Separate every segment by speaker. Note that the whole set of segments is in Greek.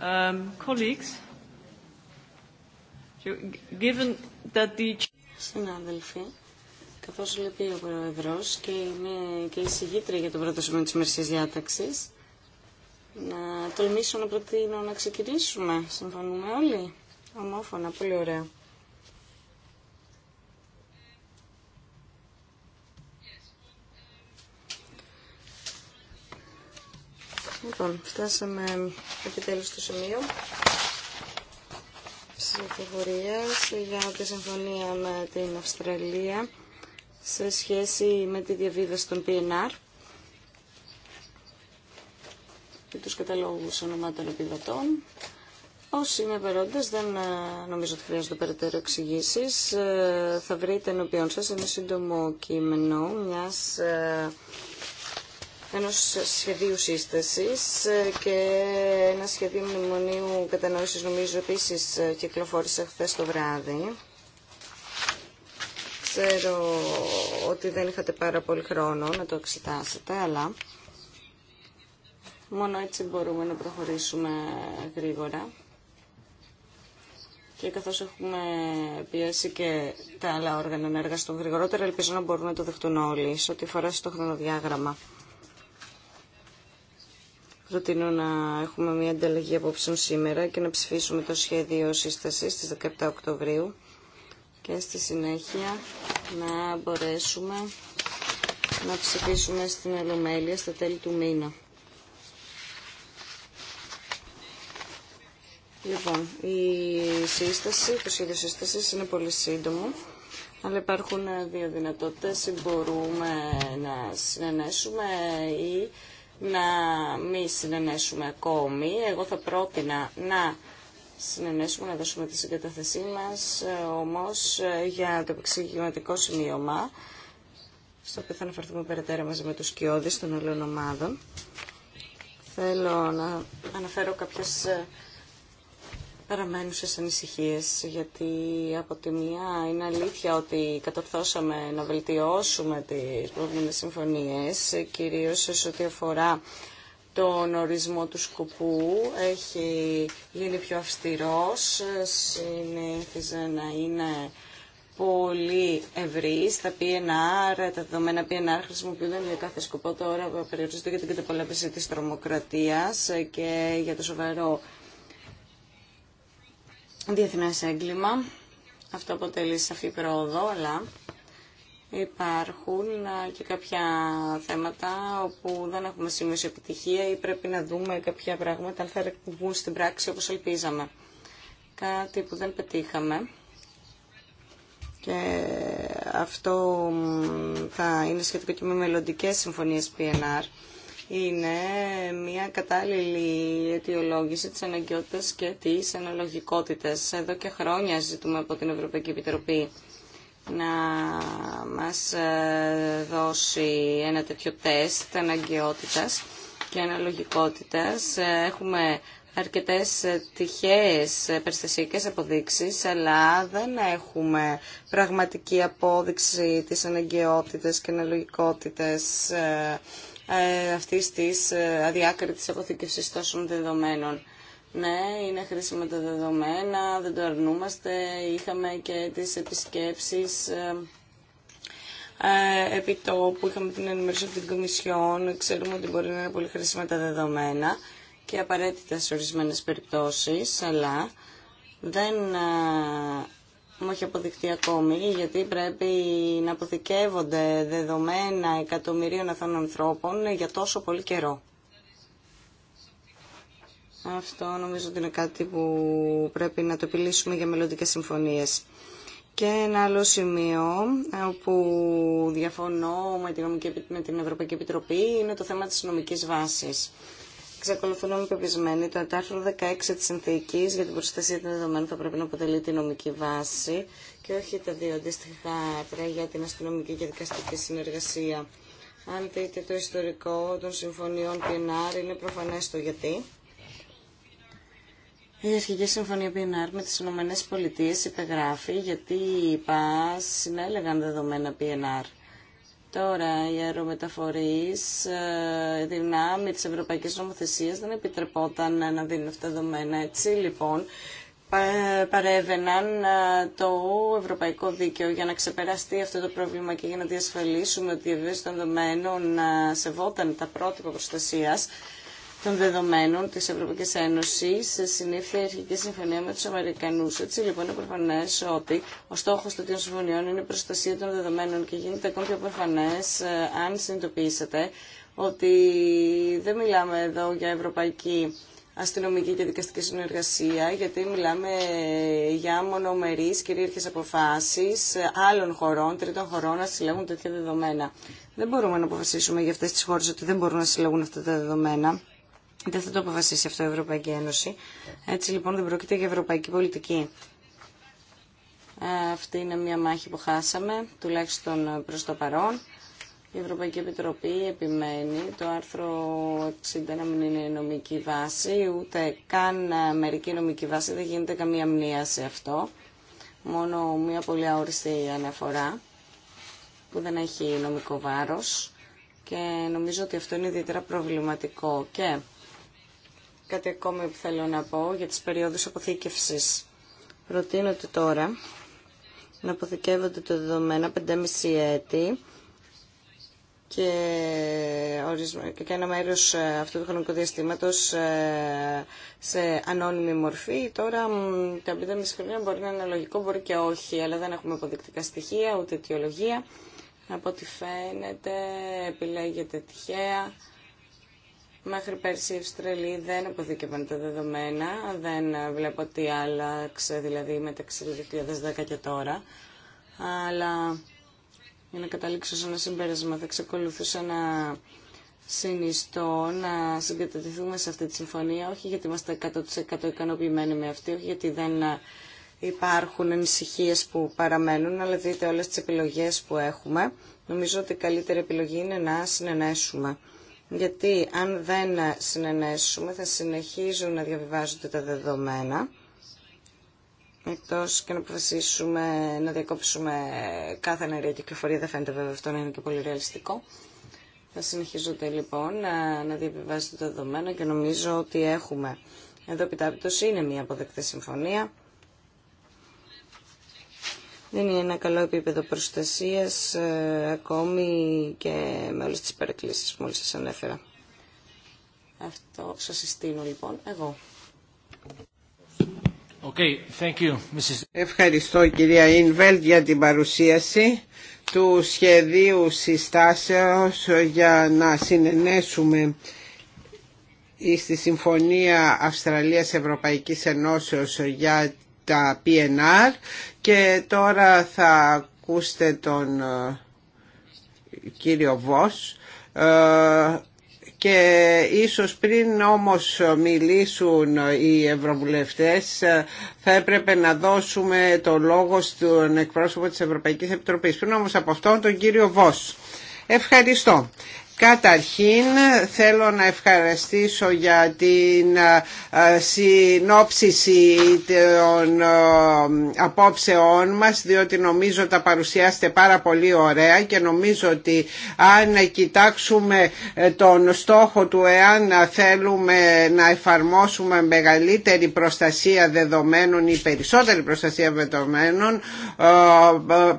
Speaker 1: Um, colleagues, given that the... Συνάδελφοι, καθώς λέει ο Πρόεδρος και είμαι και η συγγήτρια για το πρώτο σημείο της Μερσίας Διάταξης, να τολμήσω να προτείνω να ξεκινήσουμε. Συμφωνούμε όλοι. Ομόφωνα, πολύ ωραία. Λοιπόν, φτάσαμε επιτέλους στο σημείο ψηφοφορίας για τη συμφωνία με την Αυστραλία σε σχέση με τη διαβίβαση των PNR και τους καταλόγους ονομάτων επιβατών. Όσοι είναι παρόντες, δεν ε, νομίζω ότι χρειάζονται περαιτέρω εξηγήσει. Ε, θα βρείτε ενώπιον σας ένα σύντομο κείμενο μιας ε, ενός σχεδίου σύστασης ε, και ένα σχεδίο μνημονίου κατανόησης νομίζω επίσης ε, κυκλοφόρησε χθε το βράδυ. Ξέρω ότι δεν είχατε πάρα πολύ χρόνο να το εξετάσετε, αλλά μόνο έτσι μπορούμε να προχωρήσουμε γρήγορα. Και καθώς έχουμε πιέσει και τα άλλα όργανα να εργαστούν γρηγορότερα, ελπίζω να μπορούν να το δεχτούν όλοι, σε ό,τι αφορά στο χρονοδιάγραμμα. Προτείνω να έχουμε μια ανταλλαγή απόψεων σήμερα και να ψηφίσουμε το σχέδιο σύσταση στις 17 Οκτωβρίου και στη συνέχεια να μπορέσουμε να ψηφίσουμε στην Ολομέλεια στα τέλη του μήνα. Λοιπόν, η σύσταση, το σχέδιο σύσταση είναι πολύ σύντομο, αλλά υπάρχουν δύο δυνατότητες. Μπορούμε να συνενέσουμε ή να μην συνενέσουμε ακόμη. Εγώ θα πρότεινα να συνενέσουμε, να δώσουμε τη συγκαταθεσή μας, ε, όμως ε, για το επεξηγηματικό σημείωμα, στο οποίο θα αναφερθούμε περαιτέρω μαζί με τους κοιόδης των άλλων ομάδων. Θέλω να αναφέρω κάποιες ε, σε ανησυχίες, γιατί από τη μία είναι αλήθεια ότι κατορθώσαμε να βελτιώσουμε τις προηγούμενες συμφωνίες, κυρίως σε ό,τι αφορά τον ορισμό του σκοπού, έχει γίνει πιο αυστηρός, συνήθιζε να είναι πολύ ευρύ στα PNR, τα δεδομένα PNR χρησιμοποιούνται για κάθε σκοπό τώρα, περιορίζονται για την καταπολέμηση της τρομοκρατίας και για το σοβαρό διεθνές έγκλημα. Αυτό αποτελεί σαφή πρόοδο, αλλά υπάρχουν και κάποια θέματα όπου δεν έχουμε σημείωση επιτυχία ή πρέπει να δούμε κάποια πράγματα αν θα βγουν στην πράξη όπως ελπίζαμε. Κάτι που δεν πετύχαμε και αυτό θα είναι σχετικό και με μελλοντικές συμφωνίες PNR είναι μια κατάλληλη αιτιολόγηση της αναγκαιότητας και της αναλογικότητας. Εδώ και χρόνια ζητούμε από την Ευρωπαϊκή Επιτροπή να μας ε, δώσει ένα τέτοιο τεστ αναγκαιότητας και αναλογικότητας. Ε, έχουμε αρκετές τυχαίες περιστασιακές αποδείξεις, αλλά δεν έχουμε πραγματική απόδειξη της αναγκαιότητας και αναλογικότητας ε, ε, αυτής της ε, αδιάκριτης αποθήκευσης τόσων δεδομένων. Ναι, είναι χρήσιμα τα δεδομένα, δεν το αρνούμαστε. Είχαμε και τις επισκέψεις ε, ε επί που είχαμε την ενημέρωση από την Κομισιόν, ξέρουμε ότι μπορεί να είναι πολύ χρήσιμα τα δεδομένα και απαραίτητα σε ορισμένες περιπτώσεις, αλλά δεν μου έχει αποδειχθεί ακόμη, γιατί πρέπει να αποθηκεύονται δεδομένα εκατομμυρίων αθών ανθρώπων για τόσο πολύ καιρό. Αυτό νομίζω ότι είναι κάτι που πρέπει να το επιλύσουμε για μελλοντικέ συμφωνίες. Και ένα άλλο σημείο ε, που διαφωνώ με την Ευρωπαϊκή Επιτροπή είναι το θέμα της νομικής βάσης. Ξεκολουθούν να πεπισμένοι το άρθρο 16 της συνθήκης για την προστασία των δεδομένων θα πρέπει να αποτελεί τη νομική βάση και όχι τα δύο αντίστοιχα άρθρα για την αστυνομική και δικαστική συνεργασία. Αν δείτε το ιστορικό των συμφωνιών PNR είναι προφανές το γιατί. Η αρχική συμφωνία PNR με τις ΗΠΑ υπεγράφει γιατί οι ΠΑΣ συνέλεγαν δεδομένα PNR. Τώρα, οι αερομεταφορεί ε, δυνάμει τη Ευρωπαϊκή Νομοθεσία, δεν επιτρεπόταν να δίνουν αυτά τα δεδομένα. Έτσι, λοιπόν, παρέβαιναν ε, το ευρωπαϊκό δίκαιο για να ξεπεραστεί αυτό το πρόβλημα και για να διασφαλίσουμε ότι η διαβίωση των δεδομένων ε, σεβόταν τα πρότυπα προστασία των δεδομένων της Ευρωπαϊκής Ένωσης σε συνήθεια αρχική συμφωνία με τους Αμερικανούς. Έτσι λοιπόν είναι προφανές ότι ο στόχος τέτοιων συμφωνιών είναι η προστασία των δεδομένων και γίνεται ακόμη πιο προφανές ε, αν συνειδητοποιήσετε ότι δεν μιλάμε εδώ για ευρωπαϊκή αστυνομική και δικαστική συνεργασία, γιατί μιλάμε για μονομερείς κυρίαρχες αποφάσεις ε, άλλων χωρών, τρίτων χωρών να συλλέγουν τέτοια δεδομένα. Δεν μπορούμε να αποφασίσουμε για αυτές τις χώρες ότι δεν μπορούν να συλλέγουν αυτά τα δεδομένα. Δεν θα το αποφασίσει αυτό η Ευρωπαϊκή Ένωση. Έτσι λοιπόν δεν πρόκειται για ευρωπαϊκή πολιτική. Ε, αυτή είναι μια μάχη που χάσαμε, τουλάχιστον προς το παρόν. Η Ευρωπαϊκή Επιτροπή επιμένει το άρθρο 60 να μην είναι νομική βάση, ούτε καν μερική νομική βάση, δεν γίνεται καμία μνήα σε αυτό. Μόνο μια πολύ αόριστη αναφορά που δεν έχει νομικό βάρος και νομίζω ότι αυτό είναι ιδιαίτερα προβληματικό και Κάτι ακόμη που θέλω να πω για τις περιόδους αποθήκευσης. ότι τώρα να αποθηκεύονται το δεδομένα 5,5 έτη και, και ένα μέρος ε, αυτού του χρονικού διαστήματος ε, σε ανώνυμη μορφή. Τώρα τα 5,5 χρόνια μπορεί να είναι λογικό, μπορεί και όχι, αλλά δεν έχουμε αποδεικτικά στοιχεία, ούτε αιτιολογία. Από ό,τι φαίνεται επιλέγεται τυχαία Μέχρι πέρσι οι Αυστραλοί δεν αποδίκευαν τα δεδομένα, δεν βλέπω τι άλλαξε δηλαδή μεταξύ του 2010 και τώρα. Αλλά για να καταλήξω σε ένα συμπέρασμα θα εξακολουθούσα να συνιστώ να συγκατατηθούμε σε αυτή τη συμφωνία, όχι γιατί είμαστε 100% ικανοποιημένοι με αυτή, όχι γιατί δεν υπάρχουν ανησυχίε που παραμένουν, αλλά δείτε όλες τις επιλογές που έχουμε. Νομίζω ότι η καλύτερη επιλογή είναι να συνενέσουμε γιατί αν δεν συνενέσουμε θα συνεχίζουν να διαβιβάζονται τα δεδομένα εκτός και να αποφασίσουμε να διακόψουμε κάθε ενέργεια κυκλοφορία, δεν φαίνεται βέβαια αυτό να είναι και πολύ ρεαλιστικό. Θα συνεχίζονται λοιπόν να, να διαβιβάζονται τα δεδομένα και νομίζω ότι έχουμε εδώ επιτάπητος είναι μια αποδεκτή συμφωνία. Δεν είναι ένα καλό επίπεδο προστασίας, ε, ακόμη και με όλες τις παρεκκλήσεις που μόλις σας ανέφερα. Αυτό σας συστήνω λοιπόν εγώ.
Speaker 2: Okay, thank you, Mrs. Ευχαριστώ κυρία Ινβέλτ για την παρουσίαση του σχεδίου συστάσεως για να συνενέσουμε στη Συμφωνία Αυστραλίας Ευρωπαϊκής Ενώσεως για τα PNR και τώρα θα ακούστε τον ε, κύριο Βος ε, και ίσως πριν όμως μιλήσουν οι ευρωβουλευτές ε, θα έπρεπε να δώσουμε το λόγο στον εκπρόσωπο της Ευρωπαϊκής Επιτροπής. Πριν όμως από αυτόν τον κύριο Βος. Ευχαριστώ. Καταρχήν θέλω να ευχαριστήσω για την ε, συνόψιση των ε, απόψεών μας διότι νομίζω τα παρουσιάστε πάρα πολύ ωραία και νομίζω ότι αν κοιτάξουμε ε, τον στόχο του εάν θέλουμε να εφαρμόσουμε μεγαλύτερη προστασία δεδομένων ή περισσότερη προστασία δεδομένων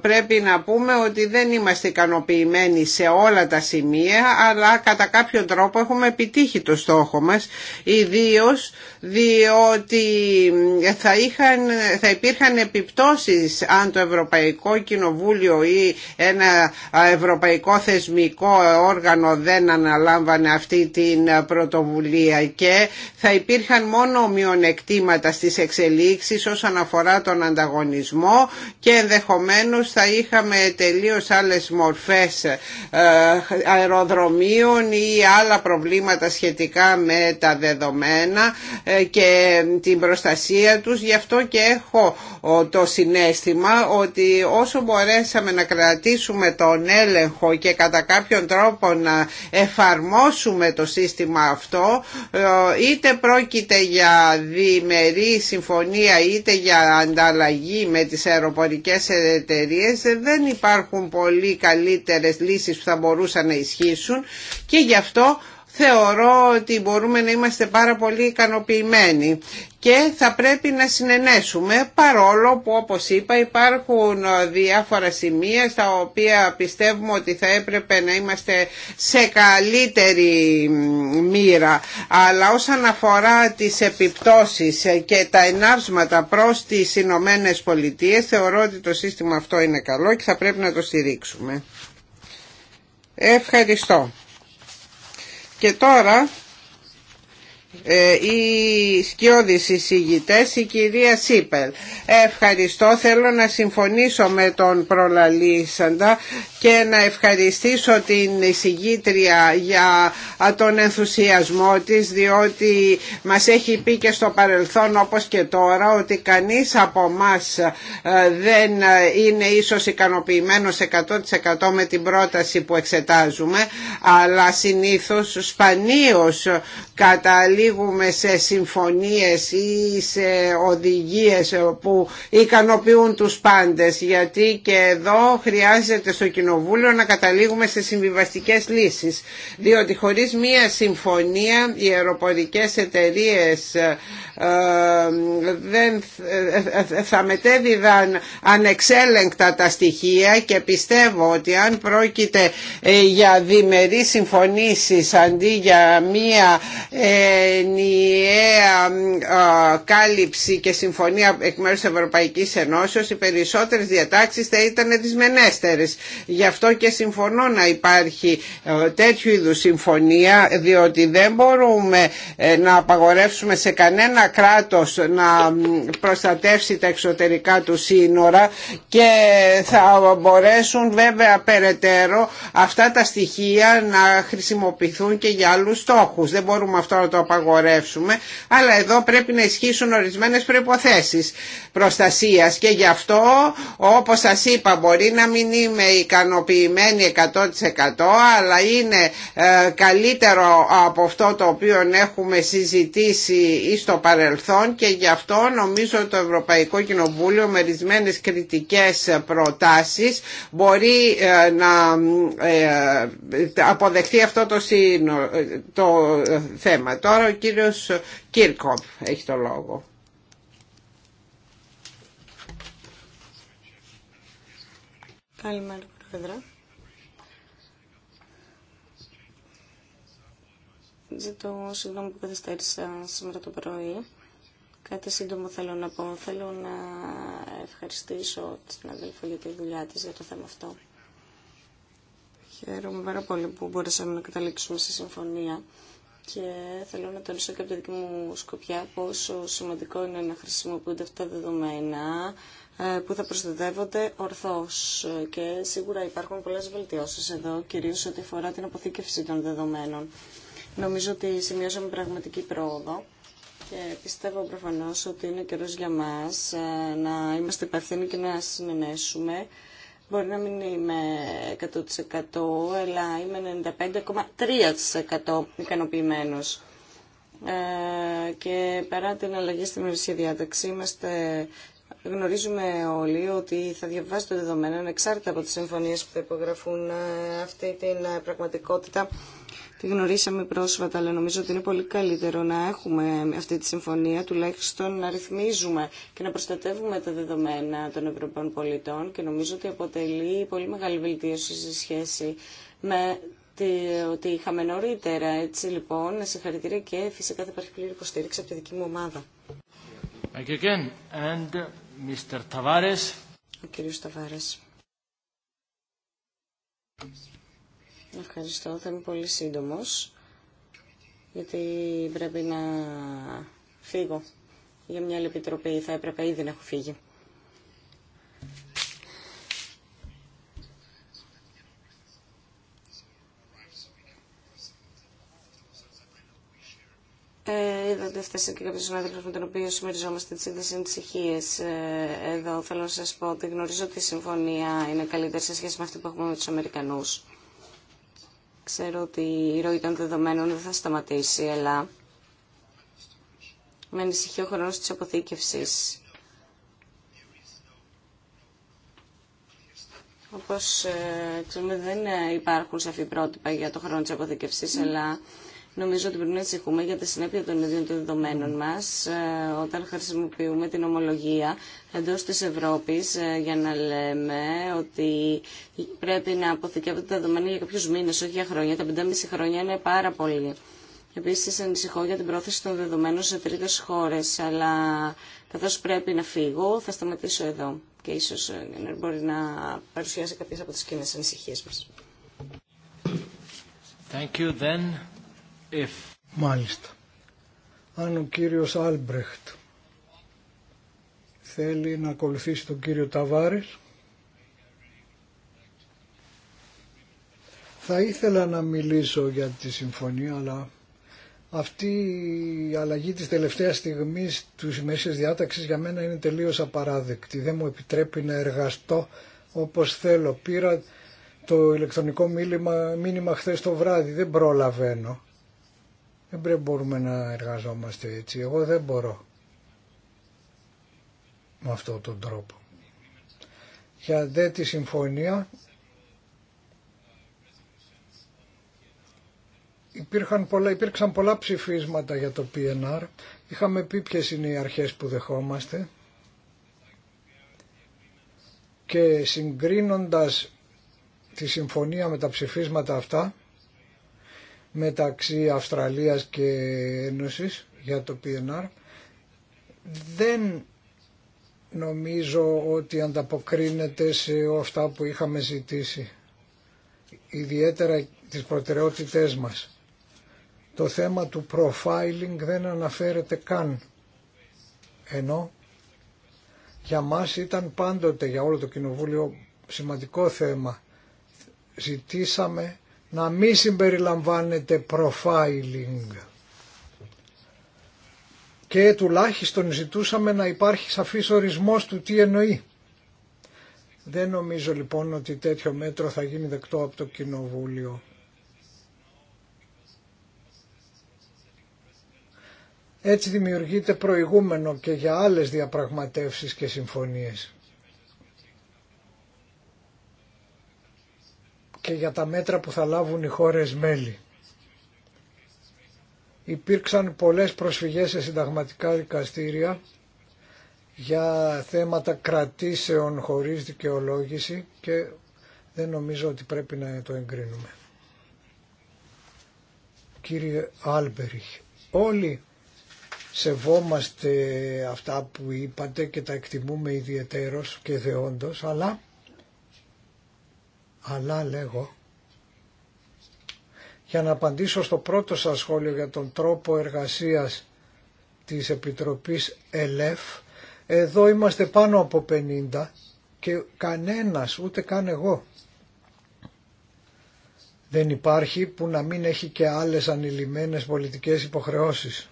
Speaker 2: πρέπει να πούμε ότι δεν είμαστε ικανοποιημένοι σε όλα τα σημεία αλλά κατά κάποιο τρόπο έχουμε επιτύχει το στόχο μας, ιδίως διότι θα, είχαν, θα υπήρχαν επιπτώσεις αν το Ευρωπαϊκό Κοινοβούλιο ή ένα ευρωπαϊκό θεσμικό όργανο δεν αναλάμβανε αυτή την πρωτοβουλία και θα υπήρχαν μόνο μειονεκτήματα στις εξελίξεις όσον αφορά τον ανταγωνισμό και ενδεχομένως θα είχαμε τελείως άλλες μορφές ε, αεροδρομίων ή άλλα προβλήματα σχετικά με τα δεδομένα ε, και την προστασία τους. Γι' αυτό και έχω το συνέστημα ότι όσο μπορέσαμε να κρατήσουμε τον έλεγχο και κατά κάποιον τρόπο να εφαρμόσουμε το σύστημα αυτό, ε, είτε πρόκειται για διημερή συμφωνία είτε για ανταλλαγή με τις αεροπορικές εταιρείε, δεν υπάρχουν πολύ καλύτερες λύσεις που θα μπορούσαν να ισχύσουν και γι' αυτό θεωρώ ότι μπορούμε να είμαστε πάρα πολύ ικανοποιημένοι και θα πρέπει να συνενέσουμε παρόλο που όπως είπα υπάρχουν διάφορα σημεία στα οποία πιστεύουμε ότι θα έπρεπε να είμαστε σε καλύτερη μοίρα αλλά όσον αφορά τις επιπτώσεις και τα ενάψματα προς τις Ηνωμένε Πολιτείες θεωρώ ότι το σύστημα αυτό είναι καλό και θα πρέπει να το στηρίξουμε. Ευχαριστώ. Και τώρα ε, οι σκιώδεις εισηγητές, η κυρία Σίπελ. Ευχαριστώ, θέλω να συμφωνήσω με τον προλαλήσαντα και να ευχαριστήσω την εισηγήτρια για τον ενθουσιασμό της διότι μας έχει πει και στο παρελθόν όπως και τώρα ότι κανείς από μας ε, δεν είναι ίσως ικανοποιημένος 100% με την πρόταση που εξετάζουμε αλλά συνήθως σπανίως καταλήγει καταλήγουμε σε συμφωνίες ή σε οδηγίες που ικανοποιούν τους πάντες γιατί και εδώ χρειάζεται στο Κοινοβούλιο να καταλήγουμε σε συμβιβαστικές λύσεις διότι χωρίς μία συμφωνία οι αεροπορικές εταιρείες ε, δεν ε, θα μετέδιδαν ανεξέλεγκτα τα στοιχεία και πιστεύω ότι αν πρόκειται ε, για διμερείς συμφωνήσεις αντί για μία ενιαία κάλυψη και συμφωνία εκ μέρους της Ευρωπαϊκής Ενώσεως οι περισσότερες διατάξεις θα ήταν μενέστερες. Γι' αυτό και συμφωνώ να υπάρχει ε, τέτοιου είδους συμφωνία διότι δεν μπορούμε ε, να απαγορεύσουμε σε κανένα κράτος να προστατεύσει τα εξωτερικά του σύνορα και θα μπορέσουν βέβαια περαιτέρω αυτά τα στοιχεία να χρησιμοποιηθούν και για άλλους στόχους. Δεν μπορούμε αυτό να το αλλά εδώ πρέπει να ισχύσουν ορισμένες προϋποθέσεις προστασίας και γι' αυτό όπως σας είπα μπορεί να μην είμαι ικανοποιημένη 100% αλλά είναι ε, καλύτερο από αυτό το οποίο έχουμε συζητήσει στο παρελθόν και γι' αυτό νομίζω το Ευρωπαϊκό Κοινοβούλιο με ορισμένες κριτικές προτάσεις μπορεί ε, να ε, αποδεχτεί αυτό το, το θέμα. Τώρα ο κύριος Κίρκοπ έχει το λόγο.
Speaker 1: Καλημέρα, Πρόεδρε. Ζητώ συγγνώμη που καθυστέρησα σήμερα το πρωί. Κάτι σύντομο θέλω να πω. Θέλω να ευχαριστήσω την αδελφή για τη δουλειά της για το θέμα αυτό. Χαίρομαι πάρα πολύ που μπορέσαμε να καταλήξουμε σε συμφωνία και θέλω να τονίσω και από τη δική μου σκοπιά πόσο σημαντικό είναι να χρησιμοποιούνται αυτά τα δεδομένα ε, που θα προστατεύονται ορθώς και σίγουρα υπάρχουν πολλές βελτιώσεις εδώ, κυρίως ό,τι αφορά την αποθήκευση των δεδομένων. Νομίζω ότι σημειώσαμε πραγματική πρόοδο και πιστεύω προφανώς ότι είναι καιρός για μας ε, να είμαστε υπευθύνοι και να συνενέσουμε Μπορεί να μην είμαι 100% αλλά είμαι 95,3% ικανοποιημένο. Ε, και παρά την αλλαγή στην μερική διάταξη είμαστε γνωρίζουμε όλοι ότι θα διαβάσει το δεδομένο εξάρτητα από τις συμφωνίες που θα υπογραφούν ε, αυτή την ε, πραγματικότητα τη γνωρίσαμε πρόσφατα, αλλά νομίζω ότι είναι πολύ καλύτερο να έχουμε αυτή τη συμφωνία, τουλάχιστον να ρυθμίζουμε και να προστατεύουμε τα δεδομένα των Ευρωπαίων πολιτών και νομίζω ότι αποτελεί πολύ μεγάλη βελτίωση σε σχέση με ότι είχαμε νωρίτερα. Έτσι λοιπόν, συγχαρητήρια και φυσικά θα υπάρχει πλήρη υποστήριξη από τη δική μου ομάδα.
Speaker 3: Uh, Ο κύριος
Speaker 1: Ευχαριστώ, θα είμαι πολύ σύντομος, γιατί πρέπει να φύγω για μια άλλη επιτροπή, θα έπρεπε ήδη να έχω φύγει. Ε, είδατε φτάσει και κάποιο συνάδελφο με τον οποίο συμμεριζόμαστε τι ίδιε Ε, Εδώ θέλω να σας πω ότι γνωρίζω ότι η συμφωνία είναι καλύτερη σε σχέση με αυτή που έχουμε με του Αμερικανού. Ξέρω ότι η ροή των δεδομένων δεν θα σταματήσει, αλλά με ανησυχεί ο χρόνος της αποθήκευσης. Όπως ε, ξέρουμε δεν ε, υπάρχουν σαφή πρότυπα για το χρόνο της αποθήκευσης, αλλά Νομίζω ότι πρέπει να ανησυχούμε για τη συνέπεια των ίδιων των δεδομένων μα, ε, όταν χρησιμοποιούμε την ομολογία εντό τη Ευρώπη, ε, για να λέμε ότι πρέπει να αποθηκεύονται τα δεδομένα για κάποιου μήνε, όχι για χρόνια. Τα 5,5 χρόνια είναι πάρα πολύ. Επίση, ανησυχώ για την πρόθεση των δεδομένων σε τρίτε χώρε, αλλά καθώ πρέπει να φύγω θα σταματήσω εδώ και ίσω ε, μπορεί να παρουσιάσει κάποιε από τι κοινέ ανησυχίε μα.
Speaker 3: Thank you then.
Speaker 4: Μάλιστα. Αν ο κύριος Άλμπρεχτ θέλει να ακολουθήσει τον κύριο Ταβάρης, θα ήθελα να μιλήσω για τη συμφωνία, αλλά αυτή η αλλαγή της τελευταίας στιγμής του μέσης διάταξης για μένα είναι τελείως απαράδεκτη. Δεν μου επιτρέπει να εργαστώ όπως θέλω. Πήρα το ηλεκτρονικό μήνυμα, μήνυμα χθες το βράδυ, δεν προλαβαίνω. Δεν μπορούμε να εργαζόμαστε έτσι. Εγώ δεν μπορώ με αυτόν τον τρόπο. Για δε τη συμφωνία υπήρχαν πολλά, υπήρξαν πολλά ψηφίσματα για το PNR. Είχαμε πει ποιες είναι οι αρχές που δεχόμαστε και συγκρίνοντας τη συμφωνία με τα ψηφίσματα αυτά μεταξύ Αυστραλίας και Ένωσης για το PNR. Δεν νομίζω ότι ανταποκρίνεται σε αυτά που είχαμε ζητήσει, ιδιαίτερα τις προτεραιότητές μας. Το θέμα του profiling δεν αναφέρεται καν, ενώ για μας ήταν πάντοτε για όλο το Κοινοβούλιο σημαντικό θέμα. Ζητήσαμε να μην συμπεριλαμβάνεται profiling. Και τουλάχιστον ζητούσαμε να υπάρχει σαφής ορισμός του τι εννοεί. Δεν νομίζω λοιπόν ότι τέτοιο μέτρο θα γίνει δεκτό από το Κοινοβούλιο. Έτσι δημιουργείται προηγούμενο και για άλλες διαπραγματεύσεις και συμφωνίες. και για τα μέτρα που θα λάβουν οι χώρες μέλη. Υπήρξαν πολλές προσφυγές σε συνταγματικά δικαστήρια για θέματα κρατήσεων χωρίς δικαιολόγηση και δεν νομίζω ότι πρέπει να το εγκρίνουμε. Κύριε Άλμπεριχ, όλοι σεβόμαστε αυτά που είπατε και τα εκτιμούμε ιδιαιτέρως και δεόντως, αλλά αλλά λέγω, για να απαντήσω στο πρώτο σας σχόλιο για τον τρόπο εργασίας της Επιτροπής ΕΛΕΦ, εδώ είμαστε πάνω από 50 και κανένας, ούτε καν εγώ, δεν υπάρχει που να μην έχει και άλλες ανηλυμένες πολιτικές υποχρεώσεις.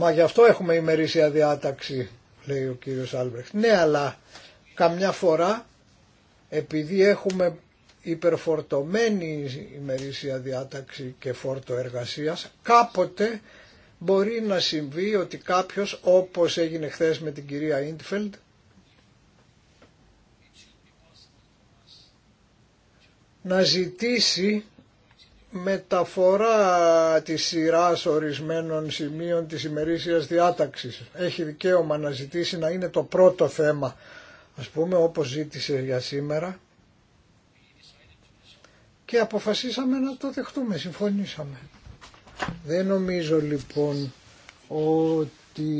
Speaker 4: Μα γι' αυτό έχουμε ημερήσια διάταξη, λέει ο κύριος Άλμπρεχτ. Ναι, αλλά καμιά φορά, επειδή έχουμε υπερφορτωμένη ημερήσια διάταξη και φόρτο εργασίας, κάποτε μπορεί να συμβεί ότι κάποιος, όπως έγινε χθες με την κυρία Ιντφελντ, να ζητήσει μεταφορά της σειράς ορισμένων σημείων της ημερήσιας διάταξης. Έχει δικαίωμα να ζητήσει να είναι το πρώτο θέμα, ας πούμε, όπως ζήτησε για σήμερα. Και αποφασίσαμε να το δεχτούμε, συμφωνήσαμε. Δεν νομίζω λοιπόν ότι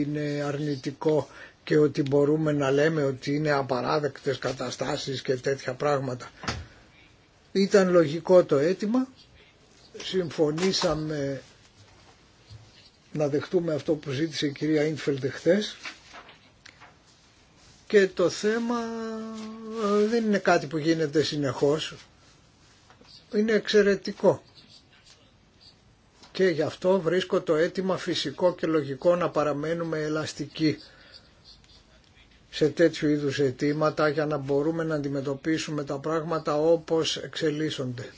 Speaker 4: είναι αρνητικό και ότι μπορούμε να λέμε ότι είναι απαράδεκτες καταστάσεις και τέτοια πράγματα. Ήταν λογικό το αίτημα, συμφωνήσαμε να δεχτούμε αυτό που ζήτησε η κυρία Ίνφελντ χθες και το θέμα ε, δεν είναι κάτι που γίνεται συνεχώς, είναι εξαιρετικό. Και γι' αυτό βρίσκω το αίτημα φυσικό και λογικό να παραμένουμε ελαστικοί σε τέτοιου είδους αιτήματα για να μπορούμε να αντιμετωπίσουμε τα πράγματα όπως εξελίσσονται.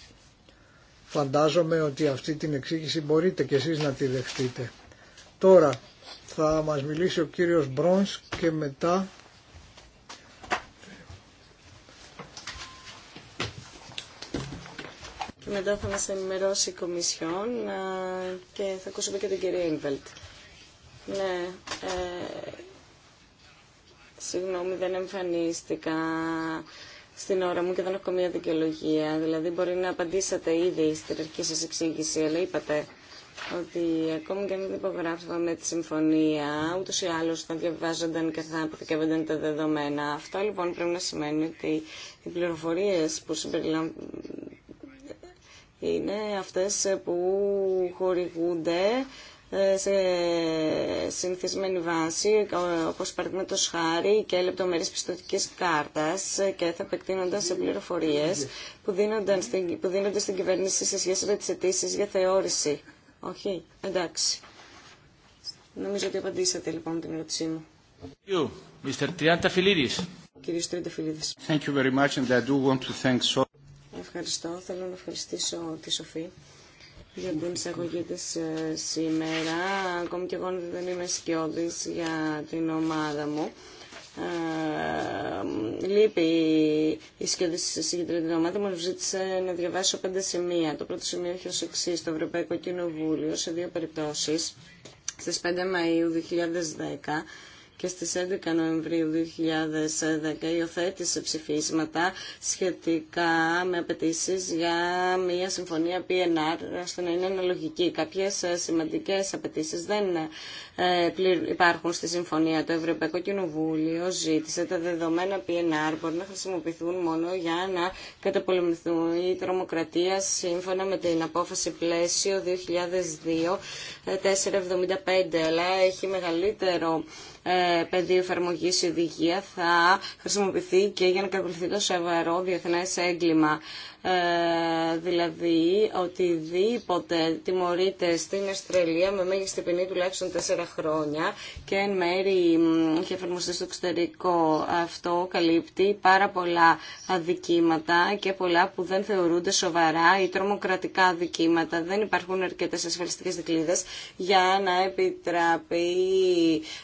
Speaker 4: Φαντάζομαι ότι αυτή την εξήγηση μπορείτε και εσείς να τη δεχτείτε. Τώρα θα μας μιλήσει ο κύριος Μπρόνς και μετά
Speaker 1: και μετά θα μας ενημερώσει η Κομισιόν ε, και θα ακούσουμε και τον κύριο Ίνβελτ. Ναι, ε, Συγγνώμη, δεν εμφανίστηκα στην ώρα μου και δεν έχω καμία δικαιολογία. Δηλαδή, μπορεί να απαντήσατε ήδη στην αρχική σα εξήγηση, αλλά είπατε ότι ακόμη και αν δεν υπογράφαμε τη συμφωνία, ούτω ή άλλω θα διαβάζονταν και θα αποθηκεύονταν τα δεδομένα. Αυτό λοιπόν πρέπει να σημαίνει ότι οι πληροφορίε που συμπεριλαμβάνουν είναι αυτές που χορηγούνται σε συνηθισμένη βάση, όπως παραδείγματο χάρη και λεπτομέρειες πιστοτικής κάρτας και θα επεκτείνονταν σε πληροφορίες που, στην, που δίνονται στην κυβέρνηση σε σχέση με τις αιτήσει για θεώρηση. Όχι, εντάξει. Νομίζω ότι απαντήσατε λοιπόν την ερώτησή μου. Κύριε
Speaker 3: Thank
Speaker 1: Ευχαριστώ. Θέλω να ευχαριστήσω τη Σοφή για την εισαγωγή της ε, σήμερα. Ακόμη και εγώ δεν είμαι σκιώδη για την ομάδα μου. Ε, λείπει η σε την ομάδα μου, ζήτησε να διαβάσω πέντε σημεία. Το πρώτο σημείο έχει ως εξή το Ευρωπαϊκό Κοινοβούλιο σε δύο περιπτώσεις, στις 5 Μαΐου 2010, και στις 11 Νοεμβρίου 2010 υιοθέτησε ψηφίσματα σχετικά με απαιτήσει για μια συμφωνία PNR ώστε να είναι αναλογική. Κάποιες ε, σημαντικές απαιτήσει δεν ε, υπάρχουν στη συμφωνία. Το Ευρωπαϊκό Κοινοβούλιο ζήτησε τα δεδομένα PNR μπορεί να χρησιμοποιηθούν μόνο για να καταπολεμηθούν η τρομοκρατία σύμφωνα με την απόφαση πλαίσιο 2002-475 ε, αλλά έχει μεγαλύτερο ε, πεδίο εφαρμογή οδηγία θα χρησιμοποιηθεί και για να καταβληθεί το σοβαρό διεθνέ έγκλημα. Ε, δηλαδή οτιδήποτε τιμωρείται στην Αυστραλία με μέγιστη ποινή τουλάχιστον 4 χρόνια και εν μέρη έχει εφαρμοστεί στο εξωτερικό αυτό καλύπτει πάρα πολλά αδικήματα και πολλά που δεν θεωρούνται σοβαρά ή τρομοκρατικά αδικήματα. Δεν υπάρχουν αρκετές ασφαλιστικές δικλείδες για να επιτραπεί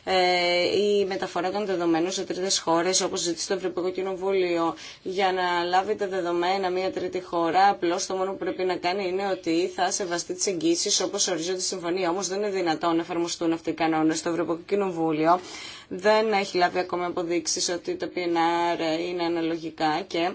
Speaker 1: ε, η μεταφορά των δεδομένων σε τρίτες χώρες όπως ζητήσει το Ευρωπαϊκό Κοινοβούλιο για να λάβει τα δεδομένα μια τρίτη τη χώρα. Απλώ το μόνο που πρέπει να κάνει είναι ότι θα σεβαστεί τι εγγύσει όπω ορίζονται στη συμφωνία. Όμω δεν είναι δυνατόν να εφαρμοστούν αυτοί οι κανόνε. Το Ευρωπαϊκό Κοινοβούλιο δεν έχει λάβει ακόμα αποδείξει ότι το PNR είναι αναλογικά και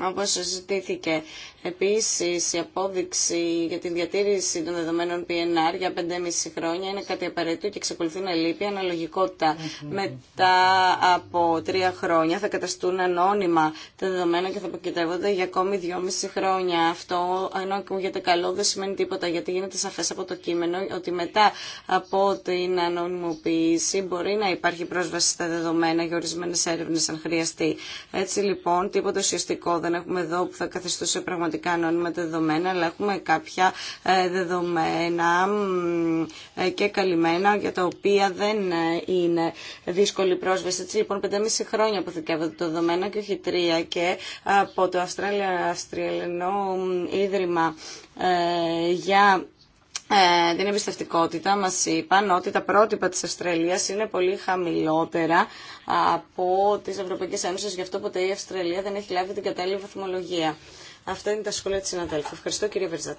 Speaker 1: όπως συζητήθηκε Επίσης, η απόδειξη για τη διατήρηση των δεδομένων PNR για 5,5 χρόνια είναι κάτι απαραίτητο και εξακολουθεί να λείπει αναλογικότητα. Μετά από τρία χρόνια θα καταστούν ανώνυμα τα δεδομένα και θα αποκοιτεύονται για ακόμη 2,5 χρόνια. Αυτό, ενώ ακούγεται καλό, δεν σημαίνει τίποτα, γιατί γίνεται σαφές από το κείμενο ότι μετά από την ανωνυμοποίηση μπορεί να υπάρχει πρόσβαση στα δεδομένα για ορισμένες έρευνε αν χρειαστεί. Έτσι λοιπόν, τίποτα ουσιαστικό δεν έχουμε εδώ που θα καθιστούσε πραγματικά πραγματικά ανώνυμα δεδομένα, αλλά έχουμε κάποια ε, δεδομένα ε, και καλυμμένα για τα οποία δεν ε, είναι δύσκολη πρόσβαση. Έτσι λοιπόν 5,5 χρόνια αποθηκεύονται τα δεδομένα και όχι τρία και από το Αυστριαλενό Ίδρυμα για την εμπιστευτικότητα μας είπαν ότι τα πρότυπα της Αυστραλίας είναι πολύ χαμηλότερα από τις Ευρωπαϊκές Ένωσες, γι' αυτό ποτέ η Αυστραλία δεν έχει λάβει την κατάλληλη βαθμολογία. Αυτά είναι τα σχολεία της συναδέλφου. Ευχαριστώ κύριε Βερζάτ.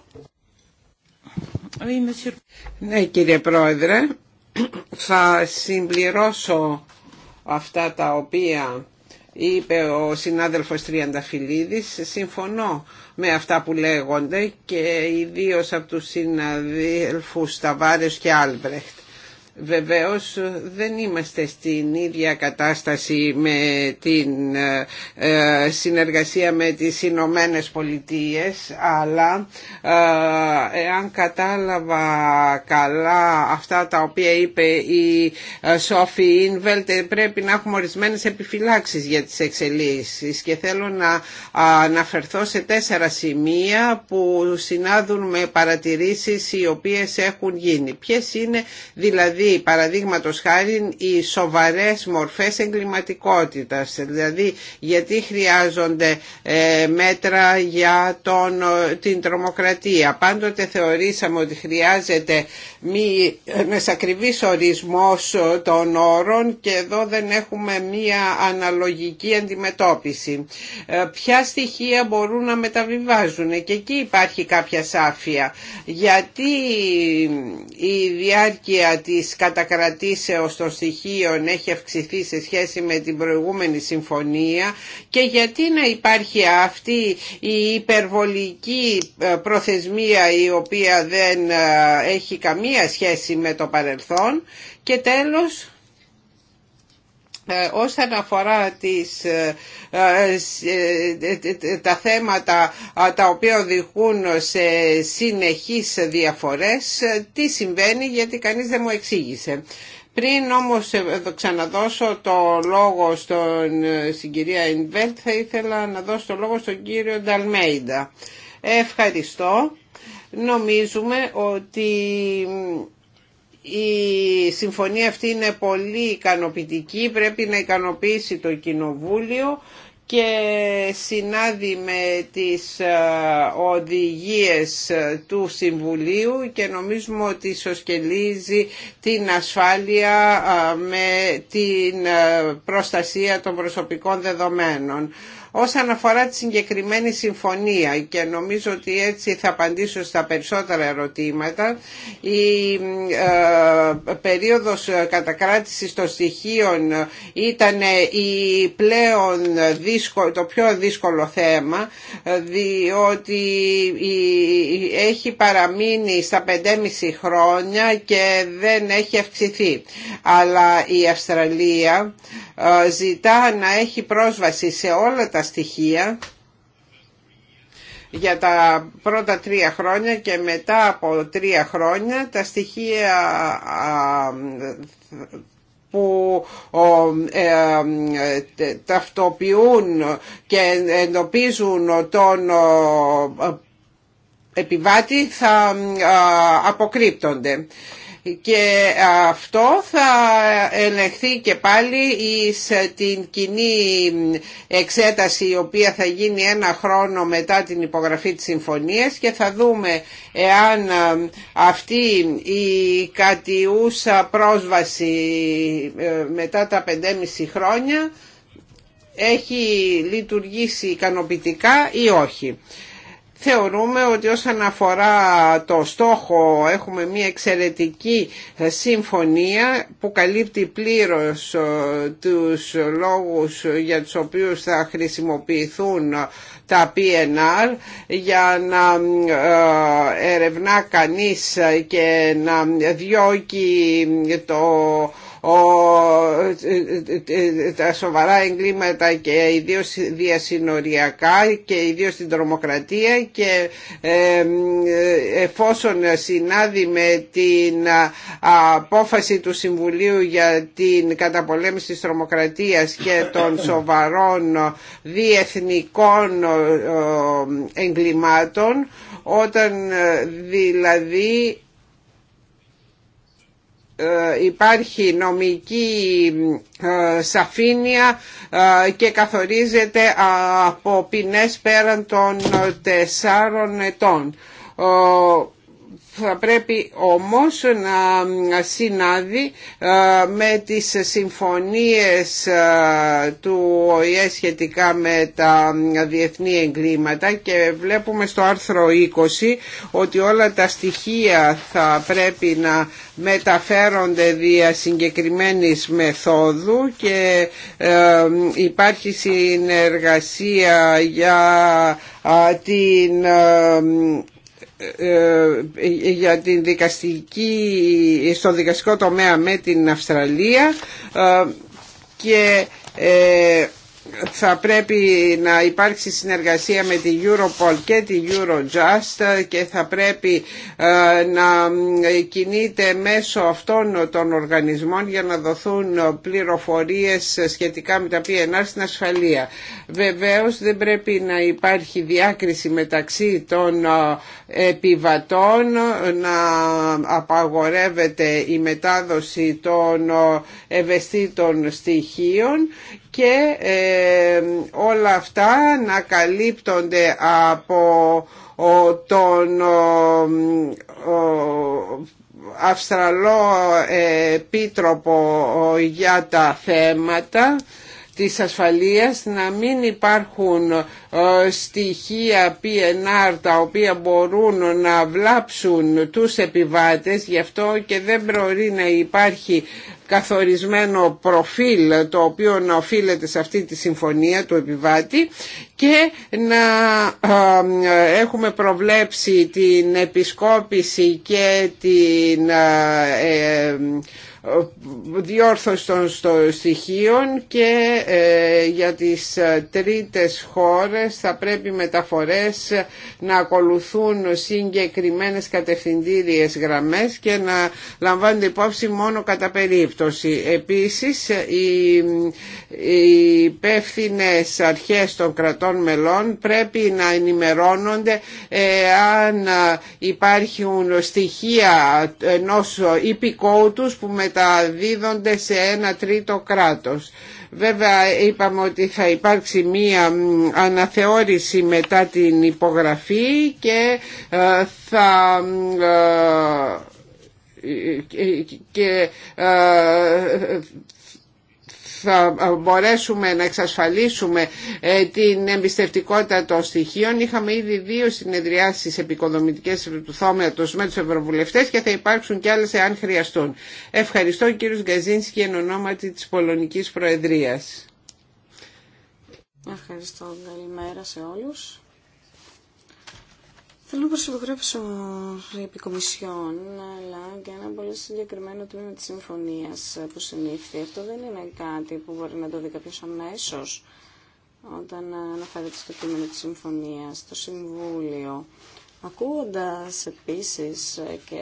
Speaker 2: Ναι κύριε Πρόεδρε, θα συμπληρώσω αυτά τα οποία είπε ο συνάδελφος Τριανταφυλλίδης. Συμφωνώ με αυτά που λέγονται και ιδίως από τους συναδέλφους Σταβάρες και Άλμπρεχτ. Βεβαίως ε, δεν είμαστε στην ίδια κατάσταση με την ε, ε, συνεργασία με τις Ηνωμένε Πολιτείες αλλά εάν κατάλαβα καλά αυτά τα οποία είπε η Σόφη Ίνβελτε πρέπει να έχουμε ορισμένες επιφυλάξεις για τις εξελίξεις και θέλω να αναφερθώ σε τέσσερα σημεία που συνάδουν με παρατηρήσεις οι οποίες έχουν γίνει. Ποιες είναι δηλαδή δηλαδή παραδείγματος χάρη οι σοβαρές μορφές εγκληματικότητας, δηλαδή γιατί χρειάζονται ε, μέτρα για τον, ε, την τρομοκρατία. Πάντοτε θεωρήσαμε ότι χρειάζεται μη, ένας ακριβής ορισμός ε, των όρων και εδώ δεν έχουμε μία αναλογική αντιμετώπιση. Ποια στοιχεία μπορούν να μεταβιβάζουν και εκεί υπάρχει κάποια σάφια γιατί η διάρκεια της κατακρατήσεως των στοιχείων έχει αυξηθεί σε σχέση με την προηγούμενη συμφωνία και γιατί να υπάρχει αυτή η υπερβολική ε, προθεσμία η οποία δεν ε, έχει καμία σχέση με το παρελθόν και τέλος ε, όσον αφορά τις, ε, ε, τα θέματα τα οποία οδηγούν σε συνεχείς διαφορές, τι συμβαίνει γιατί κανείς δεν μου εξήγησε. Πριν όμως ξαναδώσω το λόγο στον, στην κυρία Ινβέλτ, θα ήθελα να δώσω το λόγο στον κύριο Νταλμέιντα. Ευχαριστώ. Νομίζουμε ότι η συμφωνία αυτή είναι πολύ ικανοποιητική, πρέπει να ικανοποιήσει το Κοινοβούλιο και συνάδει με τις ε, οδηγίες ε, του Συμβουλίου και νομίζουμε ότι σοσκελίζει την ασφάλεια ε, με την προστασία των προσωπικών δεδομένων όσον αφορά τη συγκεκριμένη συμφωνία και νομίζω ότι έτσι θα απαντήσω στα περισσότερα ερωτήματα η ε, περίοδος κατακράτησης των στοιχείων ήταν η πλέον δύσκο το πιο δύσκολο θέμα διότι έχει παραμείνει στα 5,5 χρόνια και δεν έχει αυξηθεί. Αλλά η Αυστραλία ε, ζητά να έχει πρόσβαση σε όλα τα τα στοιχεία για τα πρώτα τρία χρόνια και μετά από τρία χρόνια τα στοιχεία που ε, ταυτοποιούν και εντοπίζουν τον επιβάτη θα αποκρύπτονται και αυτό θα ελεγχθεί και πάλι σε την κοινή εξέταση η οποία θα γίνει ένα χρόνο μετά την υπογραφή της συμφωνίας και θα δούμε εάν ε, αυτή η κατιούσα πρόσβαση ε, μετά τα 5,5 χρόνια έχει λειτουργήσει ικανοποιητικά ή όχι. Θεωρούμε ότι όσον αφορά το στόχο έχουμε μια εξαιρετική ε, συμφωνία που καλύπτει πλήρως ε, τους λόγους για τους οποίους θα χρησιμοποιηθούν ε, τα PNR για να ερευνά κανείς και να διώκει το ε, ε, ε, τα σοβαρά εγκλήματα και ιδίω διασυνοριακά και ιδίω την τρομοκρατία και εφόσον συνάδει με την απόφαση του Συμβουλίου για την καταπολέμηση της τρομοκρατίας και των σοβαρών διεθνικών εγκλημάτων όταν δηλαδή ε, υπάρχει νομική ε, σαφήνεια ε, και καθορίζεται από ποινές πέραν των τεσσάρων ετών θα πρέπει όμως να συνάδει ε, με τις συμφωνίες ε, του ΟΗΕ σχετικά με τα διεθνή εγκλήματα και βλέπουμε στο άρθρο 20 ότι όλα τα στοιχεία θα πρέπει να μεταφέρονται δια συγκεκριμένης μεθόδου και ε, υπάρχει συνεργασία για την ε, ε, για την δικαστική, στο δικαστικό τομέα με την Αυστραλία ε, και θα πρέπει να υπάρξει συνεργασία με τη Europol και την Eurojust και θα πρέπει ε, να ε, κινείται μέσω αυτών των οργανισμών για να δοθούν πληροφορίες σχετικά με τα PNR στην ασφαλεία. Βεβαίως δεν πρέπει να υπάρχει διάκριση μεταξύ των ε, επιβατών να απαγορεύεται η μετάδοση των ευαισθητών στοιχείων και ε, όλα αυτά να καλύπτονται από τον Αυστραλό ε, Επίτροπο για τα θέματα της ασφαλείας να μην υπάρχουν ε, στοιχεία PNR τα οποία μπορούν να βλάψουν τους επιβάτες γι' αυτό και δεν μπορεί να υπάρχει καθορισμένο προφίλ το οποίο να οφείλεται σε αυτή τη συμφωνία του επιβάτη και να ε, έχουμε προβλέψει την επισκόπηση και την ε, διόρθωση των στοιχείων και ε, για τις ε, τρίτες χώρες θα πρέπει μεταφορές να ακολουθούν συγκεκριμένες κατευθυντήριες γραμμές και να λαμβάνονται υπόψη μόνο κατά περίπτωση. Επίσης οι υπεύθυνε αρχές των κρατών μελών πρέπει να ενημερώνονται ε, αν υπάρχουν στοιχεία ενός υπηκόου τους που με μεταδίδονται σε ένα τρίτο κράτος. Βέβαια είπαμε ότι θα υπάρξει μία αναθεώρηση μετά την υπογραφή και ε, θα ε, και ε, θα ε, μπορέσουμε να εξασφαλίσουμε ε, την εμπιστευτικότητα των στοιχείων. Είχαμε ήδη δύο συνεδριάσεις επικοδομητικέ του θόμεατο με τους Ευρωβουλευτές και θα υπάρξουν κι άλλες εάν χρειαστούν. Ευχαριστώ κύριος Γκαζίνσκι εν ονόματι της Πολωνικής Προεδρίας.
Speaker 1: Ευχαριστώ. Καλημέρα σε όλους. Θέλω να προσυπογράψω επί Κομισιόν, αλλά και ένα πολύ συγκεκριμένο τμήμα της συμφωνίας που συνήθει. Αυτό δεν είναι κάτι που μπορεί να το δει κάποιος αμέσως όταν αναφέρεται στο κείμενο της συμφωνίας, στο Συμβούλιο. Ακούγοντας επίσης και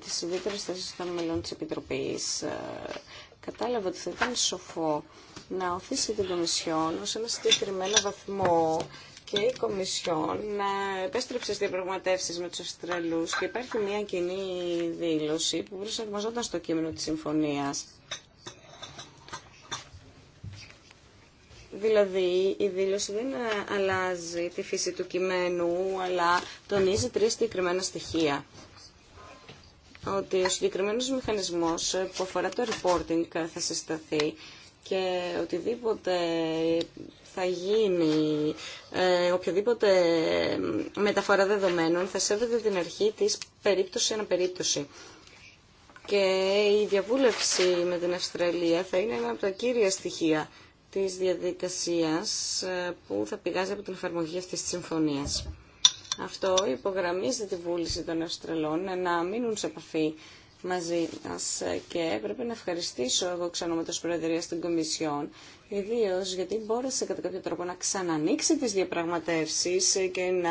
Speaker 1: τις ιδιαίτερες θέσεις των μελών της Επιτροπής, ε, κατάλαβα ότι θα ήταν σοφό να οθήσει την Κομισιόν ως ένα συγκεκριμένο βαθμό και η Κομισιόν να ε, επέστρεψε στις διαπραγματεύσεις με τους Αυστραλούς και υπάρχει μια κοινή δήλωση που προσαρμοζόταν στο κείμενο της συμφωνίας. Δηλαδή, η δήλωση δεν αλλάζει τη φύση του κειμένου, αλλά τονίζει τρεις συγκεκριμένα στοιχεία. Ότι ο συγκεκριμένος μηχανισμός που αφορά το reporting θα συσταθεί και οτιδήποτε θα γίνει ε, οποιοδήποτε ε, μεταφορά δεδομένων θα σέβεται την αρχή της περίπτωση ανά περίπτωση. Και η διαβούλευση με την Αυστραλία θα είναι ένα από τα κύρια στοιχεία της διαδικασίας ε, που θα πηγάζει από την εφαρμογή αυτής της συμφωνίας. Αυτό υπογραμμίζει τη βούληση των Αυστραλών να μείνουν σε επαφή μαζί μας ε, και πρέπει να ευχαριστήσω εγώ ξανά με Προεδρία στην Ιδίω γιατί μπόρεσε κατά κάποιο τρόπο να ξανανοίξει τι διαπραγματεύσει και να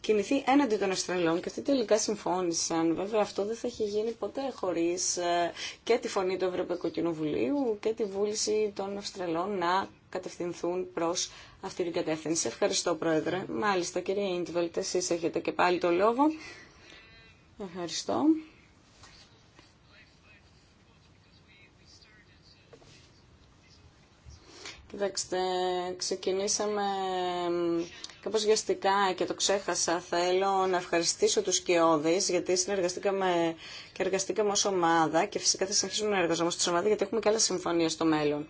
Speaker 1: κινηθεί έναντι των Αυστραλών. Και αυτοί τελικά συμφώνησαν. Βέβαια, αυτό δεν θα έχει γίνει ποτέ χωρί ε, και τη φωνή του Ευρωπαϊκού Κοινοβουλίου και τη βούληση των Αυστραλών να κατευθυνθούν προ αυτή την κατεύθυνση. Ευχαριστώ, Πρόεδρε. Μάλιστα, κύριε Ιντβελτ, εσεί έχετε και πάλι το λόγο. Ευχαριστώ. Κοιτάξτε, ξεκινήσαμε κάπως γιαστικά και το ξέχασα. Θέλω να ευχαριστήσω τους Κιώδης γιατί συνεργαστήκαμε και εργαστήκαμε ως ομάδα και φυσικά θα συνεχίσουμε να εργαζόμαστε ως ομάδα γιατί έχουμε και άλλες συμφωνίες στο μέλλον.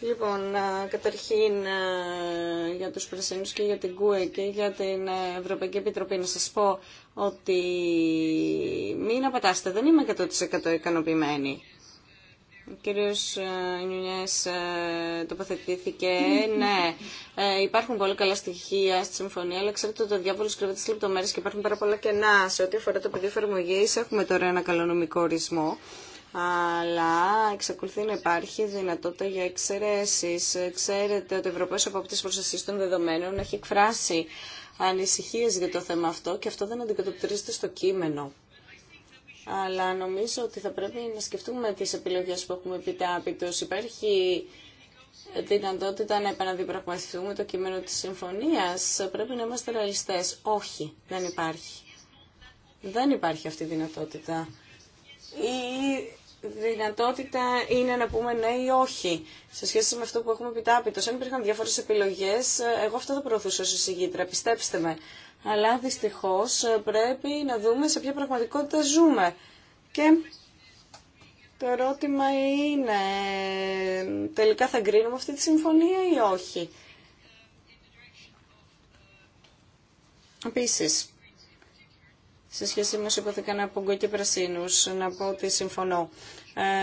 Speaker 1: Λοιπόν, ε, καταρχήν ε, για τους Πρεσίνους και για την ΚΟΕ και για την ε, Ευρωπαϊκή Επιτροπή να σας πω ότι μην απατάστε, δεν είμαι 100% ικανοποιημένη. Ο κύριος ε, Νιουνιές ε, τοποθετήθηκε. Ναι, ε, υπάρχουν πολύ καλά στοιχεία στη συμφωνία, αλλά ξέρετε ότι ο διάβολος κρύβεται στις λεπτομέρειες και υπάρχουν πάρα πολλά κενά. Σε ό,τι αφορά το πεδίο εφαρμογή έχουμε τώρα ένα καλό νομικό ορισμό αλλά εξακολουθεί να υπάρχει δυνατότητα για εξαιρέσει. Ξέρετε ότι ο Ευρωπαίος Αποπτής Προστασίας των Δεδομένων έχει εκφράσει ανησυχίες για το θέμα αυτό και αυτό δεν αντικατοπτρίζεται στο κείμενο αλλά νομίζω ότι θα πρέπει να σκεφτούμε τις επιλογές που έχουμε επιτάπητος. Υπάρχει δυνατότητα να επαναδιπραγματευτούμε το κείμενο της συμφωνίας. Πρέπει να είμαστε ρεαλιστές. Όχι, δεν υπάρχει. Δεν υπάρχει αυτή η δυνατότητα. Η δυνατότητα είναι να πούμε ναι ή όχι σε σχέση με αυτό που έχουμε τάπητος. Αν υπήρχαν διάφορες επιλογές, εγώ αυτό θα προωθούσα ως εισηγήτρα, πιστέψτε με αλλά δυστυχώς ε, πρέπει να δούμε σε ποια πραγματικότητα ζούμε. Και το ερώτημα είναι, τελικά θα γκρίνουμε αυτή τη συμφωνία ή όχι. Επίση, σε σχέση με όσο υποθήκαν από γκο και πρασίνους να πω ότι συμφωνώ.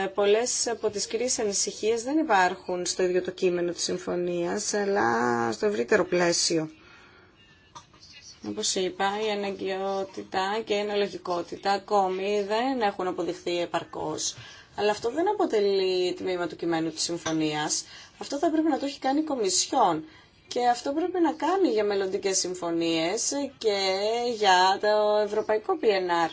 Speaker 1: Ε, Πολλέ από τι κυρίε ανησυχίε δεν υπάρχουν στο ίδιο το κείμενο της συμφωνίας, αλλά στο ευρύτερο πλαίσιο. Όπως είπα, η αναγκαιότητα και η αναλογικότητα ακόμη δεν έχουν αποδειχθεί επαρκώς. Αλλά αυτό δεν αποτελεί τμήμα του κειμένου της συμφωνίας. Αυτό θα πρέπει να το έχει κάνει η Κομισιόν. Και αυτό πρέπει να κάνει για μελλοντικέ συμφωνίες και για το ευρωπαϊκό PNR.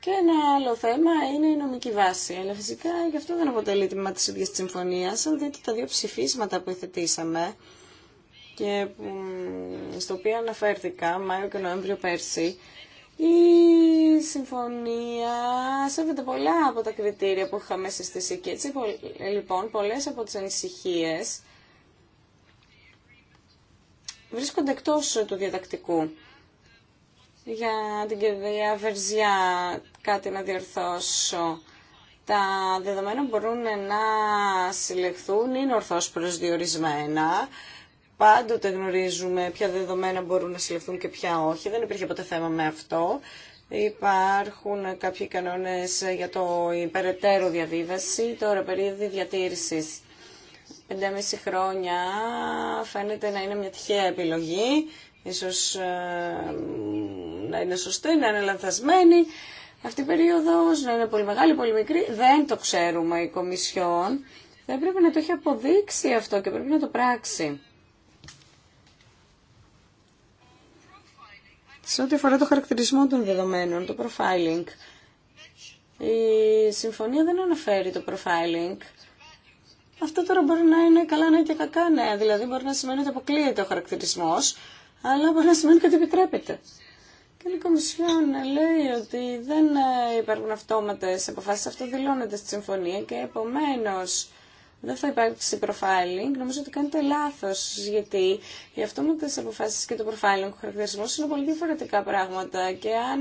Speaker 1: Και ένα άλλο θέμα είναι η νομική βάση. Αλλά φυσικά γι' αυτό δεν αποτελεί τμήμα της ίδιας της συμφωνίας. Αν δείτε τα δύο ψηφίσματα που υθετήσαμε, και στο οποίο αναφέρθηκα Μάιο και Νοέμβριο πέρσι, η συμφωνία σέβεται πολλά από τα κριτήρια που είχαμε συστήσει και έτσι λοιπόν πολλές από τις ανησυχίες βρίσκονται εκτός του διατακτικού. Για την κυρία Βερζιά κάτι να διορθώσω. Τα δεδομένα μπορούν να συλλεχθούν είναι ορθώς προσδιορισμένα Πάντοτε γνωρίζουμε ποια δεδομένα μπορούν να συλλεφθούν και ποια όχι. Δεν υπήρχε ποτέ θέμα με αυτό. Υπάρχουν κάποιοι κανόνες για το υπεραιτέρω διαβίβαση, τώρα περίοδο διατήρησης. 5,5 χρόνια φαίνεται να είναι μια τυχαία επιλογή, ίσως ε, να είναι σωστή, να είναι λανθασμένη. Αυτή η περίοδος να είναι πολύ μεγάλη, πολύ μικρή, δεν το ξέρουμε η Κομισιόν. Θα πρέπει να το έχει αποδείξει αυτό και πρέπει να το πράξει. Σε ό,τι αφορά το χαρακτηρισμό των δεδομένων, το profiling, η συμφωνία δεν αναφέρει το profiling. Αυτό τώρα μπορεί να είναι καλά να και κακά ναι, δηλαδή μπορεί να σημαίνει ότι αποκλείεται ο χαρακτηρισμός, αλλά μπορεί να σημαίνει ότι επιτρέπεται. Και η Κομισιόν λέει ότι δεν ε, υπάρχουν αυτόματες αποφάσεις, αυτό δηλώνεται στη συμφωνία και επομένως δεν θα υπάρξει profiling, νομίζω ότι κάνετε λάθο, γιατί οι τι αποφάσει και το profiling, ο χαρακτηρισμός είναι πολύ διαφορετικά πράγματα και αν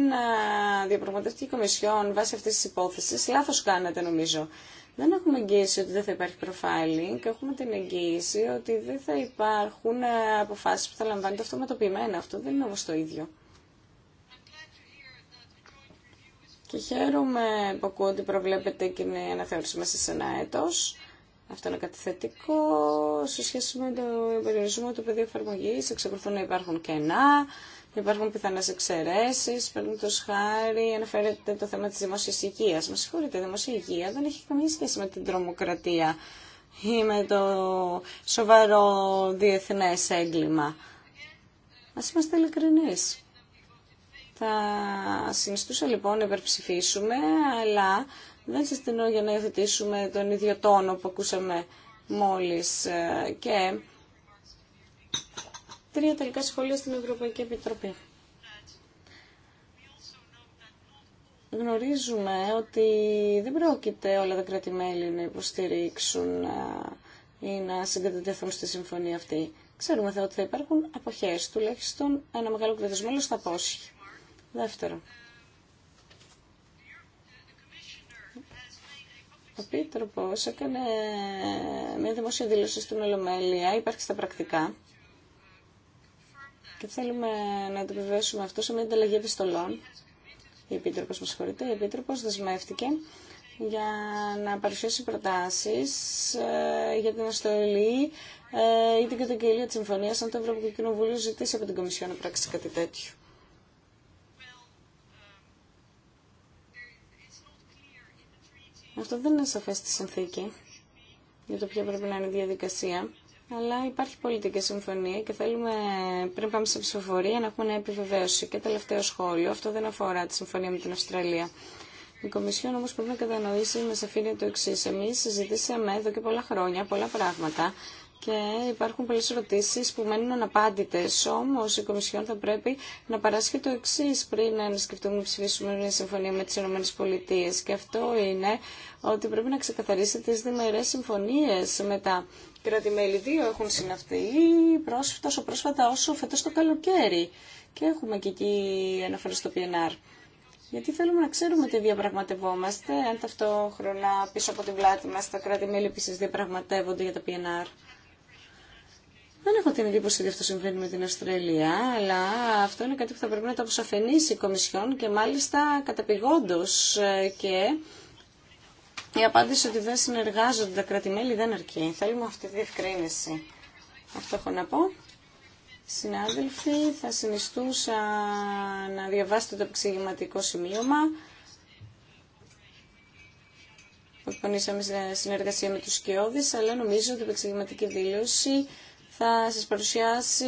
Speaker 1: διαπραγματεύτηκε η Κομισιόν βάσει αυτή τη υπόθεση, λάθο κάνατε νομίζω. Δεν έχουμε εγγύηση ότι δεν θα υπάρχει profiling, έχουμε την εγγύηση ότι δεν θα υπάρχουν αποφάσει που θα λαμβάνεται αυτοματοποιημένα. Αυτό δεν είναι όμω το ίδιο. Και χαίρομαι που ακούω ότι προβλέπετε και είναι αναθεώρηση μέσα σε ένα έτος. Αυτό είναι κάτι θετικό. Σε σχέση με το περιορισμό του πεδίου εφαρμογή, εξακολουθούν να υπάρχουν κενά, υπάρχουν πιθανέ εξαιρέσει. Παραδείγματο χάρη, αναφέρεται το θέμα τη δημόσια υγεία. Μα συγχωρείτε, η δημόσια υγεία δεν έχει καμία σχέση με την τρομοκρατία ή με το σοβαρό διεθνέ έγκλημα. Α είμαστε ειλικρινεί. Θα συνιστούσα λοιπόν να υπερψηφίσουμε, αλλά δεν συστηνώ για να υιοθετήσουμε τον ίδιο τόνο που ακούσαμε μόλις ε, και τρία τελικά σχόλια στην Ευρωπαϊκή Επιτροπή. Γνωρίζουμε ότι δεν πρόκειται όλα τα κράτη-μέλη να υποστηρίξουν ε, ή να συγκεντρωθούν στη συμφωνία αυτή. Ξέρουμε ότι θα υπάρχουν αποχές, τουλάχιστον ένα μεγάλο κρατισμένο θα πόσχει. Δεύτερο. Ο Πίτροπος έκανε μια δημόσια δήλωση στην Ολομέλεια, υπάρχει στα πρακτικά. Και θέλουμε να το επιβεβαιώσουμε αυτό σε μια ανταλλαγή επιστολών. Η επίτροπο, με συγχωρείτε, η δεσμεύτηκε για να παρουσιάσει προτάσεις ε, για την αστολή ή ε, την καταγγελία της Συμφωνία. αν το Ευρωπαϊκό Κοινοβούλιο ζητήσει από την Κομισιόν να πράξει κάτι τέτοιο. Αυτό δεν είναι σαφέ στη συνθήκη για το ποια πρέπει να είναι η διαδικασία. Αλλά υπάρχει πολιτική συμφωνία και θέλουμε πριν πάμε σε ψηφοφορία να έχουμε μια επιβεβαίωση. Και τελευταίο σχόλιο, αυτό δεν αφορά τη συμφωνία με την Αυστραλία. Η Κομισιόν όμω πρέπει να κατανοήσει με σαφήνεια το εξή. Εμεί συζητήσαμε εδώ και πολλά χρόνια πολλά πράγματα και υπάρχουν πολλέ ερωτήσει που μένουν αναπάντητε. Όμως η Κομισιόν θα πρέπει να παράσχει το εξή πριν να σκεφτούμε να ψηφίσουμε μια συμφωνία με τι ΗΠΑ. Και αυτό είναι ότι πρέπει να ξεκαθαρίσει τι διμερέ συμφωνίε με τα κράτη-μέλη. Δύο έχουν συναυτεί τόσο πρόσφατα όσο φέτος το καλοκαίρι. Και έχουμε και εκεί αναφορέ στο PNR. Γιατί θέλουμε να ξέρουμε τι διαπραγματευόμαστε, αν ταυτόχρονα πίσω από την πλάτη μα τα κράτη-μέλη επίση διαπραγματεύονται για τα PNR. Δεν έχω την εντύπωση ότι αυτό συμβαίνει με την Αυστραλία, αλλά αυτό είναι κάτι που θα πρέπει να το αποσαφενίσει η Κομισιόν και μάλιστα καταπηγόντως ε, και η απάντηση ότι δεν συνεργάζονται τα κράτη-μέλη δεν αρκεί. Θέλουμε αυτή τη διευκρίνηση. Αυτό έχω να πω. Συνάδελφοι, θα συνιστούσα να διαβάσετε το επεξηγηματικό σημείωμα. που Εκπονήσαμε συνεργασία με τους Σκιώδης, αλλά νομίζω ότι η επεξηγηματική δήλωση θα σας παρουσιάσει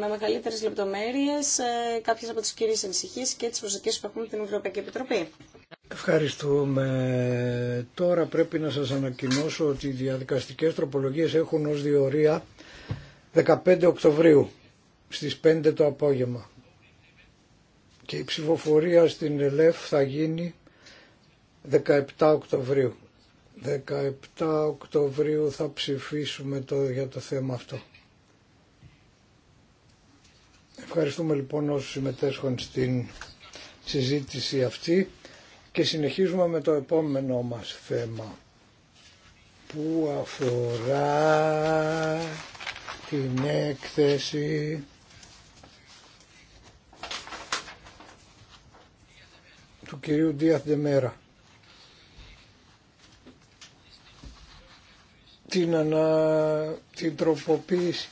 Speaker 1: με μεγαλύτερες λεπτομέρειες ε, κάποιες από τις κυρίες ανησυχίες και τις προσδοκίες που έχουμε την Ευρωπαϊκή Επιτροπή.
Speaker 4: Ευχαριστούμε. Τώρα πρέπει να σας ανακοινώσω ότι οι διαδικαστικές τροπολογίες έχουν ως διορία 15 Οκτωβρίου στις 5 το απόγευμα. Και η ψηφοφορία στην ΕΛΕΦ θα γίνει 17 Οκτωβρίου. 17 Οκτωβρίου θα ψηφίσουμε το, για το θέμα αυτό. Ευχαριστούμε λοιπόν όσους συμμετέσχουν στην συζήτηση αυτή και συνεχίζουμε με το επόμενο μας θέμα που αφορά την έκθεση του κυρίου Ντίαθ Ντεμέρα. την, ανα... την τροποποίηση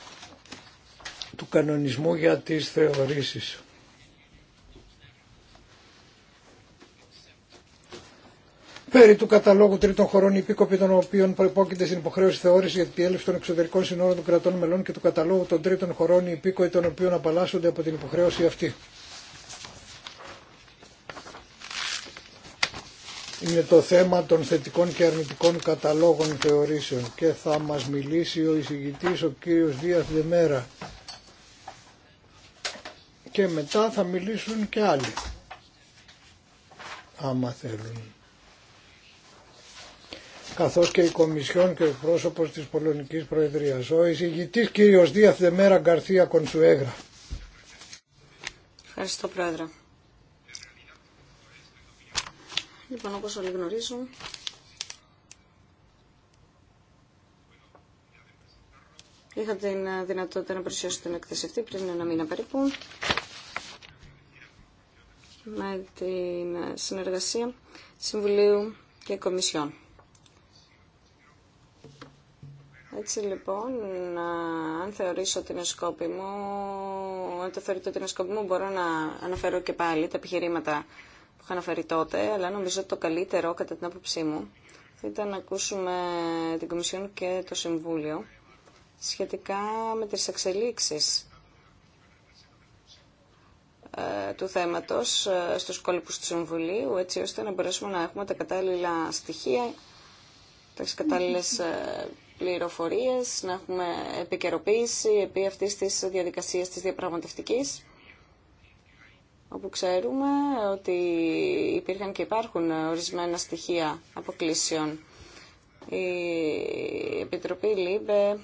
Speaker 4: του κανονισμού για τις θεωρήσεις. Πέρι του καταλόγου τρίτων χωρών υπήκοπη των οποίων προπόκειται στην υποχρέωση θεώρηση για την διέλευση των εξωτερικών συνόρων των κρατών μελών και του καταλόγου των τρίτων χωρών υπήκοπη των οποίων απαλλάσσονται από την υποχρέωση αυτή. είναι το θέμα των θετικών και αρνητικών καταλόγων θεωρήσεων και θα μας μιλήσει ο εισηγητής ο κύριος Δίας Δεμέρα και μετά θα μιλήσουν και άλλοι άμα θέλουν καθώς και η Κομισιόν και ο πρόσωπος της Πολωνικής Προεδρίας ο εισηγητής κύριος Δίας Δεμέρα Γκαρθία Κονσουέγρα
Speaker 1: Ευχαριστώ Πρόεδρε Λοιπόν, όπως όλοι γνωρίζουν, είχα την δυνατότητα να παρουσιάσω την εκθέση αυτή πριν ένα μήνα περίπου με την συνεργασία Συμβουλίου και Κομισιόν. Έτσι λοιπόν, αν θεωρήσω την είναι μου, αν το θεωρείτε την μου, μπορώ να αναφέρω και πάλι τα επιχειρήματα που είχα αναφέρει τότε, αλλά νομίζω ότι το καλύτερο, κατά την άποψή μου, θα ήταν να ακούσουμε την Κομισιόν και το Συμβούλιο σχετικά με τις εξελίξεις ε, του θέματος ε, στους κόλπους του Συμβουλίου, έτσι ώστε να μπορέσουμε να έχουμε τα κατάλληλα στοιχεία, τα κατάλληλες ε, πληροφορίες, να έχουμε επικαιροποίηση επί αυτής της διαδικασίας της διαπραγματευτικής όπου ξέρουμε ότι υπήρχαν και υπάρχουν ορισμένα στοιχεία αποκλήσεων. Η Επιτροπή ΛΥΜΠΕ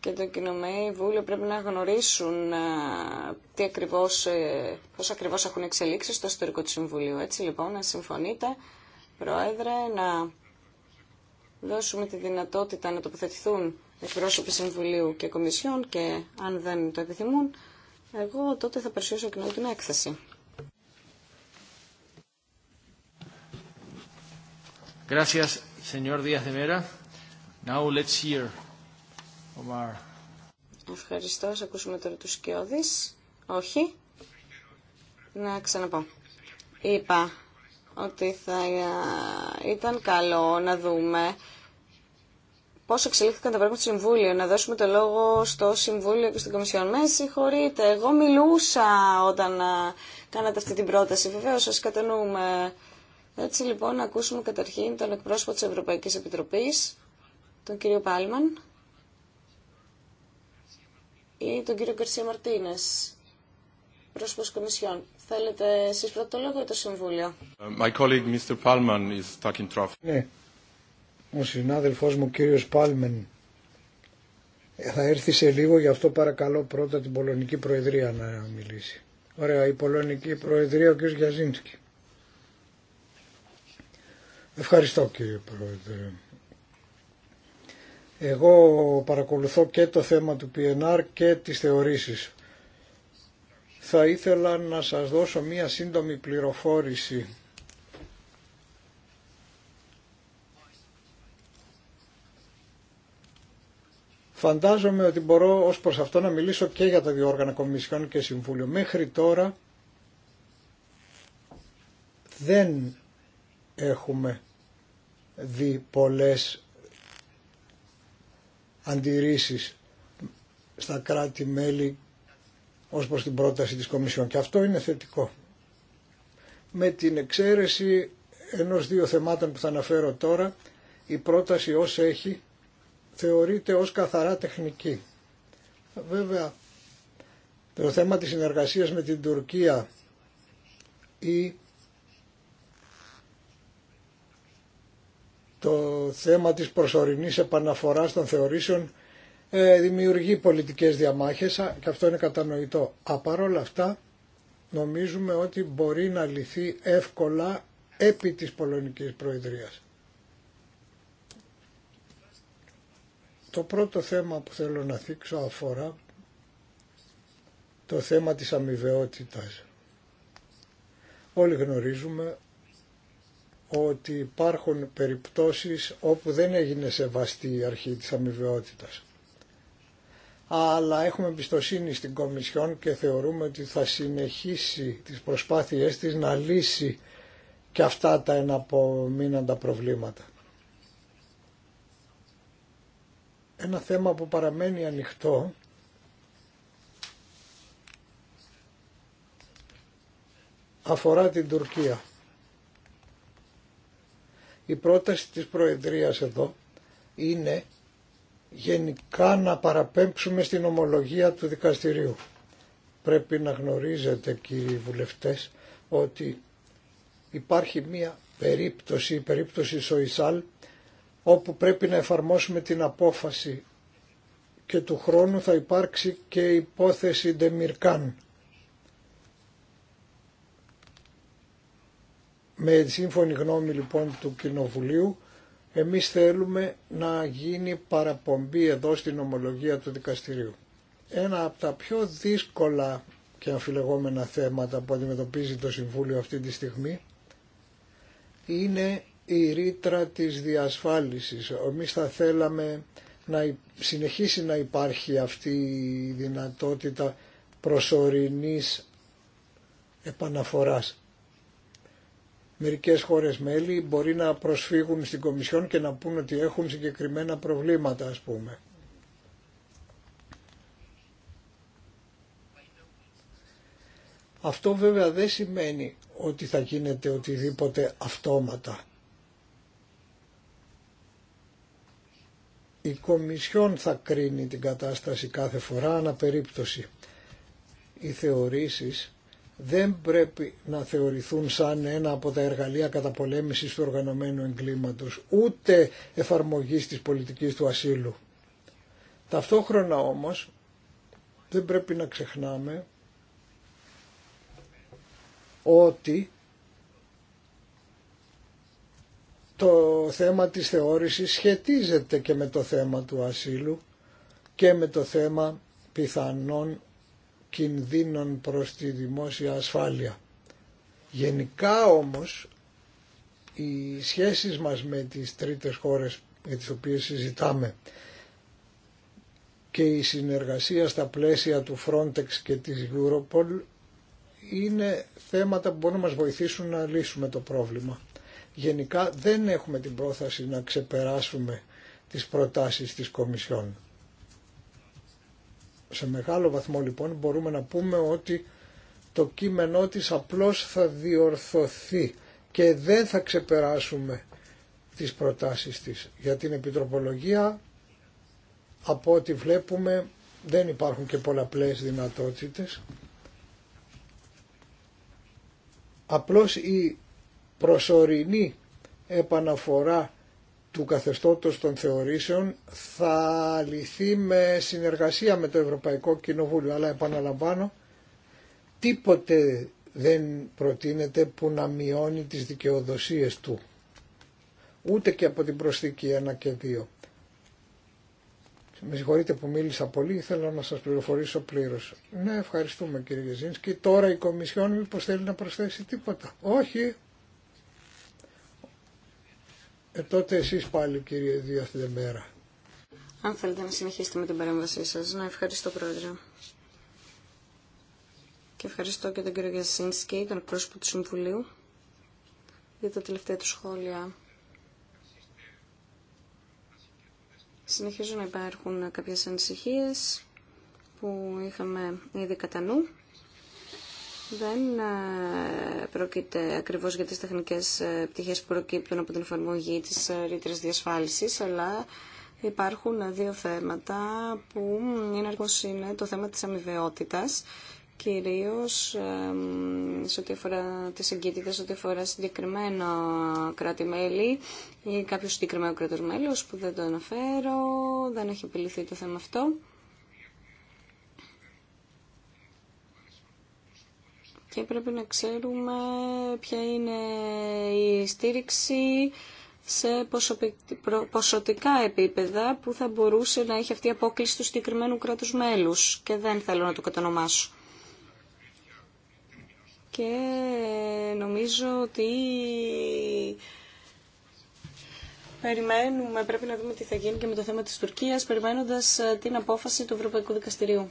Speaker 1: και το Κοινομέι Βούλιο πρέπει να γνωρίσουν ε, τι ακριβώς, ε, πώς ακριβώς έχουν εξελίξει στο ιστορικό του Συμβουλίου. Έτσι λοιπόν, να συμφωνείτε, Πρόεδρε, να δώσουμε τη δυνατότητα να τοποθετηθούν εκπρόσωποι Συμβουλίου και Κομισιόν και αν δεν το επιθυμούν, εγώ τότε θα παρουσιάσω και την έκθεση. Ευχαριστώ. Ας ακούσουμε τώρα τους Σκιώδης. Όχι. Να ξαναπώ. Είπα ότι θα ε, ήταν καλό να δούμε πώς εξελίχθηκαν τα πράγματα στο Συμβούλιο. Να δώσουμε το λόγο στο Συμβούλιο και στην Κομισιόν. Με συγχωρείτε, εγώ μιλούσα όταν κάνατε αυτή την πρόταση. Βεβαίως, σας κατανοούμε. Έτσι λοιπόν, να ακούσουμε καταρχήν τον εκπρόσωπο της Ευρωπαϊκής Επιτροπής, τον κύριο Πάλμαν ή τον κύριο Καρσία Μαρτίνες, πρόσωπος Κομισιόν. Θέλετε εσείς πρώτο λόγο ή το Συμβούλιο.
Speaker 3: My colleague Mr. Palman is
Speaker 4: ο συνάδελφός μου κύριος Πάλμεν θα έρθει σε λίγο, γι' αυτό παρακαλώ πρώτα την Πολωνική Προεδρία να μιλήσει. Ωραία, η Πολωνική Προεδρία, ο κύριος Γιαζίνσκι. Ευχαριστώ κύριε Πρόεδρε. Εγώ παρακολουθώ και το θέμα του PNR και τις θεωρήσεις. Θα ήθελα να σας δώσω μία σύντομη πληροφόρηση Φαντάζομαι ότι μπορώ ως προς αυτό να μιλήσω και για τα δύο όργανα Κομισιόν και Συμβούλιο. Μέχρι τώρα δεν έχουμε δει πολλές αντιρρήσεις στα κράτη-μέλη ως προς την πρόταση της Κομισιόν και αυτό είναι θετικό. Με την εξαίρεση ενός δύο θεμάτων που θα αναφέρω τώρα, η πρόταση ως έχει θεωρείται ως καθαρά τεχνική. Βέβαια, το θέμα της συνεργασίας με την Τουρκία ή το θέμα της προσωρινής επαναφοράς των θεωρήσεων ε, δημιουργεί πολιτικές διαμάχες και αυτό είναι κατανοητό. Απαρόλα αυτά νομίζουμε ότι μπορεί να λυθεί εύκολα επί της Πολωνικής Προεδρίας. Το πρώτο θέμα που θέλω να θίξω αφορά το θέμα της αμοιβαιότητας. Όλοι γνωρίζουμε ότι υπάρχουν περιπτώσεις όπου δεν έγινε σεβαστή η αρχή της αμοιβαιότητας. Αλλά έχουμε εμπιστοσύνη στην Κομισιόν και θεωρούμε ότι θα συνεχίσει τις προσπάθειές της να λύσει και αυτά τα εναπομείναντα προβλήματα. Ένα θέμα που παραμένει ανοιχτό αφορά την Τουρκία. Η πρόταση της Προεδρίας εδώ είναι γενικά να παραπέμψουμε στην ομολογία του δικαστηρίου. Πρέπει να γνωρίζετε κύριοι βουλευτές ότι υπάρχει μία περίπτωση, η περίπτωση Σοϊσάλ όπου πρέπει να εφαρμόσουμε την απόφαση και του χρόνου θα υπάρξει και υπόθεση Ντεμιρκάν. Με σύμφωνη γνώμη λοιπόν του Κοινοβουλίου, εμείς θέλουμε να γίνει παραπομπή εδώ στην ομολογία του δικαστηρίου. Ένα από τα πιο δύσκολα και αμφιλεγόμενα θέματα που αντιμετωπίζει το Συμβούλιο αυτή τη στιγμή είναι η ρήτρα της διασφάλισης. Εμείς θα θέλαμε να συνεχίσει να υπάρχει αυτή η δυνατότητα προσωρινής επαναφοράς. Μερικές χώρες μέλη μπορεί να προσφύγουν στην Κομισιόν και να πούν ότι έχουν συγκεκριμένα προβλήματα ας πούμε. Αυτό βέβαια δεν σημαίνει ότι θα γίνεται οτιδήποτε αυτόματα. Η Κομισιόν θα κρίνει την κατάσταση κάθε φορά ανα περίπτωση. Οι θεωρήσεις δεν πρέπει να θεωρηθούν σαν ένα από τα εργαλεία καταπολέμησης του οργανωμένου εγκλήματος, ούτε εφαρμογής της πολιτικής του ασύλου. Ταυτόχρονα όμως δεν πρέπει να ξεχνάμε ότι το θέμα της θεώρησης σχετίζεται και με το θέμα του ασύλου και με το θέμα πιθανών κινδύνων προς τη δημόσια ασφάλεια. Γενικά όμως οι σχέσεις μας με τις τρίτες χώρες για τις οποίες συζητάμε και η συνεργασία στα πλαίσια του Frontex και της Europol είναι θέματα που μπορούν να μας βοηθήσουν να λύσουμε το πρόβλημα γενικά δεν έχουμε την πρόθεση να ξεπεράσουμε τις προτάσεις της Κομισιόν. Σε μεγάλο βαθμό λοιπόν μπορούμε να πούμε ότι το κείμενό της απλώς θα διορθωθεί και δεν θα ξεπεράσουμε τις προτάσεις της. Για την επιτροπολογία από ό,τι βλέπουμε δεν υπάρχουν και πολλαπλές δυνατότητες. Απλώς η προσωρινή επαναφορά του καθεστώτος των θεωρήσεων θα λυθεί με συνεργασία με το Ευρωπαϊκό Κοινοβούλιο. Αλλά επαναλαμβάνω, τίποτε δεν προτείνεται που να μειώνει τις δικαιοδοσίες του. Ούτε και από την προσθήκη 1 και 2. Με συγχωρείτε που μίλησα πολύ, ήθελα να σας πληροφορήσω πλήρως. Ναι, ευχαριστούμε κύριε Γεζίνσκι. Τώρα η Κομισιόν μήπως θέλει
Speaker 1: να προσθέσει τίποτα. Όχι,
Speaker 4: ε, τότε εσείς πάλι κύριε μέρα.
Speaker 1: Αν θέλετε να συνεχίσετε με την παρέμβασή σας, να ευχαριστώ πρόεδρε. Και ευχαριστώ και τον κύριο Γιασίνσκι, τον πρόσωπο του Συμβουλίου, για τα τελευταία του σχόλια. Συνεχίζουν να υπάρχουν κάποιες ανησυχίες που είχαμε ήδη κατά νου δεν ε, πρόκειται ακριβώς για τις τεχνικές ε, πτυχές που προκύπτουν από την εφαρμογή της ε, ρήτρας διασφάλισης, αλλά υπάρχουν δύο θέματα που είναι αργώς είναι το θέμα της αμοιβαιότητας, κυρίως σε ό,τι αφορά τις εγκύτητες, σε ό,τι αφορά συγκεκριμένα κράτη-μέλη ή κάποιο συγκεκριμένο κράτος μέλος που δεν το αναφέρω, δεν έχει επιληθεί το θέμα αυτό. και πρέπει να ξέρουμε ποια είναι η στήριξη σε ποσοτικά επίπεδα που θα μπορούσε να έχει αυτή η απόκληση του συγκεκριμένου κράτους μέλους και δεν θέλω να το κατανομάσω. Και νομίζω ότι περιμένουμε, πρέπει να δούμε τι θα γίνει και με το θέμα της Τουρκίας, περιμένοντας ε, την απόφαση του Ευρωπαϊκού Δικαστηρίου.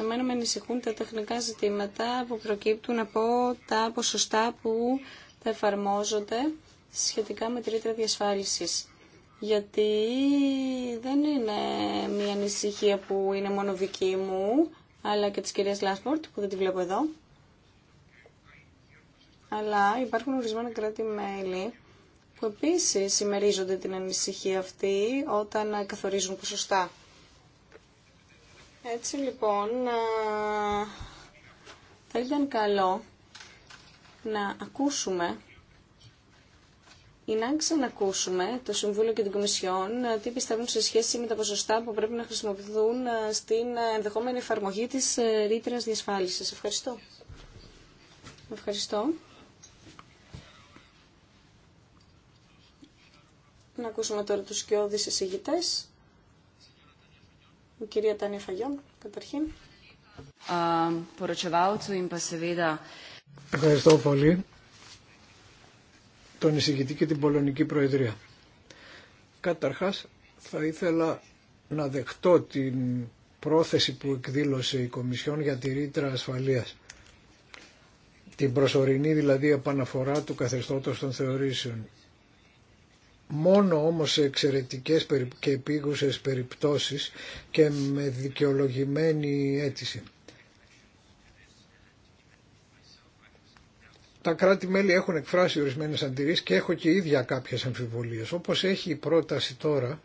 Speaker 1: Εμένα με ανησυχούν τα τεχνικά ζητήματα που προκύπτουν από τα ποσοστά που θα εφαρμόζονται σχετικά με τη ρήτρα διασφάλισης. Γιατί δεν είναι μια ανησυχία που είναι μόνο δική μου, αλλά και της κυρίας Λάσπορτ, που δεν τη βλέπω εδώ. Αλλά υπάρχουν ορισμένα κράτη-μέλη που επίσης ημερίζονται την ανησυχία αυτή όταν καθορίζουν ποσοστά. Έτσι λοιπόν θα ήταν καλό να ακούσουμε ή να ξανακούσουμε το Συμβούλιο και την Κομισιόν τι πιστεύουν σε σχέση με τα ποσοστά που πρέπει να χρησιμοποιηθούν στην ενδεχόμενη εφαρμογή της ε, ρήτρα διασφάλισης. Ευχαριστώ. Ευχαριστώ. Να ακούσουμε τώρα τους σκιώδεις εισηγητές. Η κυρία Τάνια Φαγιόν, καταρχήν.
Speaker 4: Ευχαριστώ πολύ τον εισηγητή και την Πολωνική Προεδρία. Καταρχάς θα ήθελα να δεχτώ την πρόθεση που εκδήλωσε η Κομισιόν για τη ρήτρα ασφαλείας. Την προσωρινή δηλαδή επαναφορά του καθεστώτος των θεωρήσεων. Μόνο όμως σε εξαιρετικές και επίγουσες περιπτώσεις και με δικαιολογημένη αίτηση. Τα κράτη-μέλη έχουν εκφράσει ορισμένες αντιρρήσεις και έχω και ίδια κάποιες αμφιβολίες. Όπως έχει η πρόταση τώρα,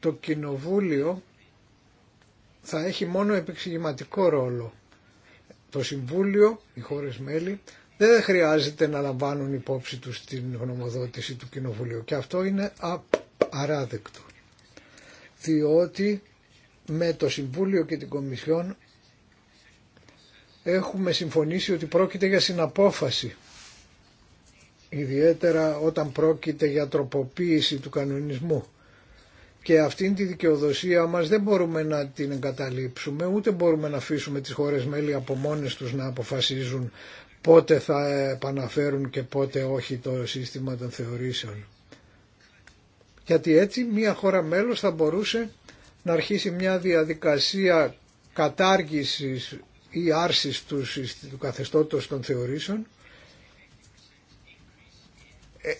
Speaker 4: το Κοινοβούλιο θα έχει μόνο επεξηγηματικό ρόλο. Το Συμβούλιο, οι χώρες μέλη, δεν χρειάζεται να λαμβάνουν υπόψη τους την γνωμοδότηση του Κοινοβουλίου και αυτό είναι αράδεκτο διότι με το Συμβούλιο και την Κομισιόν έχουμε συμφωνήσει ότι πρόκειται για συναπόφαση ιδιαίτερα όταν πρόκειται για τροποποίηση του κανονισμού και αυτήν τη δικαιοδοσία μας δεν μπορούμε να την εγκαταλείψουμε ούτε μπορούμε να αφήσουμε τις χώρες μέλη από μόνες τους να αποφασίζουν πότε θα επαναφέρουν και πότε όχι το σύστημα των θεωρήσεων. Γιατί έτσι μια χώρα μέλος θα μπορούσε να αρχίσει μια διαδικασία κατάργησης ή άρσης του, του καθεστώτος των θεωρήσεων ε,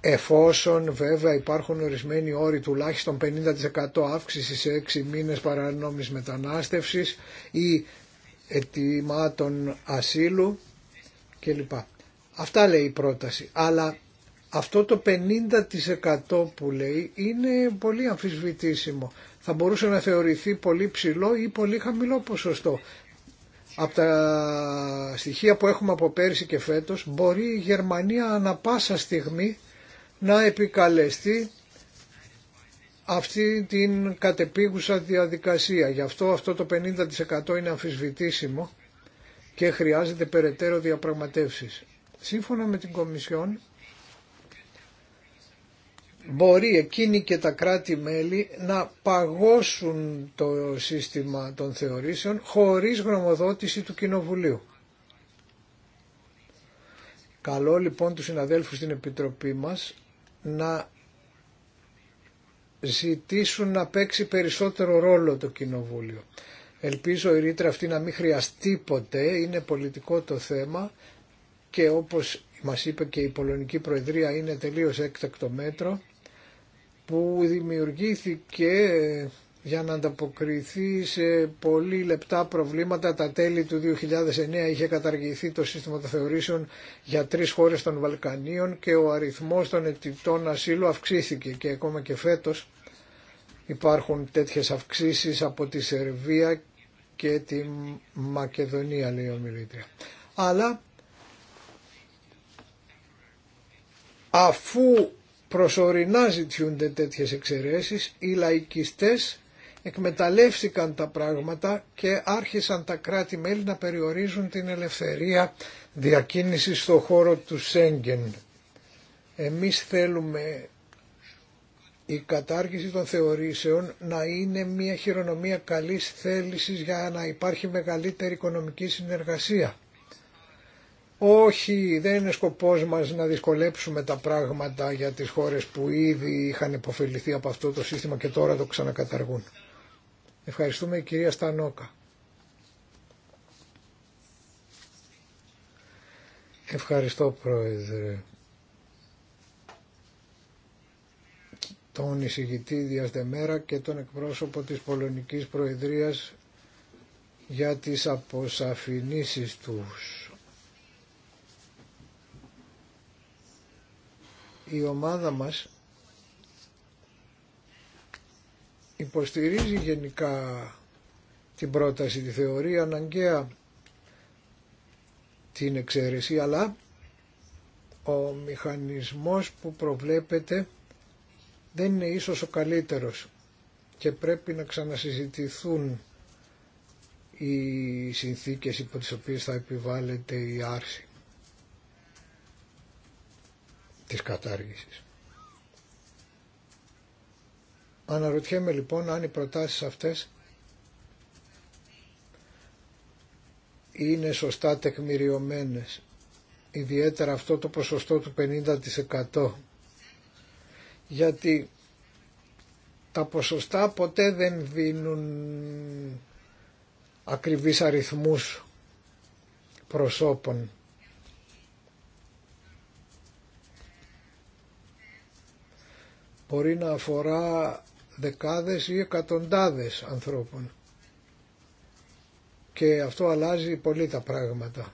Speaker 4: εφόσον βέβαια υπάρχουν ορισμένοι όροι τουλάχιστον 50% αύξηση σε 6 μήνες παρανόμης μετανάστευσης ή ετοιμάτων ασύλου κλπ. Αυτά λέει η πρόταση. Αλλά αυτό το 50% που λέει είναι πολύ αμφισβητήσιμο. Θα μπορούσε να θεωρηθεί πολύ ψηλό ή πολύ χαμηλό ποσοστό. Από τα στοιχεία που έχουμε από πέρσι και φέτος μπορεί η Γερμανία ανα πάσα στιγμή να επικαλεστεί αυτή την κατεπίγουσα διαδικασία. Γι' αυτό αυτό το 50% είναι αμφισβητήσιμο και χρειάζεται περαιτέρω διαπραγματεύσεις. Σύμφωνα με την Κομισιόν, μπορεί εκείνοι και τα κράτη-μέλη να παγώσουν το σύστημα των θεωρήσεων χωρίς γνωμοδότηση του Κοινοβουλίου. Καλό λοιπόν τους συναδέλφους στην Επιτροπή μας να ζητήσουν να παίξει περισσότερο ρόλο το Κοινοβούλιο. Ελπίζω η ρήτρα αυτή να μην χρειαστεί ποτέ, είναι πολιτικό το θέμα και όπως μας είπε και η Πολωνική Προεδρία είναι τελείως έκτακτο μέτρο που δημιουργήθηκε για να ανταποκριθεί σε πολύ λεπτά προβλήματα. Τα τέλη του 2009 είχε καταργηθεί το σύστημα των θεωρήσεων για τρεις χώρες των Βαλκανίων και ο αριθμός των αιτητών ασύλου αυξήθηκε και ακόμα και φέτος υπάρχουν τέτοιες αυξήσεις από τη Σερβία και τη Μακεδονία λέει ο Μιλήτρια. Αλλά αφού προσωρινά ζητιούνται τέτοιες εξαιρέσεις, οι λαϊκιστές εκμεταλλεύτηκαν τα πράγματα και άρχισαν τα κράτη-μέλη να περιορίζουν την ελευθερία διακίνησης στο χώρο του Σέγγεν. Εμείς θέλουμε η κατάργηση των θεωρήσεων να είναι μια χειρονομία καλής θέλησης για να υπάρχει μεγαλύτερη οικονομική συνεργασία. Όχι, δεν είναι σκοπός μας να δυσκολέψουμε τα πράγματα για τις χώρες που ήδη είχαν υποφεληθεί από αυτό το σύστημα και τώρα το ξανακαταργούν. Ευχαριστούμε η κυρία Στανόκα. Ευχαριστώ πρόεδρε. Τον εισηγητή Διασδεμέρα και τον εκπρόσωπο της Πολωνικής Προεδρίας για τις αποσαφηνήσεις τους. Η ομάδα μας υποστηρίζει γενικά την πρόταση, τη θεωρία αναγκαία την εξαίρεση, αλλά ο μηχανισμός που προβλέπεται δεν είναι ίσως ο καλύτερος και πρέπει να ξανασυζητηθούν οι συνθήκες υπό τις οποίες θα επιβάλλεται η άρση της κατάργησης. Αναρωτιέμαι λοιπόν αν οι προτάσεις αυτές είναι σωστά τεκμηριωμένες. Ιδιαίτερα αυτό το ποσοστό του 50% γιατί τα ποσοστά ποτέ δεν δίνουν ακριβείς αριθμούς προσώπων. Μπορεί να αφορά δεκάδες ή εκατοντάδες ανθρώπων. Και αυτό αλλάζει πολύ τα πράγματα.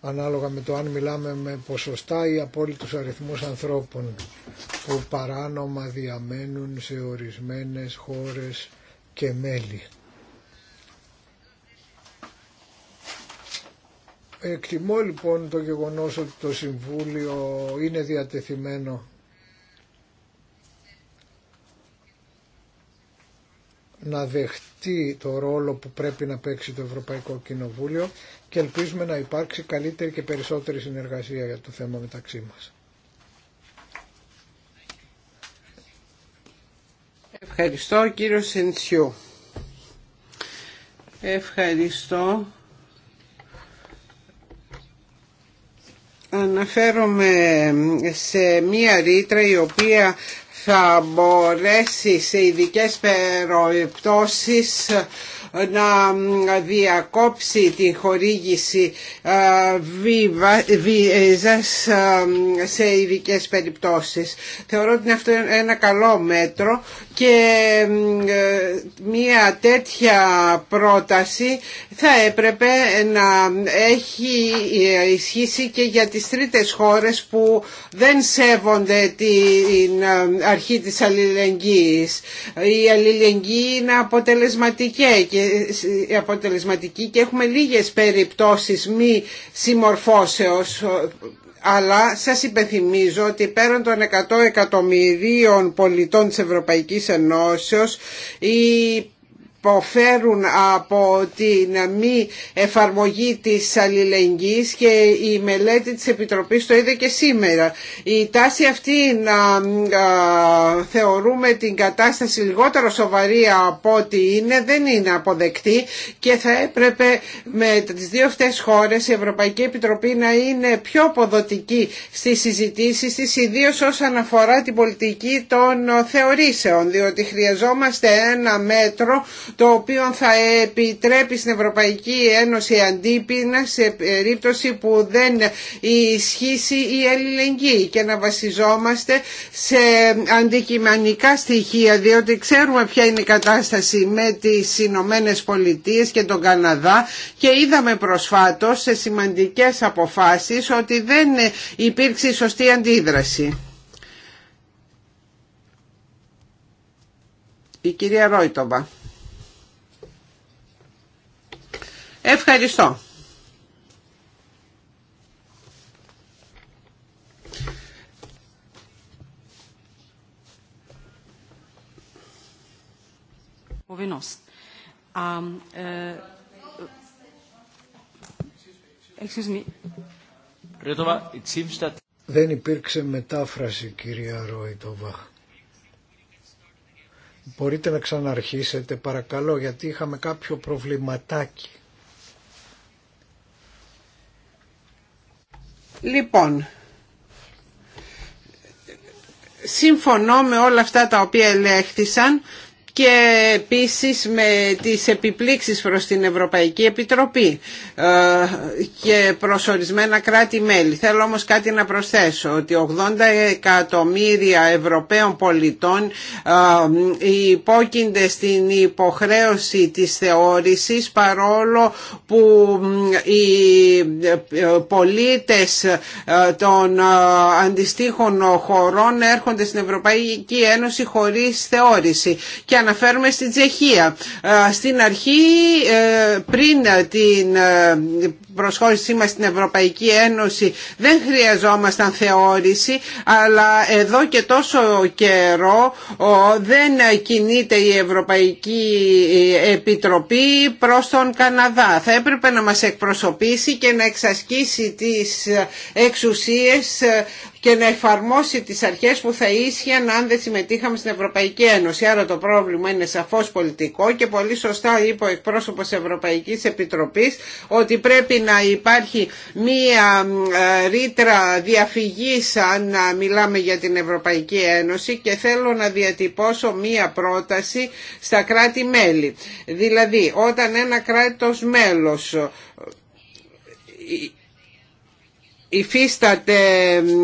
Speaker 4: Ανάλογα με το αν μιλάμε με ποσοστά ή απόλυτους αριθμούς ανθρώπων που παράνομα διαμένουν σε ορισμένες χώρες και μέλη. Εκτιμώ λοιπόν το γεγονός ότι το Συμβούλιο είναι διατεθειμένο να δεχτεί το ρόλο που πρέπει να παίξει το Ευρωπαϊκό Κοινοβούλιο και ελπίζουμε να υπάρξει καλύτερη και περισσότερη συνεργασία για το θέμα μεταξύ μας.
Speaker 2: Ευχαριστώ κύριο Ευχαριστώ αναφέρομαι σε μία ρήτρα η οποία θα μπορέσει σε ειδικές περιπτώσεις να διακόψει τη χορήγηση βίζας σε ειδικέ περιπτώσεις. Θεωρώ ότι είναι αυτό ένα καλό μέτρο και μια ε, τέτοια πρόταση θα έπρεπε να έχει ε, ισχύσει και για τις τρίτες χώρες που δεν σέβονται την ε, αρχή της αλληλεγγύης. Η αλληλεγγύη είναι αποτελεσματική και ε, ε, αποτελεσματική και έχουμε λίγες περιπτώσεις μη συμμορφώσεως ε, αλλά σας υπενθυμίζω ότι πέραν των 100 εκατομμυρίων πολιτών της Ευρωπαϊκής Ενώσεως υποφέρουν από την μη εφαρμογή της αλληλεγγύης και η μελέτη της Επιτροπής το είδε και σήμερα. Η τάση αυτή να θεωρούμε την κατάσταση λιγότερο σοβαρή από ό,τι είναι δεν είναι αποδεκτή και θα έπρεπε με τις δύο αυτές χώρες η Ευρωπαϊκή Επιτροπή να είναι πιο αποδοτική στις συζητήσεις της ιδίως όσον αφορά την πολιτική των θεωρήσεων διότι χρειαζόμαστε ένα μέτρο το οποίο θα επιτρέπει στην Ευρωπαϊκή Ένωση αντίπεινα σε περίπτωση που δεν ισχύσει η ελληνική και να βασιζόμαστε σε αντικειμενικά στοιχεία διότι ξέρουμε ποια είναι η κατάσταση με τις Ηνωμένε Πολιτείες και τον Καναδά και είδαμε προσφάτως σε σημαντικές αποφάσεις ότι δεν υπήρξε η σωστή αντίδραση. Η κυρία Ρόιτοβα. Ευχαριστώ.
Speaker 1: Um, uh,
Speaker 4: Δεν υπήρξε μετάφραση, κυρία Ροϊτοβά. Μπορείτε να ξαναρχίσετε, παρακαλώ, γιατί είχαμε κάποιο προβληματάκι.
Speaker 2: Λοιπόν, συμφωνώ με όλα αυτά τα οποία ελέγχθησαν και επίσης με τις επιπλήξεις προς την Ευρωπαϊκή Επιτροπή ε, και προς ορισμένα κράτη-μέλη. Θέλω όμως κάτι να προσθέσω ότι 80 εκατομμύρια Ευρωπαίων πολιτών ε, υπόκεινται στην υποχρέωση της θεώρησης παρόλο που ε, οι πολίτες των αντιστοίχων χωρών έρχονται στην Ευρωπαϊκή Ένωση χωρίς θεώρηση αναφέρουμε στην Τσεχία. Στην αρχή ε, πριν την ε, προσχώρησή μας στην Ευρωπαϊκή Ένωση δεν χρειαζόμασταν θεώρηση αλλά εδώ και τόσο καιρό δεν κινείται η Ευρωπαϊκή Επιτροπή προς τον Καναδά. Θα έπρεπε να μας εκπροσωπήσει και να εξασκήσει τις εξουσίες και να εφαρμόσει τις αρχές που θα ίσχυαν αν δεν συμμετείχαμε στην Ευρωπαϊκή Ένωση. Άρα το πρόβλημα είναι σαφώς πολιτικό και πολύ σωστά είπε ο εκπρόσωπος Ευρωπαϊκής Επιτροπής ότι πρέπει να υπάρχει μία ε, ρήτρα διαφυγής αν ε, μιλάμε για την Ευρωπαϊκή Ένωση και θέλω να διατυπώσω μία πρόταση στα κράτη-μέλη. Δηλαδή όταν ένα κράτος μέλος ε, υφίσταται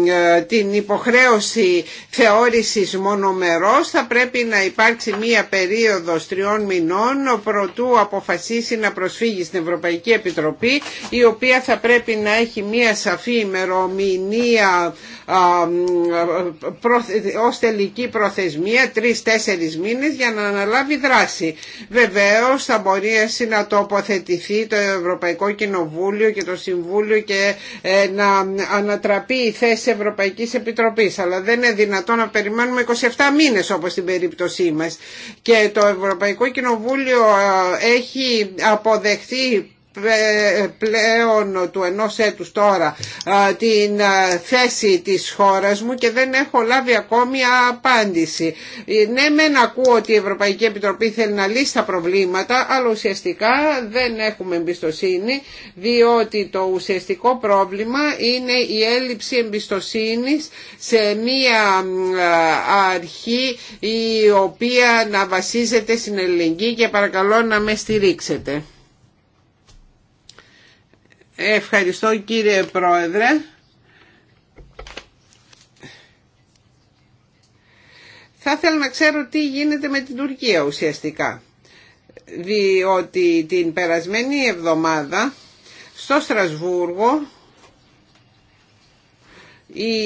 Speaker 2: ε, την υποχρέωση θεώρησης μονομερός θα πρέπει να υπάρξει μία περίοδος τριών μηνών προτού αποφασίσει να προσφύγει στην Ευρωπαϊκή Επιτροπή η οποία θα πρέπει να έχει μία σαφή ημερομηνία ως τελική προθεσμία τρεις-τέσσερις μήνες για να αναλάβει δράση. Βεβαίως θα μπορεί να τοποθετηθεί το Ευρωπαϊκό Κοινοβούλιο και το Συμβούλιο και ε, να ανατραπεί η θέση Ευρωπαϊκής Επιτροπής. Αλλά δεν είναι δυνατόν να περιμένουμε 27 μήνες όπως στην περίπτωσή μας. Και το Ευρωπαϊκό Κοινοβούλιο ε, έχει αποδεχθεί πλέον του ενός έτους τώρα την θέση της χώρας μου και δεν έχω λάβει ακόμη απάντηση. Ε, ναι μεν ακούω ότι η Ευρωπαϊκή Επιτροπή θέλει να λύσει τα προβλήματα αλλά ουσιαστικά δεν έχουμε εμπιστοσύνη διότι το ουσιαστικό πρόβλημα είναι η έλλειψη εμπιστοσύνης σε μία αρχή η οποία να βασίζεται στην ελληνική και παρακαλώ να με στηρίξετε. Ευχαριστώ κύριε Πρόεδρε. Θα ήθελα να ξέρω τι γίνεται με την Τουρκία ουσιαστικά. Διότι την περασμένη εβδομάδα στο Στρασβούργο η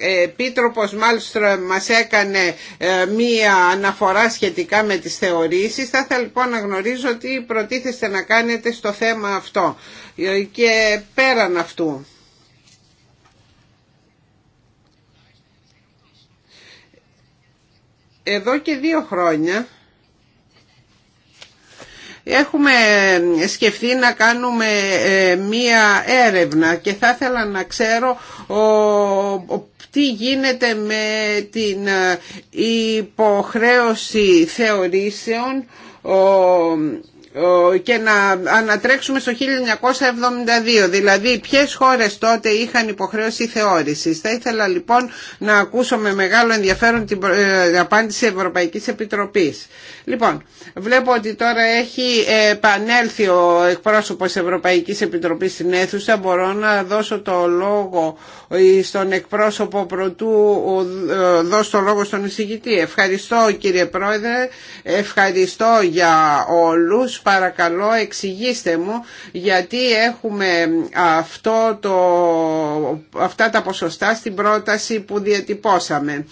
Speaker 2: ε, Επίτροπος μάλιστα μας έκανε ε, μία αναφορά σχετικά με τις θεωρήσεις. Θα ήθελα λοιπόν να γνωρίζω τι προτίθεστε να κάνετε στο θέμα αυτό ε, και πέραν αυτού. Εδώ και δύο χρόνια Έχουμε σκεφτεί να κάνουμε ε, μία έρευνα και θα ήθελα να ξέρω τι γίνεται με την ε, υποχρέωση θεωρήσεων και να ανατρέξουμε στο 1972, δηλαδή ποιες χώρες τότε είχαν υποχρέωση θεώρησης. Θα ήθελα λοιπόν να ακούσω με μεγάλο ενδιαφέρον την ε, απάντηση Ευρωπαϊκής Επιτροπής. Λοιπόν, βλέπω ότι τώρα έχει επανέλθει ο εκπρόσωπος Ευρωπαϊκής Επιτροπής στην αίθουσα. Μπορώ να δώσω το λόγο ε, στον εκπρόσωπο πρωτού, ε, δώσω το λόγο στον εισηγητή. Ευχαριστώ κύριε Πρόεδρε, ευχαριστώ για όλους παρακαλώ εξηγήστε μου γιατί έχουμε αυτό το, αυτά τα ποσοστά στην πρόταση που διατυπώσαμε.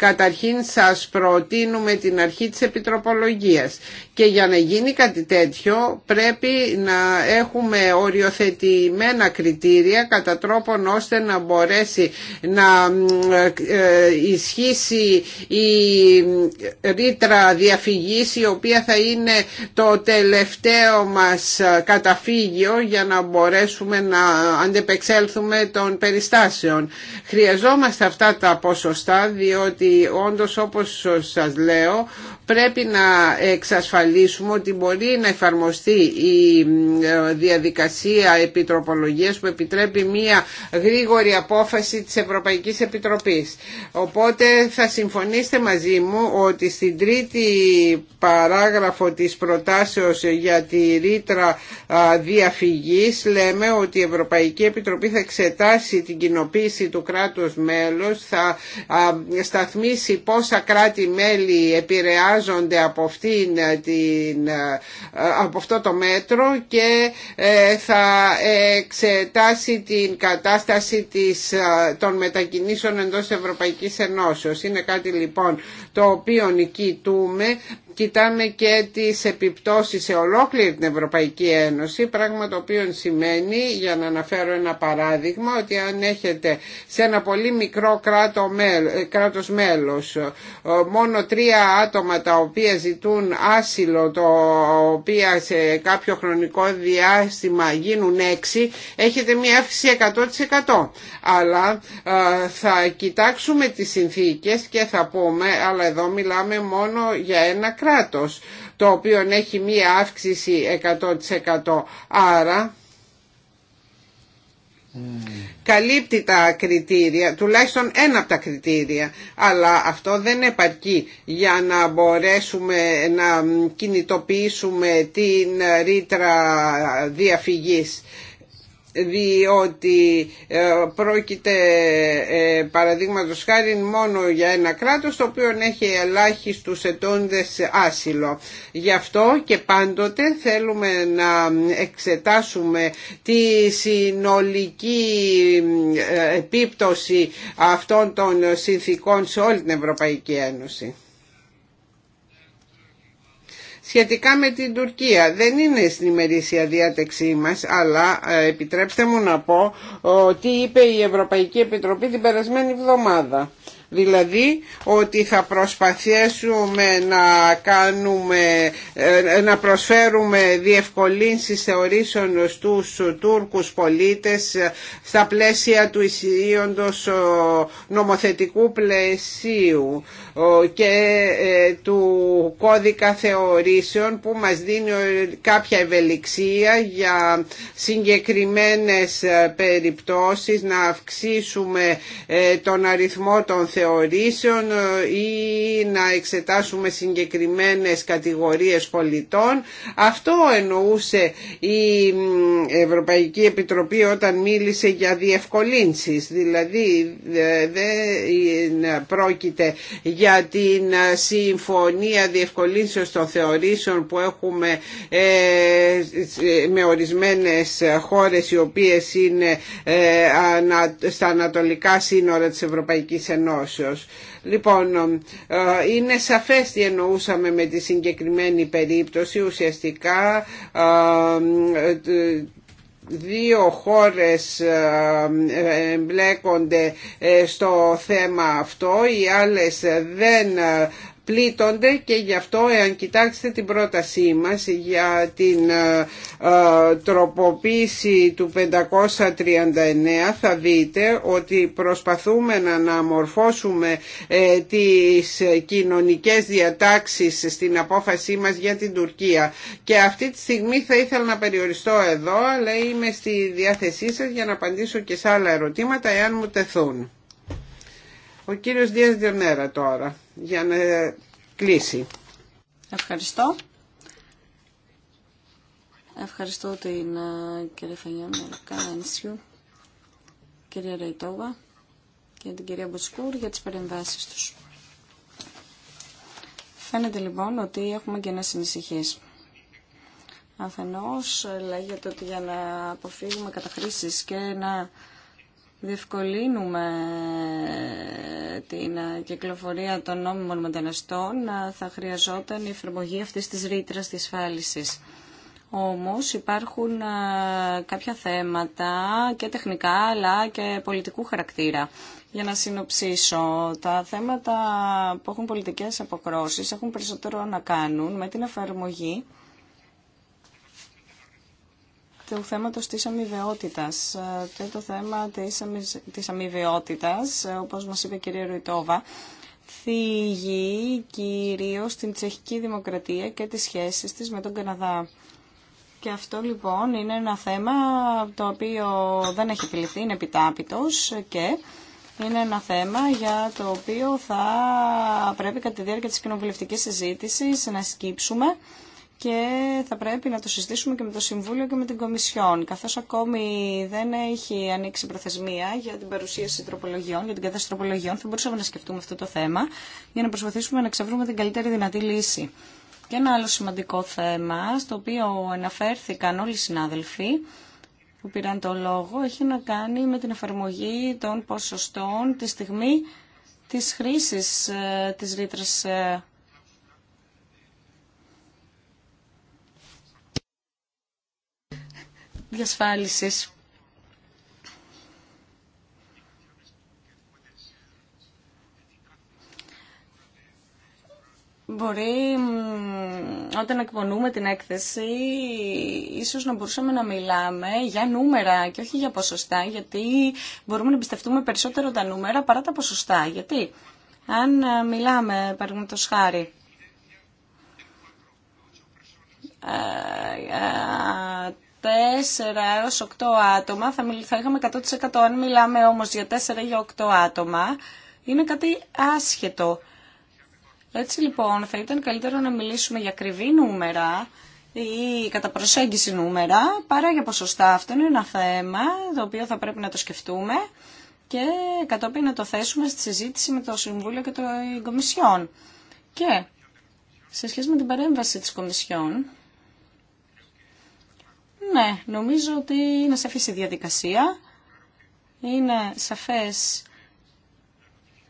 Speaker 2: Καταρχήν σας προτείνουμε την αρχή της επιτροπολογίας και για να γίνει κάτι τέτοιο πρέπει να έχουμε οριοθετημένα κριτήρια κατά τρόπον ώστε να μπορέσει να ε, ε, ισχύσει η ε, ρήτρα διαφυγής η οποία θα είναι το τελευταίο μας καταφύγιο για να μπορέσουμε να αντεπεξέλθουμε των περιστάσεων. Χρειαζόμαστε αυτά τα ποσοστά διότι όντως όπως σας λέω πρέπει να εξασφαλίσουμε ότι μπορεί να εφαρμοστεί η ε, διαδικασία επιτροπολογίας που επιτρέπει μία γρήγορη απόφαση της Ευρωπαϊκής Επιτροπής. Οπότε θα συμφωνήσετε μαζί μου ότι στην τρίτη παράγραφο της προτάσεως για τη ρήτρα διαφυγής λέμε ότι η Ευρωπαϊκή Επιτροπή θα εξετάσει την κοινοποίηση του κράτους μέλους, θα σταθμίσει πόσα κράτη-μέλη επηρεάζουν από, αυτήν, την, από αυτό το μέτρο και ε, θα εξετάσει την κατάσταση της, ε, των μετακινήσεων εντός Ευρωπαϊκής Ενώσεως. Είναι κάτι λοιπόν το οποίο νικητούμε κοιτάμε και τις επιπτώσεις σε ολόκληρη την Ευρωπαϊκή Ένωση, πράγμα το οποίο σημαίνει, για να αναφέρω ένα παράδειγμα, ότι αν έχετε σε ένα πολύ μικρό κράτο, κράτος μέλος μόνο τρία άτομα τα οποία ζητούν άσυλο, το οποία σε κάποιο χρονικό διάστημα γίνουν έξι, έχετε μια αύξηση 100%. Αλλά ε, θα κοιτάξουμε τις συνθήκες και θα πούμε, αλλά εδώ μιλάμε μόνο για ένα κράτος το οποίο έχει μία αύξηση 100%. Άρα καλύπτει τα κριτήρια, τουλάχιστον ένα από τα κριτήρια, αλλά αυτό δεν επαρκεί για να μπορέσουμε να κινητοποιήσουμε την ρήτρα διαφυγής διότι ε, πρόκειται ε, παραδείγματος χάρη μόνο για ένα κράτος το οποίο έχει ελάχιστους ετώντες άσυλο. Γι' αυτό και πάντοτε θέλουμε να εξετάσουμε τη συνολική ε, επίπτωση αυτών των συνθήκων σε όλη την Ευρωπαϊκή Ένωση σχετικά με την Τουρκία. Δεν είναι στην ημερήσια διάταξή μας, αλλά ε, επιτρέψτε μου να πω τι είπε η Ευρωπαϊκή Επιτροπή την περασμένη εβδομάδα. Δηλαδή ότι θα προσπαθήσουμε να, κάνουμε, ε, να προσφέρουμε διευκολύνσεις θεωρήσεων στους Τούρκους πολίτες ε, στα πλαίσια του ισχύοντος νομοθετικού πλαισίου και ε, του κώδικα θεωρήσεων που μας δίνει κάποια ευελιξία για συγκεκριμένες ε, περιπτώσεις να αυξήσουμε ε, τον αριθμό των θεωρήσεων ή να εξετάσουμε συγκεκριμένες κατηγορίες πολιτών. Αυτό εννοούσε η Ευρωπαϊκή Επιτροπή όταν μίλησε για διευκολύνσεις, δηλαδή δεν πρόκειται για για την ε, συμφωνία διευκολύνσεως των θεωρήσεων που έχουμε ε, ε, με ορισμένες χώρες οι οποίες είναι στα ανατολικά σύνορα της Ευρωπαϊκής Ενώσεως. Λοιπόν, είναι σαφές τι εννοούσαμε με τη συγκεκριμένη περίπτωση. Ουσιαστικά δύο χώρες ε, ε, μπλέκονται ε, στο θέμα αυτό, οι άλλες δεν πλήττονται και γι' αυτό εάν κοιτάξετε την πρότασή μας για την ε, ε, τροποποίηση του 539 θα δείτε ότι προσπαθούμε να αναμορφώσουμε ε, τις κοινωνικές διατάξεις στην απόφασή μας για την Τουρκία και αυτή τη στιγμή θα ήθελα να περιοριστώ εδώ αλλά είμαι στη διάθεσή σας για να απαντήσω και σε άλλα ερωτήματα εάν μου τεθούν. Ο κύριος Δίας Διονέρα τώρα για να κλείσει.
Speaker 1: Ευχαριστώ. Ευχαριστώ την ε, κυρία Φαγιάννα Καλένσιου, κυρία Ρεϊτόβα και την κυρία Μποσκούρ για τις παρεμβάσεις τους. Φαίνεται λοιπόν ότι έχουμε και ένα ανησυχίε. Αφενός ε, λέγεται ότι για να αποφύγουμε καταχρήσεις και να διευκολύνουμε την ε, κυκλοφορία των νόμιμων μεταναστών ε, θα χρειαζόταν η εφαρμογή αυτής της ρήτρας διασφάλισης. Όμως υπάρχουν ε, κάποια θέματα και τεχνικά αλλά και πολιτικού χαρακτήρα. Για να συνοψίσω, τα θέματα που έχουν πολιτικές αποκρόσεις έχουν περισσότερο να κάνουν με την εφαρμογή του θέματος της αμοιβαιότητας και ε, το θέμα της αμοιβαιότητας, ε, όπως μας είπε η κυρία Ρουιτόβα, θίγει κυρίως την τσεχική δημοκρατία και τις σχέσεις της με τον Καναδά. Και αυτό λοιπόν είναι ένα θέμα το οποίο δεν έχει επιληθεί, είναι επιτάπητος και είναι ένα θέμα για το οποίο θα πρέπει κατά τη διάρκεια της κοινοβουλευτικής συζήτησης να σκύψουμε και θα πρέπει να το συζητήσουμε και με το Συμβούλιο και με την Κομισιόν, καθώς ακόμη δεν έχει ανοίξει προθεσμία για την παρουσίαση τροπολογιών, για την κατάσταση τροπολογιών, θα μπορούσαμε να σκεφτούμε αυτό το θέμα για να προσπαθήσουμε να ξεβρούμε την καλύτερη δυνατή λύση. Και ένα άλλο σημαντικό θέμα, στο οποίο αναφέρθηκαν όλοι οι συνάδελφοι, που πήραν το λόγο, έχει να κάνει με την εφαρμογή των ποσοστών τη στιγμή της χρήσης ε, της ρήτρας ε, διασφάλισης. Μπορεί όταν εκπονούμε την έκθεση ίσως να μπορούσαμε να μιλάμε για νούμερα και όχι για ποσοστά γιατί μπορούμε να εμπιστευτούμε περισσότερο τα νούμερα παρά τα ποσοστά. Γιατί αν ε, μιλάμε το χάρη ε, ε, 4 8 άτομα θα, θα είχαμε 100%. Αν μιλάμε όμως για 4 ή 8 άτομα, είναι κάτι άσχετο. Έτσι λοιπόν, θα ήταν καλύτερο να μιλήσουμε για ακριβή νούμερα ή κατά προσέγγιση νούμερα, παρά για ποσοστά. Αυτό είναι ένα θέμα το οποίο θα πρέπει να το σκεφτούμε και κατόπιν να το θέσουμε στη συζήτηση με το Συμβούλιο και το Κομισιόν. Και σε σχέση με την παρέμβαση της Κομισιόν, ναι, νομίζω ότι είναι σαφής η διαδικασία. Είναι σαφές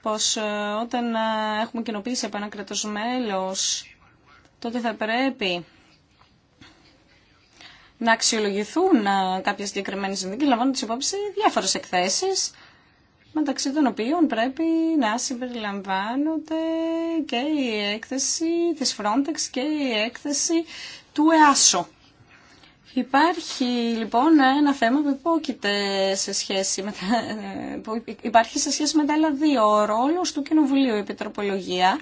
Speaker 1: πως ε, όταν ε, έχουμε κοινοποίηση από ένα κρατός μέλος, τότε θα πρέπει να αξιολογηθούν ε, κάποιε συγκεκριμένε συνθήκη, λαμβάνοντα υπόψη διάφορε εκθέσει, μεταξύ των οποίων πρέπει να συμπεριλαμβάνονται και η έκθεση της Frontex και η έκθεση του ΕΑΣΟ. Υπάρχει λοιπόν ένα θέμα που υπόκειται σε σχέση με τα, ε, υπάρχει σε σχέση με τα άλλα δύο. Ο ρόλος του Κοινοβουλίου, η Επιτροπολογία,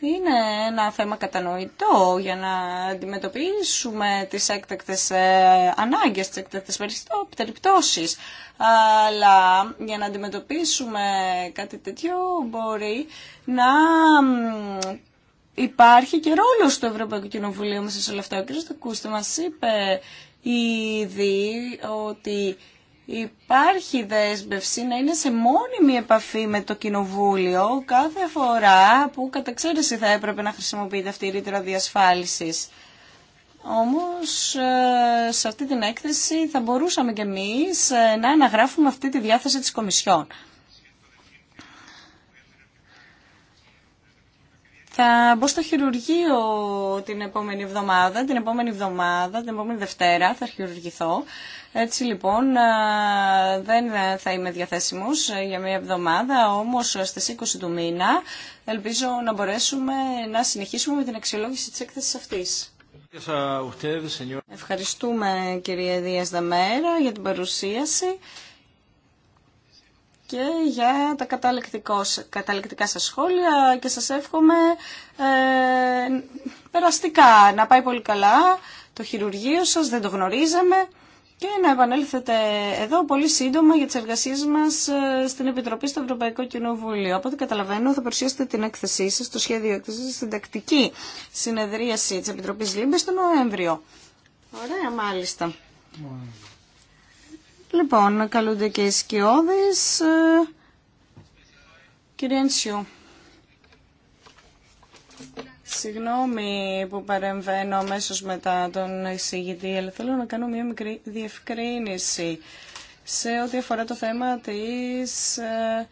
Speaker 1: είναι ένα θέμα κατανοητό για να αντιμετωπίσουμε τις έκτακτες ε, ανάγκες, τις έκτακτες περιπτώσεις. Αλλά για να αντιμετωπίσουμε κάτι τέτοιο μπορεί να υπάρχει και ρόλος του Ευρωπαϊκού Κοινοβουλίου μέσα σε όλα αυτά. Ο κ. Στακούστη μας είπε ήδη ότι υπάρχει δέσμευση να είναι σε μόνιμη επαφή με το Κοινοβούλιο κάθε φορά που κατά εξαίρεση θα έπρεπε να χρησιμοποιείται αυτή η ρήτρα διασφάλισης. Όμως ε, σε αυτή την έκθεση θα μπορούσαμε κι εμείς ε, να αναγράφουμε αυτή τη διάθεση της Κομισιόν. Θα μπω στο χειρουργείο την επόμενη εβδομάδα, την επόμενη εβδομάδα, την επόμενη Δευτέρα θα χειρουργηθώ. Έτσι λοιπόν δεν θα είμαι διαθέσιμος για μια εβδομάδα, όμως στις 20 του μήνα ελπίζω να μπορέσουμε να συνεχίσουμε με την αξιολόγηση της έκθεσης αυτής. Ευχαριστούμε κυρία Δίας Δαμέρα για την παρουσίαση και για τα καταληκτικά σας σχόλια και σας εύχομαι ε, περαστικά να πάει πολύ καλά το χειρουργείο σας, δεν το γνωρίζαμε και να επανέλθετε εδώ πολύ σύντομα για τις εργασίες μας ε, στην Επιτροπή στο Ευρωπαϊκό Κοινοβούλιο. Από ό,τι καταλαβαίνω θα παρουσιάσετε την έκθεσή σας, το σχέδιο έκθεσης στην τακτική συνεδρίαση της Επιτροπής Λίμπες τον Νοέμβριο. Ωραία μάλιστα. Λοιπόν, καλούνται και οι σκιώδεις. Ε, κύριε Συγγνώμη που παρεμβαίνω αμέσω μετά τον εισηγητή, αλλά θέλω να κάνω μια μικρή διευκρίνηση σε ό,τι αφορά το θέμα της ε,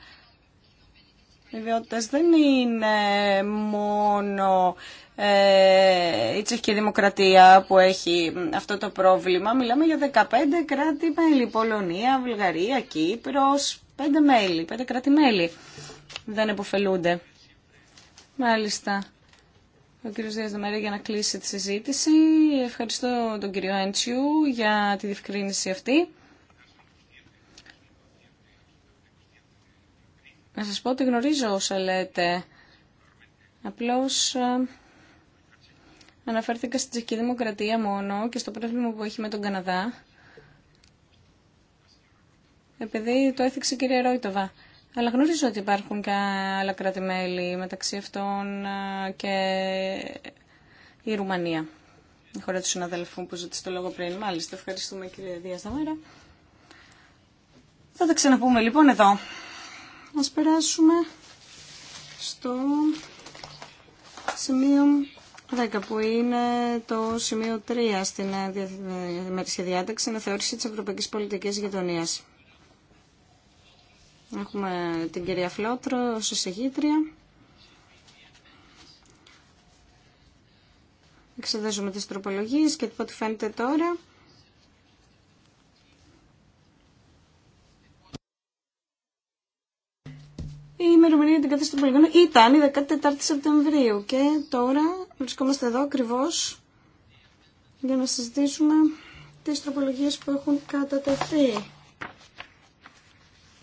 Speaker 1: ιδιότητας. Δεν είναι μόνο ε, η Τσεχική Δημοκρατία που έχει αυτό το πρόβλημα. Μιλάμε για 15 κράτη-μέλη. Πολωνία, Βουλγαρία, Κύπρος, 5 μέλη, 5 κράτη-μέλη δεν επωφελούνται. Μάλιστα. Ο κ. Διασδομέρη για να κλείσει τη συζήτηση. Ευχαριστώ τον κύριο Έντσιου για τη διευκρίνηση αυτή. Να σας πω ότι γνωρίζω όσα λέτε. Απλώς ε, Αναφέρθηκα στην Τσεχική Δημοκρατία μόνο και στο πρόβλημα που έχει με τον Καναδά. Επειδή το έθιξε η κυρία Ρόιτοβα. Αλλά γνωρίζω ότι υπάρχουν και άλλα κράτη-μέλη μεταξύ αυτών και η Ρουμανία. Η χώρα του συναδελφού που ζήτησε το λόγο πριν. Μάλιστα, ευχαριστούμε κύριε Δία Θα τα ξαναπούμε λοιπόν εδώ. Ας περάσουμε στο σημείο 10 που είναι το σημείο 3 στην ε, ε, ημερήσια διάταξη, είναι θεώρηση της Ευρωπαϊκής Πολιτικής Γειτονίας. Έχουμε την κυρία Φλότρο ως εισηγήτρια. Εξετάζουμε τις τροπολογίες και τι φαίνεται τώρα Η ημερομηνία για την κατάσταση των πολυγόνων ήταν η 14η Σεπτεμβρίου και τώρα βρισκόμαστε εδώ ακριβώ για να συζητήσουμε τις τροπολογίες που έχουν κατατεθεί.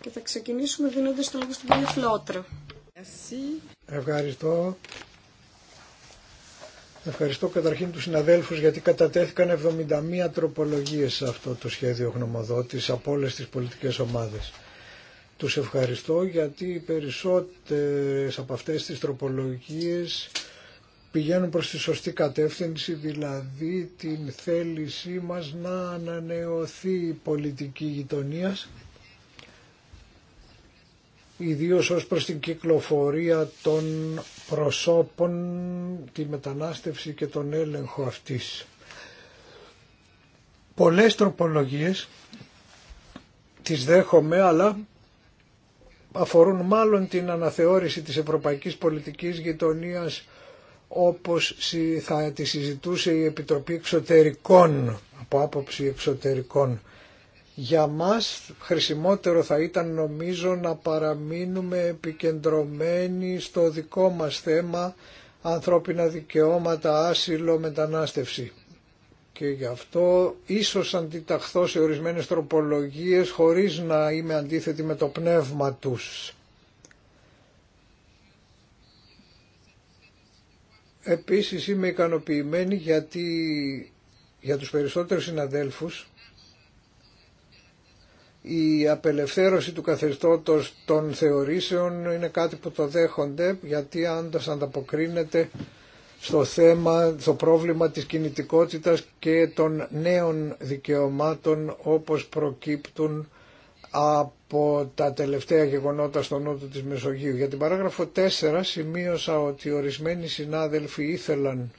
Speaker 1: Και θα ξεκινήσουμε δίνοντας το λόγο στην κύριο Φλότρα.
Speaker 4: Ευχαριστώ. Ευχαριστώ καταρχήν τους συναδέλφους γιατί κατατέθηκαν 71 τροπολογίες σε αυτό το σχέδιο γνωμοδότης από όλες τις πολιτικές ομάδες. Τους ευχαριστώ γιατί οι περισσότερες από αυτές τις τροπολογίες πηγαίνουν προς τη σωστή κατεύθυνση, δηλαδή την θέλησή μας να ανανεωθεί η πολιτική γειτονία, ιδίως ως προς την κυκλοφορία των προσώπων, τη μετανάστευση και τον έλεγχο αυτής. Πολλές τροπολογίες τις δέχομαι, αλλά αφορούν μάλλον την αναθεώρηση της ευρωπαϊκής πολιτικής γειτονίας όπως θα τη συζητούσε η Επιτροπή Εξωτερικών από άποψη εξωτερικών. Για μας χρησιμότερο θα ήταν νομίζω να παραμείνουμε επικεντρωμένοι στο δικό μας θέμα ανθρώπινα δικαιώματα, άσυλο, μετανάστευση και γι' αυτό ίσως αντιταχθώ σε ορισμένες τροπολογίες χωρίς να είμαι αντίθετη με το πνεύμα τους. Επίσης είμαι ικανοποιημένη γιατί για τους περισσότερους συναδέλφους η απελευθέρωση του καθεστώτος των θεωρήσεων είναι κάτι που το δέχονται γιατί αν το ανταποκρίνεται στο θέμα, στο πρόβλημα της κινητικότητας και των νέων δικαιωμάτων όπως προκύπτουν από τα τελευταία γεγονότα στο νότο της Μεσογείου. Για την παράγραφο 4 σημείωσα ότι ορισμένοι συνάδελφοι ήθελαν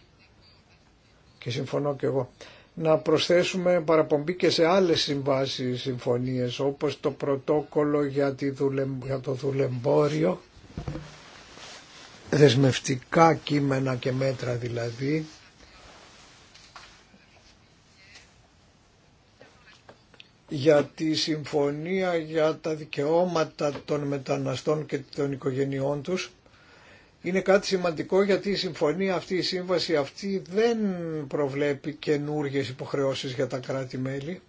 Speaker 4: και συμφωνώ και εγώ να προσθέσουμε παραπομπή και σε άλλες συμβάσεις συμφωνίες όπως το πρωτόκολλο για, για το δουλεμπόριο δεσμευτικά κείμενα και μέτρα δηλαδή για τη συμφωνία για τα δικαιώματα των μεταναστών και των οικογενειών τους είναι κάτι σημαντικό γιατί η συμφωνία αυτή, η σύμβαση αυτή δεν προβλέπει καινούργιες υποχρεώσεις για τα κράτη-μέλη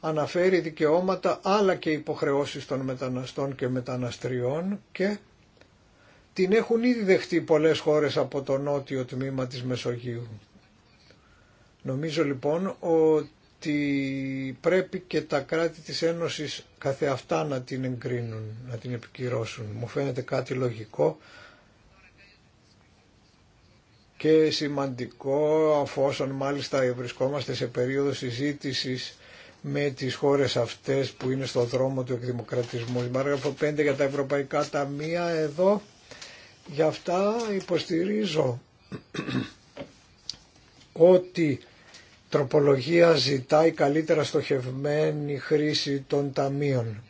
Speaker 4: αναφέρει δικαιώματα αλλά και υποχρεώσεις των μεταναστών και μεταναστριών και την έχουν ήδη δεχτεί πολλές χώρες από το νότιο τμήμα της Μεσογείου. Νομίζω λοιπόν ότι πρέπει και τα κράτη της Ένωσης καθεαυτά να την εγκρίνουν, να την επικυρώσουν. Μου φαίνεται κάτι λογικό και σημαντικό αφόσον μάλιστα βρισκόμαστε σε περίοδο συζήτησης με τις χώρες αυτές που είναι στο δρόμο του εκδημοκρατισμού. Η παράγραφο 5 για τα ευρωπαϊκά ταμεία εδώ, Γι' αυτά υποστηρίζω ότι τροπολογία ζητάει καλύτερα στοχευμένη χρήση των ταμείων.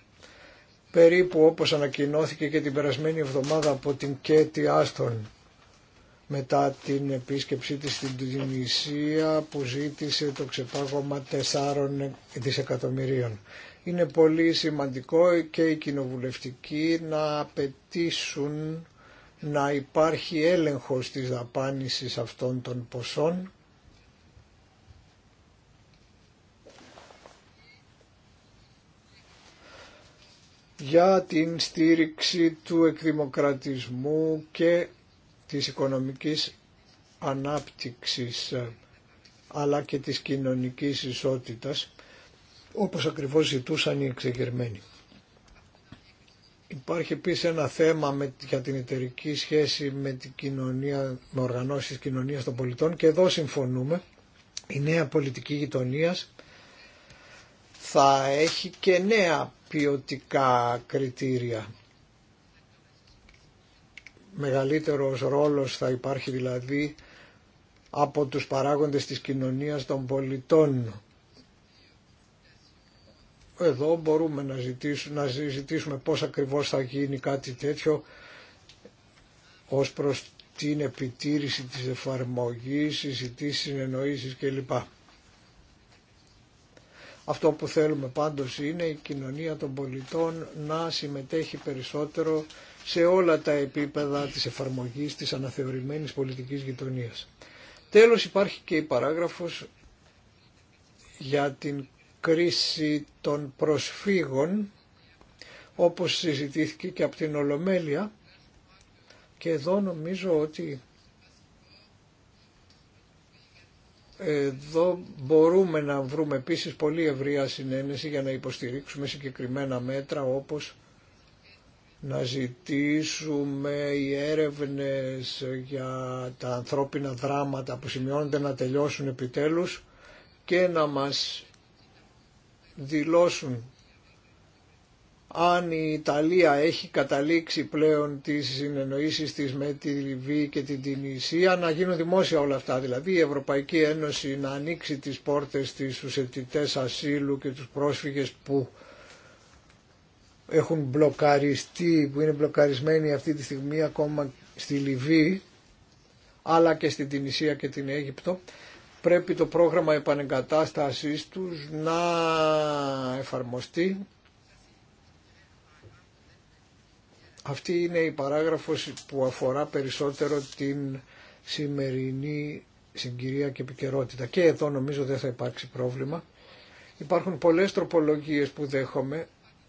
Speaker 4: Περίπου όπως ανακοινώθηκε και την περασμένη εβδομάδα από την Κέτι Άστον μετά την επίσκεψή της στην Τουνησία που ζήτησε το ξεπάγωμα 4 δισεκατομμυρίων. Είναι πολύ σημαντικό και οι κοινοβουλευτικοί να απαιτήσουν να υπάρχει έλεγχος της δαπάνησης αυτών των ποσών για την στήριξη του εκδημοκρατισμού και της οικονομικής ανάπτυξης ε, αλλά και της κοινωνικής ισότητας όπως ακριβώς ζητούσαν οι εξεγερμένοι. Υπάρχει επίση ένα θέμα με, για την εταιρική σχέση με, την κοινωνία, με οργανώσεις κοινωνίας των πολιτών και εδώ συμφωνούμε. Η νέα πολιτική γειτονία θα έχει και νέα ποιοτικά κριτήρια μεγαλύτερος ρόλος θα υπάρχει δηλαδή από τους παράγοντες της κοινωνίας των πολιτών. Εδώ μπορούμε να ζητήσουμε να συζητήσουμε πώς ακριβώς θα γίνει κάτι τέτοιο ως προς την επιτήρηση της εφαρμογής, συζητήσεις, συνεννοήσεις κλπ. Αυτό που θέλουμε πάντως είναι η κοινωνία των πολιτών να συμμετέχει περισσότερο σε όλα τα επίπεδα της εφαρμογής της αναθεωρημένης πολιτικής γειτονίας. Τέλος υπάρχει και η παράγραφος για την κρίση των προσφύγων όπως συζητήθηκε και από την Ολομέλεια και εδώ νομίζω ότι εδώ μπορούμε να βρούμε επίσης πολύ ευρεία συνένεση για να υποστηρίξουμε συγκεκριμένα μέτρα όπως να ζητήσουμε οι έρευνες για τα ανθρώπινα δράματα που σημειώνονται να τελειώσουν επιτέλους και να μας δηλώσουν αν η Ιταλία έχει καταλήξει πλέον τις συνεννοήσεις της με τη Λιβύη και την Τινησία να γίνουν δημόσια όλα αυτά. Δηλαδή η Ευρωπαϊκή Ένωση να ανοίξει τις πόρτες της στους αιτητές ασύλου και τους πρόσφυγες που έχουν μπλοκαριστεί, που είναι μπλοκαρισμένοι αυτή τη στιγμή ακόμα στη Λιβύη, αλλά και στην Τινησία και την Αίγυπτο, πρέπει το πρόγραμμα επανεγκατάστασής τους να εφαρμοστεί. Αυτή είναι η παράγραφος που αφορά περισσότερο την σημερινή συγκυρία και επικαιρότητα. Και εδώ νομίζω δεν θα υπάρξει πρόβλημα. Υπάρχουν πολλές τροπολογίες που δέχομαι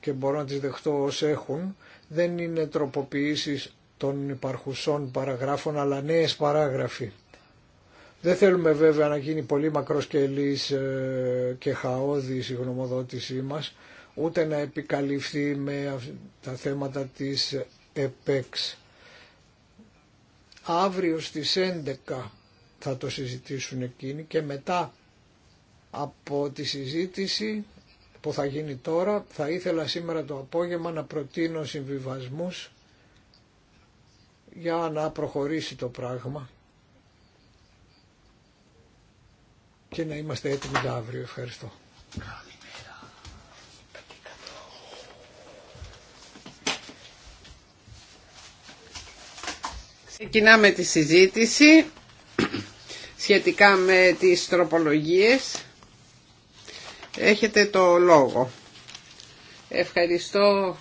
Speaker 4: και μπορώ να τις δεχτώ ως έχουν, δεν είναι τροποποιήσεις των υπαρχουσών παραγράφων, αλλά νέες παράγραφοι. Δεν θέλουμε βέβαια να γίνει πολύ μακροσκελής και χαόδη ε, χαόδης η γνωμοδότησή μας, ούτε να επικαλυφθεί με τα θέματα της ΕΠΕΞ. Αύριο στις 11 θα το συζητήσουν εκείνοι και μετά από τη συζήτηση θα γίνει τώρα. Θα ήθελα σήμερα το απόγευμα να προτείνω συμβιβασμούς για να προχωρήσει το πράγμα και να είμαστε έτοιμοι για αύριο. Ευχαριστώ.
Speaker 2: Ξεκινάμε τη συζήτηση σχετικά με τις τροπολογίες. Έχετε το λόγο. Ευχαριστώ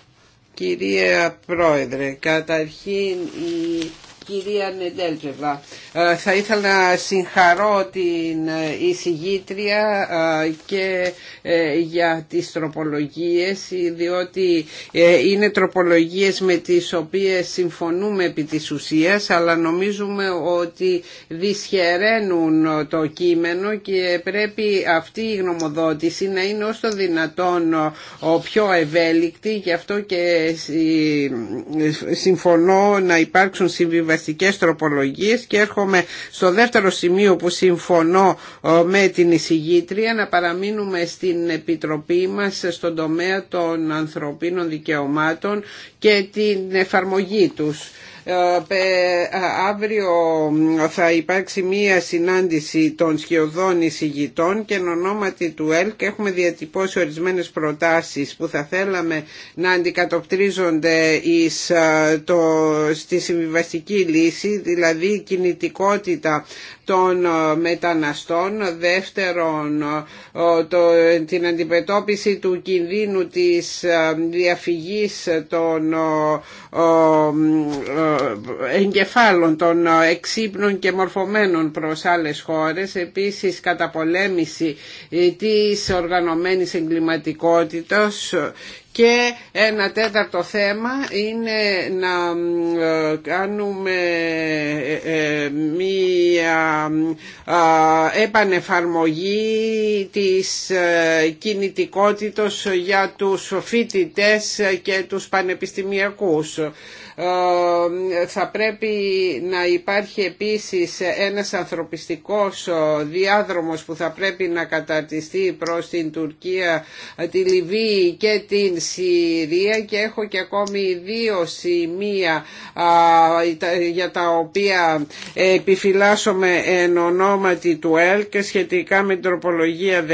Speaker 2: κυρία Πρόεδρε. Καταρχήν η κυρία Νεντέλτζεβα. Ε, θα ήθελα να συγχαρώ την ε, εισηγήτρια ε, και για τις τροπολογίες διότι είναι τροπολογίες με τις οποίες συμφωνούμε επί της ουσίας αλλά νομίζουμε ότι δυσχεραίνουν το κείμενο και πρέπει αυτή η γνωμοδότηση να είναι όσο δυνατόν ο πιο ευέλικτη γι' αυτό και συμφωνώ να υπάρξουν συμβιβασίες τροπολογίες και έρχομαι στο δεύτερο σημείο που συμφωνώ ε, με την εισηγήτρια να παραμείνουμε στην Επιτροπή μας στον τομέα των ανθρωπίνων δικαιωμάτων και την εφαρμογή τους ε, αύριο θα υπάρξει μία συνάντηση των σχεδόν εισηγητών και εν ονόματι του ΕΛΚ έχουμε διατυπώσει ορισμένες προτάσεις που θα θέλαμε να αντικατοπτρίζονται στη συμβιβαστική λύση, δηλαδή κινητικότητα των ε, μεταναστών, δεύτερον ε, το, την αντιμετώπιση του κινδύνου της ε, διαφυγής των εγκεφάλων των εξύπνων και μορφωμένων προς άλλες χώρες, επίσης καταπολέμηση της οργανωμένης εγκληματικότητας και ένα τέταρτο θέμα είναι να ε, κάνουμε ε, ε, μία επανεφαρμογή της κινητικότητος για τους φοιτητές και τους πανεπιστημιακούς. Ε, θα πρέπει να υπάρχει επίσης ένας ανθρωπιστικός ε, διάδρομος που θα πρέπει να καταρτιστεί προς την Τουρκία, ε, τη Λιβύη και την Συρία και έχω και ακόμη δύο σημεία για τα οποία επιφυλάσσομαι εν ονόματι του ΕΛ και σχετικά με την τροπολογία 16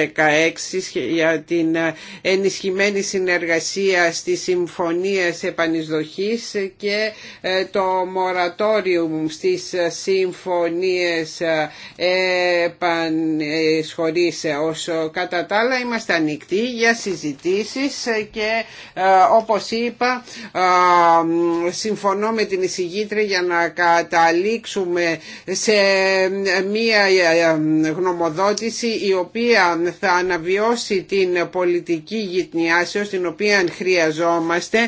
Speaker 2: για την ενισχυμένη συνεργασία στις συμφωνίες επανεισδοχής και και ε, το μορατόριο στις ε, συμφωνίες ε, επανεισχωρήσεως. Κατά τα άλλα είμαστε ανοιχτοί για συζητήσεις και όπως είπα συμφωνώ με την εισηγήτρια για να καταλήξουμε σε μία γνωμοδότηση η οποία θα αναβιώσει την πολιτική γυτνιάσεως την οποία χρειαζόμαστε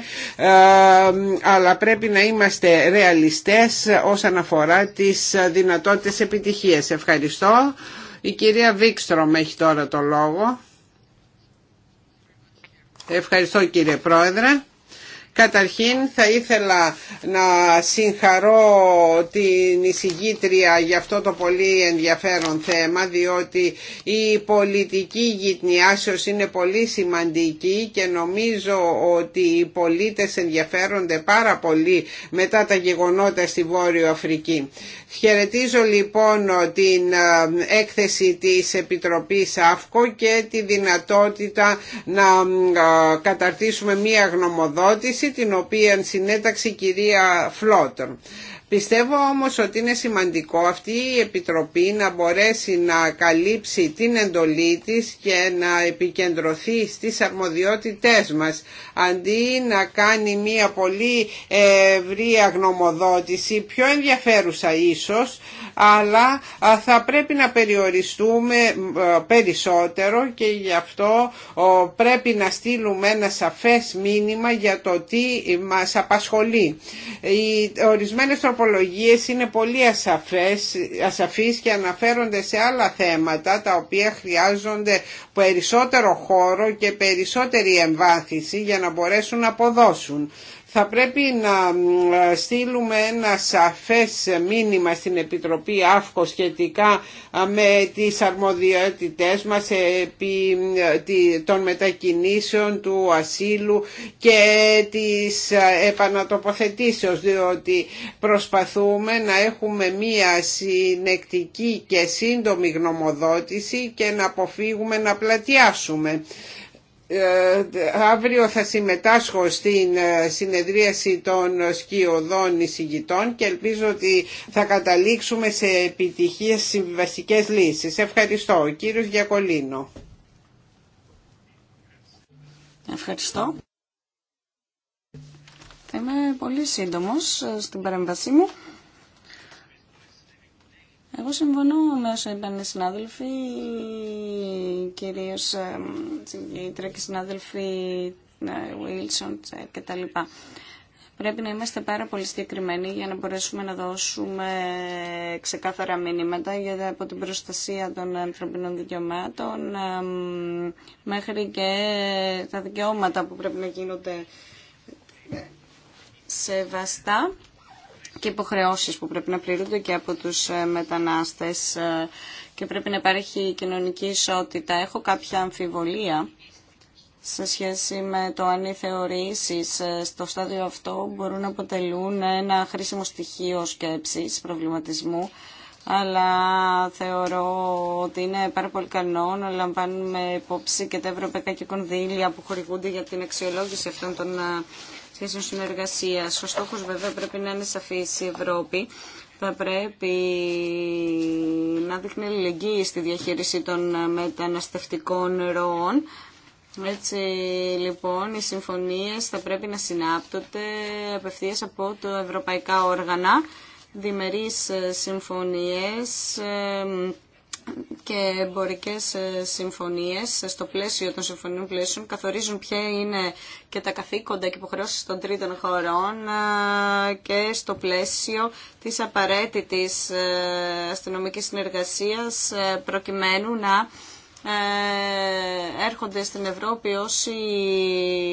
Speaker 2: αλλά πρέπει πρέπει να είμαστε ρεαλιστές όσον αφορά τις δυνατότητες επιτυχίες. Ευχαριστώ. Η κυρία Βίξτρομ έχει τώρα το λόγο. Ευχαριστώ κύριε Πρόεδρε. Καταρχήν θα ήθελα να συγχαρώ την εισηγήτρια για αυτό το πολύ ενδιαφέρον θέμα διότι η πολιτική γυτνιάσεως είναι πολύ σημαντική και νομίζω ότι οι πολίτες ενδιαφέρονται πάρα πολύ μετά τα γεγονότα στη Βόρειο Αφρική. Χαιρετίζω λοιπόν την ε, έκθεση της Επιτροπής ΑΦΚΟ και τη δυνατότητα να ε, καταρτήσουμε μία γνωμοδότηση την οποία συνέταξε η κυρία Φλότερ. Πιστεύω όμως ότι είναι σημαντικό αυτή η Επιτροπή να μπορέσει να καλύψει την εντολή της και να επικεντρωθεί στις αρμοδιότητές μας αντί να κάνει μια πολύ ευρία γνωμοδότηση πιο ενδιαφέρουσα ίσως αλλά θα πρέπει να περιοριστούμε περισσότερο και γι' αυτό πρέπει να στείλουμε ένα σαφές μήνυμα για το τι μας απασχολεί. Οι ορισμένες τροπολογίες είναι πολύ ασαφές, ασαφείς και αναφέρονται σε άλλα θέματα τα οποία χρειάζονται περισσότερο χώρο και περισσότερη εμβάθυνση για να μπορέσουν να αποδώσουν θα πρέπει να ε, στείλουμε ένα σαφές μήνυμα στην Επιτροπή ΑΦΚΟ σχετικά ε, με τις αρμοδιότητές μας επί ε, των μετακινήσεων του ασύλου και τις επανατοποθετήσεως διότι προσπαθούμε να έχουμε μία συνεκτική και σύντομη γνωμοδότηση και να αποφύγουμε να πλατιάσουμε. Ε, αύριο θα συμμετάσχω στην ε, συνεδρίαση των σκιωδών εισηγητών και ελπίζω ότι θα καταλήξουμε σε επιτυχίες συμβαστικές λύσεις. Ευχαριστώ. κύριος Γιακολίνο.
Speaker 1: Ευχαριστώ. είμαι πολύ σύντομος ε, στην παρέμβασή μου. Εγώ συμφωνώ με όσα είπαν οι συνάδελφοι, κυρίως οι τρέκοι συνάδελφοι ε, Wilson και τα λοιπά. Πρέπει να είμαστε πάρα πολύ συγκεκριμένοι για να μπορέσουμε να δώσουμε ξεκάθαρα μήνυματα για, από την προστασία των ανθρωπινών δικαιωμάτων μέχρι και τα δικαιώματα που πρέπει να γίνονται σεβαστά και υποχρεώσεις που πρέπει να πληρούνται και από τους ε, μετανάστες ε, και πρέπει να υπάρχει κοινωνική ισότητα. Έχω κάποια αμφιβολία σε σχέση με το αν οι θεωρήσεις ε, στο στάδιο αυτό μπορούν να αποτελούν ένα χρήσιμο στοιχείο σκέψης, προβληματισμού, αλλά θεωρώ ότι είναι πάρα πολύ καλό να λαμβάνουμε υπόψη και τα ευρωπαϊκά και κονδύλια που χορηγούνται για την αξιολόγηση αυτών των σχέση συνεργασίας. Ο στόχος βέβαια πρέπει να είναι σαφής η Ευρώπη. Θα πρέπει να δείχνει αλληλεγγύη στη διαχείριση των μεταναστευτικών ροών. Έτσι λοιπόν οι συμφωνίες θα πρέπει να συνάπτονται απευθείας από το ευρωπαϊκά όργανα, διμερείς ε, συμφωνίες ε, και εμπορικές ε, συμφωνίες στο πλαίσιο των συμφωνιών πλαίσιων καθορίζουν ποια είναι και τα καθήκοντα και υποχρεώσει των τρίτων χωρών ε, και στο πλαίσιο της απαραίτητης ε, αστυνομικής συνεργασίας προκειμένου να ε, έρχονται στην Ευρώπη όσοι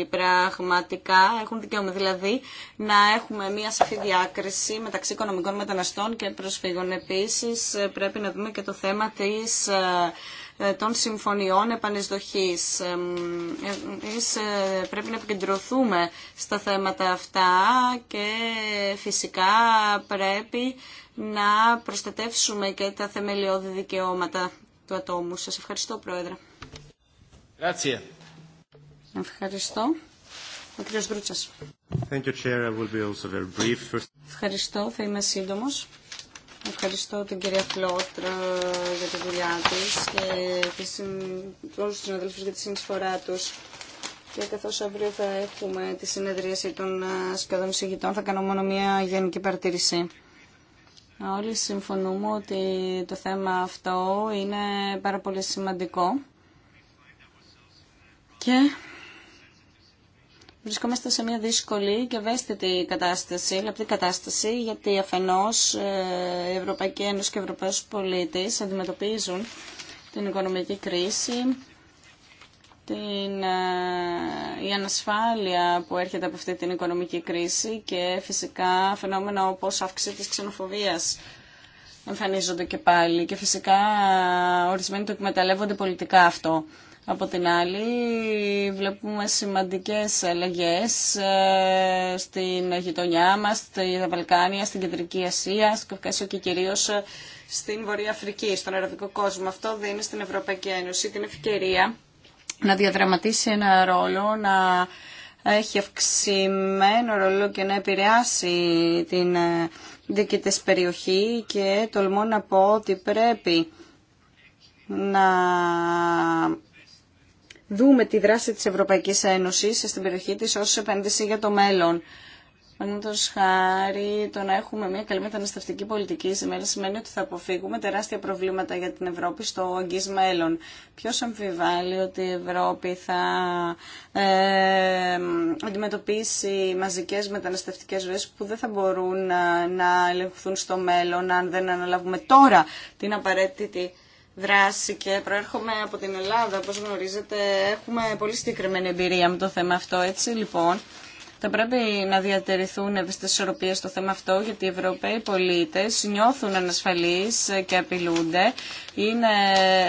Speaker 1: πραγματικά έχουν δικαίωμα. Δηλαδή να έχουμε μια σαφή διάκριση μεταξύ οικονομικών μεταναστών και προσφύγων. Επίσης πρέπει να δούμε και το θέμα της ε, των συμφωνιών επανεισδοχής. Εμείς ε, πρέπει να επικεντρωθούμε στα θέματα αυτά και φυσικά πρέπει να προστατεύσουμε και τα θεμελιώδη δικαιώματα του ατόμου. Σας ευχαριστώ, Πρόεδρε. Ευχαριστώ. Ο κύριος Γρούτσας. Ευχαριστώ, θα είμαι σύντομος. Ευχαριστώ την κυρία Φλότρ ε, για τη δουλειά της και όλους τους συναδέλφους για τη συνεισφορά τους. Και καθώς αύριο θα έχουμε τη συνεδρίαση των ε, σκεδών συγγητών, θα κάνω μόνο μια γενική παρατήρηση. Όλοι συμφωνούμε ότι το θέμα αυτό είναι πάρα πολύ σημαντικό και βρισκόμαστε σε μια δύσκολη και ευαίσθητη κατάσταση, λεπτή κατάσταση, γιατί αφενός ε, η Ευρωπαϊκή Ένωση και οι Ευρωπαίους πολίτες αντιμετωπίζουν την οικονομική κρίση, την, ε, η ανασφάλεια που έρχεται από αυτή την οικονομική κρίση και φυσικά φαινόμενα όπως αύξηση της ξενοφοβίας εμφανίζονται και πάλι και φυσικά ε, ορισμένοι το εκμεταλλεύονται πολιτικά αυτό. Από την άλλη βλέπουμε σημαντικές αλλαγές ε, στην γειτονιά μας, στη Βαλκάνια, στην Κεντρική Ασία, στο ο και κυρίως στην Βορειοαφρική, στον Αραβικό κόσμο. Αυτό δίνει στην Ευρωπαϊκή Ένωση την ευκαιρία να διαδραματίσει ένα ρόλο, να έχει αυξημένο ρόλο και να επηρεάσει την ε, δική της περιοχή και τολμώ να πω ότι πρέπει να δούμε τη δράση της Ευρωπαϊκής Ένωσης στην περιοχή της ως επένδυση για το μέλλον. Παραδείγματο χάρη, το να έχουμε μια καλή μεταναστευτική πολιτική σήμερα σημαίνει ότι θα αποφύγουμε τεράστια προβλήματα για την Ευρώπη στο αγγί μέλλον. Ποιο αμφιβάλλει ότι η Ευρώπη θα ε, αντιμετωπίσει μαζικέ μεταναστευτικέ ροέ που δεν θα μπορούν να, να ελεγχθούν στο μέλλον αν δεν αναλάβουμε τώρα την απαραίτητη δράση και προέρχομαι από την Ελλάδα. Όπως γνωρίζετε έχουμε πολύ συγκεκριμένη εμπειρία με το θέμα αυτό. Έτσι λοιπόν θα πρέπει να διατηρηθούν ευαίσθητες ισορροπίες στο θέμα αυτό, γιατί οι Ευρωπαίοι πολίτες νιώθουν ανασφαλείς και απειλούνται είναι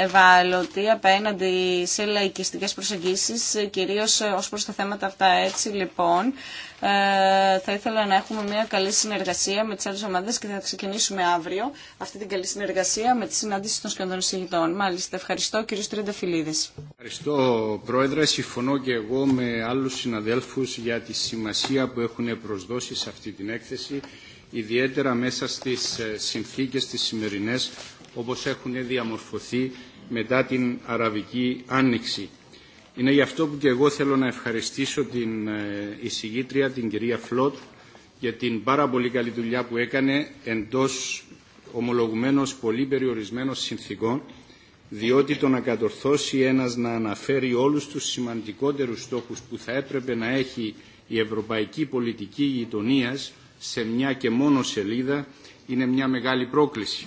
Speaker 1: ευάλωτη απέναντι σε λαϊκιστικές προσεγγίσεις, κυρίως ως προς τα θέματα αυτά. Έτσι λοιπόν, ε, θα ήθελα να έχουμε μια καλή συνεργασία με τις άλλες ομάδες και θα ξεκινήσουμε αύριο αυτή την καλή συνεργασία με τη συνάντηση των σκανδών Μάλιστα, ευχαριστώ κύριο Τριανταφυλλίδης.
Speaker 3: Ευχαριστώ Πρόεδρε, συμφωνώ και εγώ με άλλους συναδέλφους για τη σημασία που έχουν προσδώσει σε αυτή την έκθεση ιδιαίτερα μέσα στις ε, συνθήκες τις σημερινές όπως έχουν διαμορφωθεί μετά την Αραβική Άνοιξη. Είναι γι' αυτό που και εγώ θέλω να ευχαριστήσω την ε, εισηγήτρια, την κυρία Φλότ, για την πάρα πολύ καλή δουλειά που έκανε εντός ομολογουμένως πολύ περιορισμένων συνθήκων, διότι το να κατορθώσει ένας να αναφέρει όλους τους σημαντικότερους στόχους που θα έπρεπε να έχει η ευρωπαϊκή πολιτική γειτονίας σε μια και μόνο σελίδα είναι μια μεγάλη πρόκληση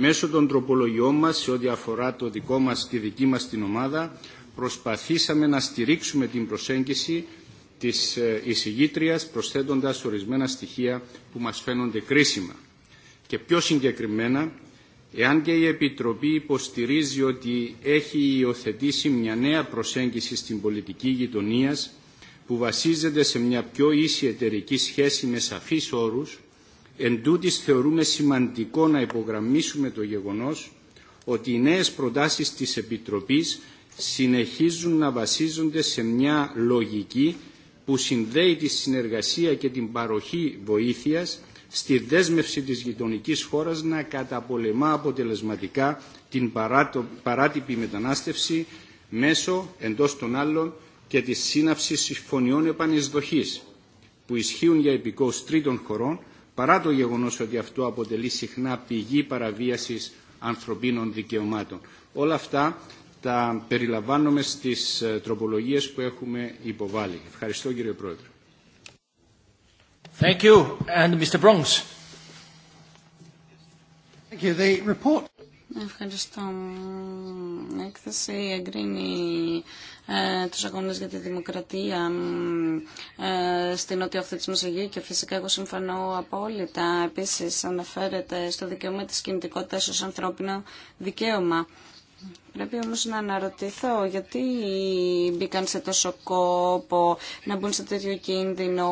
Speaker 3: μέσω των τροπολογιών μας σε ό,τι αφορά το δικό μας και δική μας την ομάδα προσπαθήσαμε να στηρίξουμε την προσέγγιση της ε, εισηγήτριας προσθέτοντας ορισμένα στοιχεία που μας φαίνονται κρίσιμα. Και πιο συγκεκριμένα, εάν και η Επιτροπή υποστηρίζει ότι έχει υιοθετήσει μια νέα προσέγγιση στην πολιτική γειτονίας που βασίζεται σε μια πιο ίση εταιρική σχέση με σαφείς όρους, Εν τούτης θεωρούμε σημαντικό να υπογραμμίσουμε το γεγονός ότι οι νέες προτάσεις της Επιτροπής συνεχίζουν να βασίζονται σε μια λογική που συνδέει τη συνεργασία και την παροχή βοήθειας στη δέσμευση της γειτονική χώρας να καταπολεμά αποτελεσματικά την παράτυπη μετανάστευση μέσω εντός των άλλων και της σύναυσης συμφωνιών επανεισδοχής που ισχύουν για υπηκόους τρίτων χωρών παρά το γεγονός ότι αυτό αποτελεί συχνά πηγή παραβίασης ανθρωπίνων δικαιωμάτων. Όλα αυτά τα περιλαμβάνουμε στις ε, τροπολογίες που έχουμε υποβάλει. Ευχαριστώ κύριε Πρόεδρε. Thank you. And Mr.
Speaker 5: Thank you. The
Speaker 1: report... Ευχαριστώ. Η έκθεση εγκρίνει ε, τους αγώνες για τη δημοκρατία ε, στην νότια αυτή της Μεσογείου και φυσικά εγώ συμφωνώ απόλυτα. Επίσης αναφέρεται στο δικαίωμα της κινητικότητας ως ανθρώπινο δικαίωμα. Πρέπει όμως να αναρωτηθώ γιατί μπήκαν σε τόσο κόπο να μπουν σε τέτοιο κίνδυνο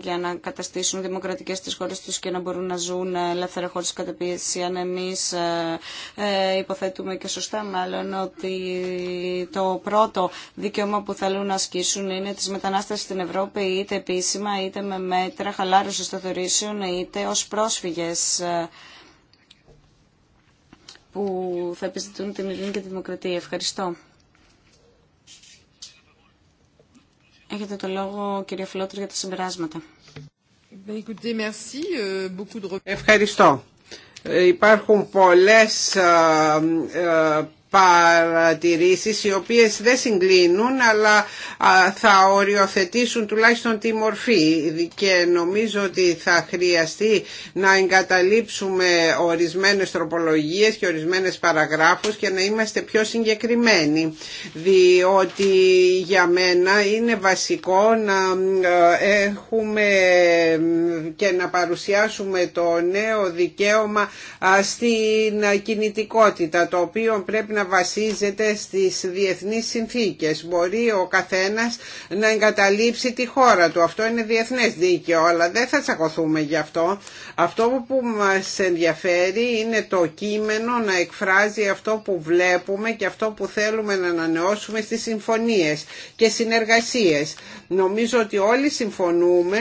Speaker 1: για να καταστήσουν δημοκρατικές τις χώρες τους και να μπορούν να ζουν ελεύθερα χώρες κατά αν εμείς ε, ε, υποθέτουμε και σωστά μάλλον ότι το πρώτο δικαίωμα που θέλουν να ασκήσουν είναι τις μετανάστες στην Ευρώπη είτε επίσημα είτε με μέτρα χαλάρωσης των θεωρήσεων είτε ως πρόσφυγες που θα επιζητούν την ειρήνη και τη δημοκρατία. Ευχαριστώ. Έχετε το λόγο, κυρία Φιλότρη, για τα συμπεράσματα.
Speaker 2: Ευχαριστώ. Ε, υπάρχουν πολλές ε, ε, παρατηρήσεις οι οποίες δεν συγκλίνουν αλλά θα οριοθετήσουν τουλάχιστον τη μορφή και νομίζω ότι θα χρειαστεί να εγκαταλείψουμε ορισμένες τροπολογίες και ορισμένες παραγράφους και να είμαστε πιο συγκεκριμένοι διότι για μένα είναι βασικό να ε, έχουμε και να παρουσιάσουμε το νέο δικαίωμα στην κινητικότητα το οποίο πρέπει να βασίζεται στις διεθνείς συνθήκες. Μπορεί ο καθένας να εγκαταλείψει τη χώρα του. Αυτό είναι διεθνές δίκαιο, αλλά δεν θα τσακωθούμε γι' αυτό. Αυτό που μας ενδιαφέρει είναι το κείμενο να εκφράζει αυτό που βλέπουμε και αυτό που θέλουμε να ανανεώσουμε στις συμφωνίες και συνεργασίες. Νομίζω ότι όλοι συμφωνούμε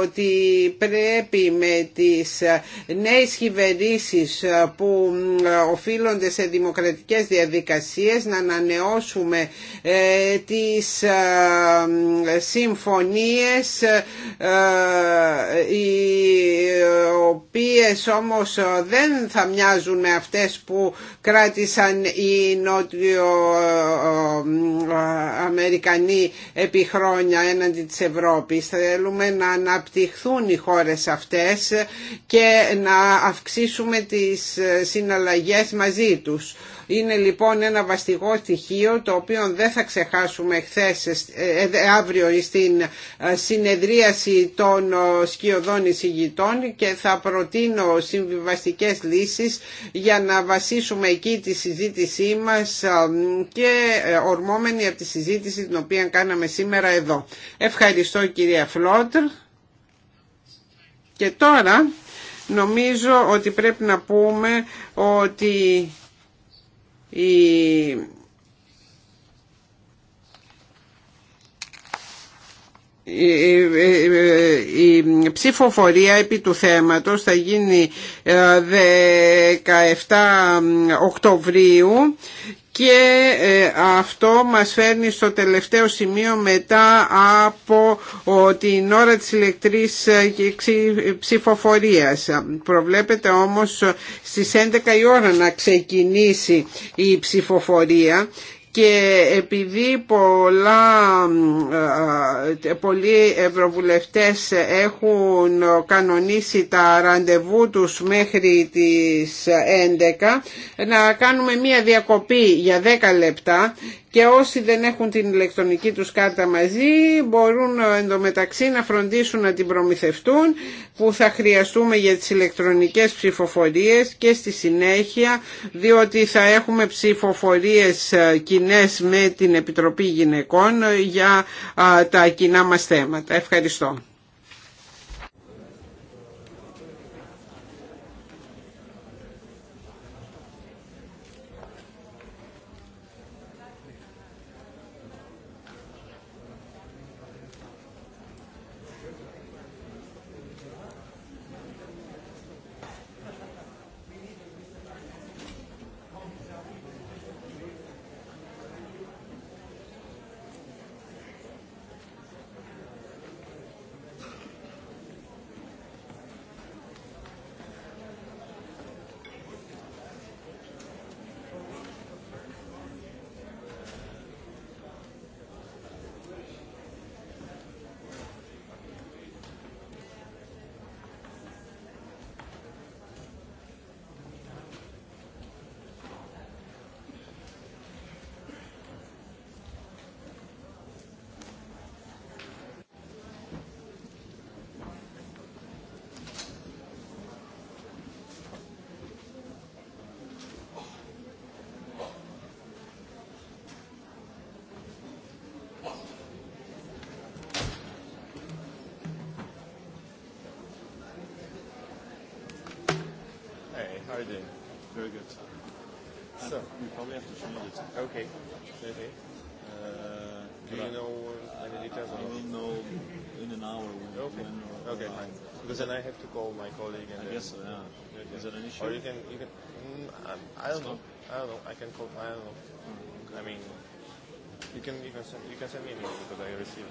Speaker 2: ότι πρέπει με τις νέες κυβερνήσεις που οφείλονται σε δημοκρατικές διαδικασίες, να ανανεώσουμε ε, τις ε, συμφωνίες ε, οι οποίες όμως δεν θα μοιάζουν με αυτές που κράτησαν οι νότιο-αμερικανοί επί χρόνια έναντι της Ευρώπης. Θέλουμε να αναπτυχθούν οι χώρες αυτές και να αυξήσουμε τις συναλλαγές μαζί τους. Είναι λοιπόν ένα βαστικό στοιχείο το οποίο δεν θα ξεχάσουμε ε, ε, αύριο στην ε, συνεδρίαση των σκιωδών εισηγητών και θα προτείνω συμβιβαστικές λύσεις για να βασίσουμε εκεί τη συζήτησή μας και ορμόμενη από τη συζήτηση την οποία κάναμε σήμερα εδώ. Ευχαριστώ κυρία Φλότρ. Και τώρα νομίζω ότι πρέπει να πούμε ότι η η ψηφοφορία επί του θέματος θα γίνει 17 ε, Οκτωβρίου και ε, αυτό μας φέρνει στο τελευταίο σημείο μετά από την ώρα της ηλεκτρής ε, ψηφοφορίας. Προβλέπεται όμως ε, στις 11 η ώρα να ξεκινήσει η ψηφοφορία και επειδή πολλά, ε, ε, πολλοί ευρωβουλευτές έχουν κανονίσει τα ραντεβού τους μέχρι τις 11 να κάνουμε μία διακοπή για 10 λεπτά και όσοι δεν έχουν την ηλεκτρονική τους κάρτα μαζί μπορούν εντωμεταξύ να φροντίσουν να την προμηθευτούν που θα χρειαστούμε για τις ηλεκτρονικές ψηφοφορίες και στη συνέχεια διότι θα έχουμε ψηφοφορίες ε, κοινέ με την Επιτροπή Γυναικών ε, για τα κοινά μας θέματα. Ευχαριστώ.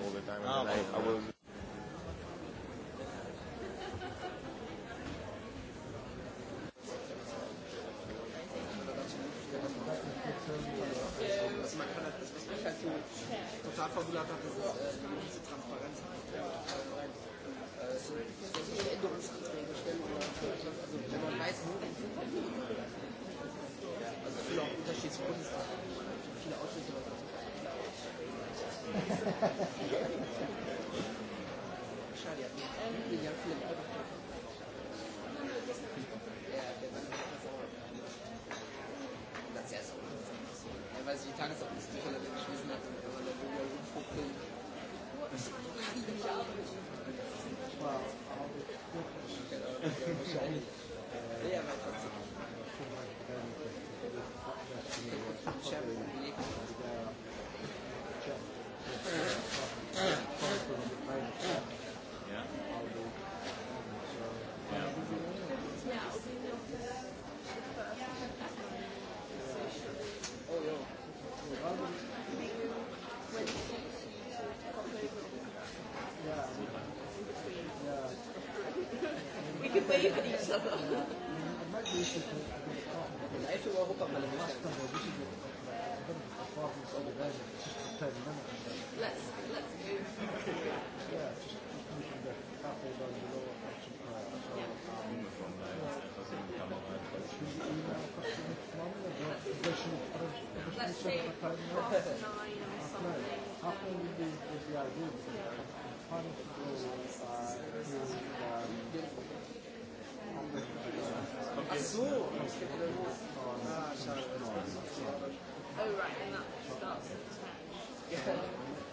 Speaker 5: all the time. I, I total also viele Unterschiede zu viele Ausschüsse, Schade,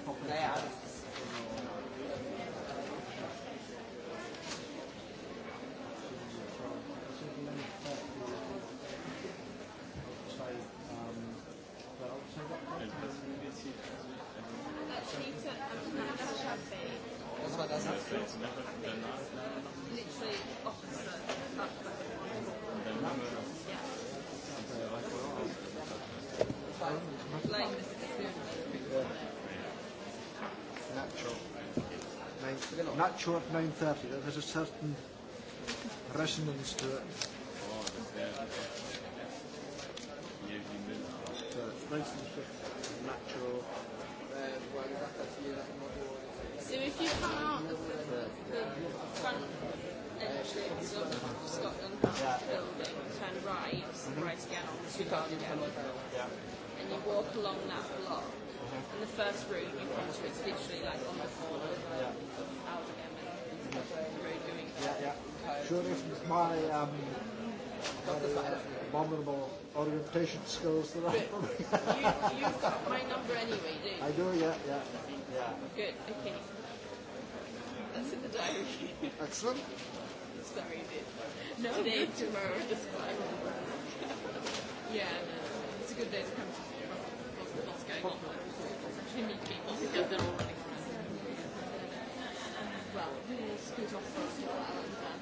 Speaker 2: που
Speaker 4: short 9.30. There's a certain resonance to it. So
Speaker 5: it's nice and natural. So if you come out of the front entrance of Scotland building, turn right, right again onto Garden Gallery, and you walk along that block, And the first room you come to, it's literally like on the floor out again and doing Yeah, yeah. Sure, is my um, vulnerable orientation skills that I you, You've got my number anyway, do you? I do, yeah, yeah. yeah. Good, okay. That's in the diary. Excellent. Sorry, dude. No Today, tomorrow, just fine. Yeah, no, it's a good day to come to. Lots going on. Well, who will scoot off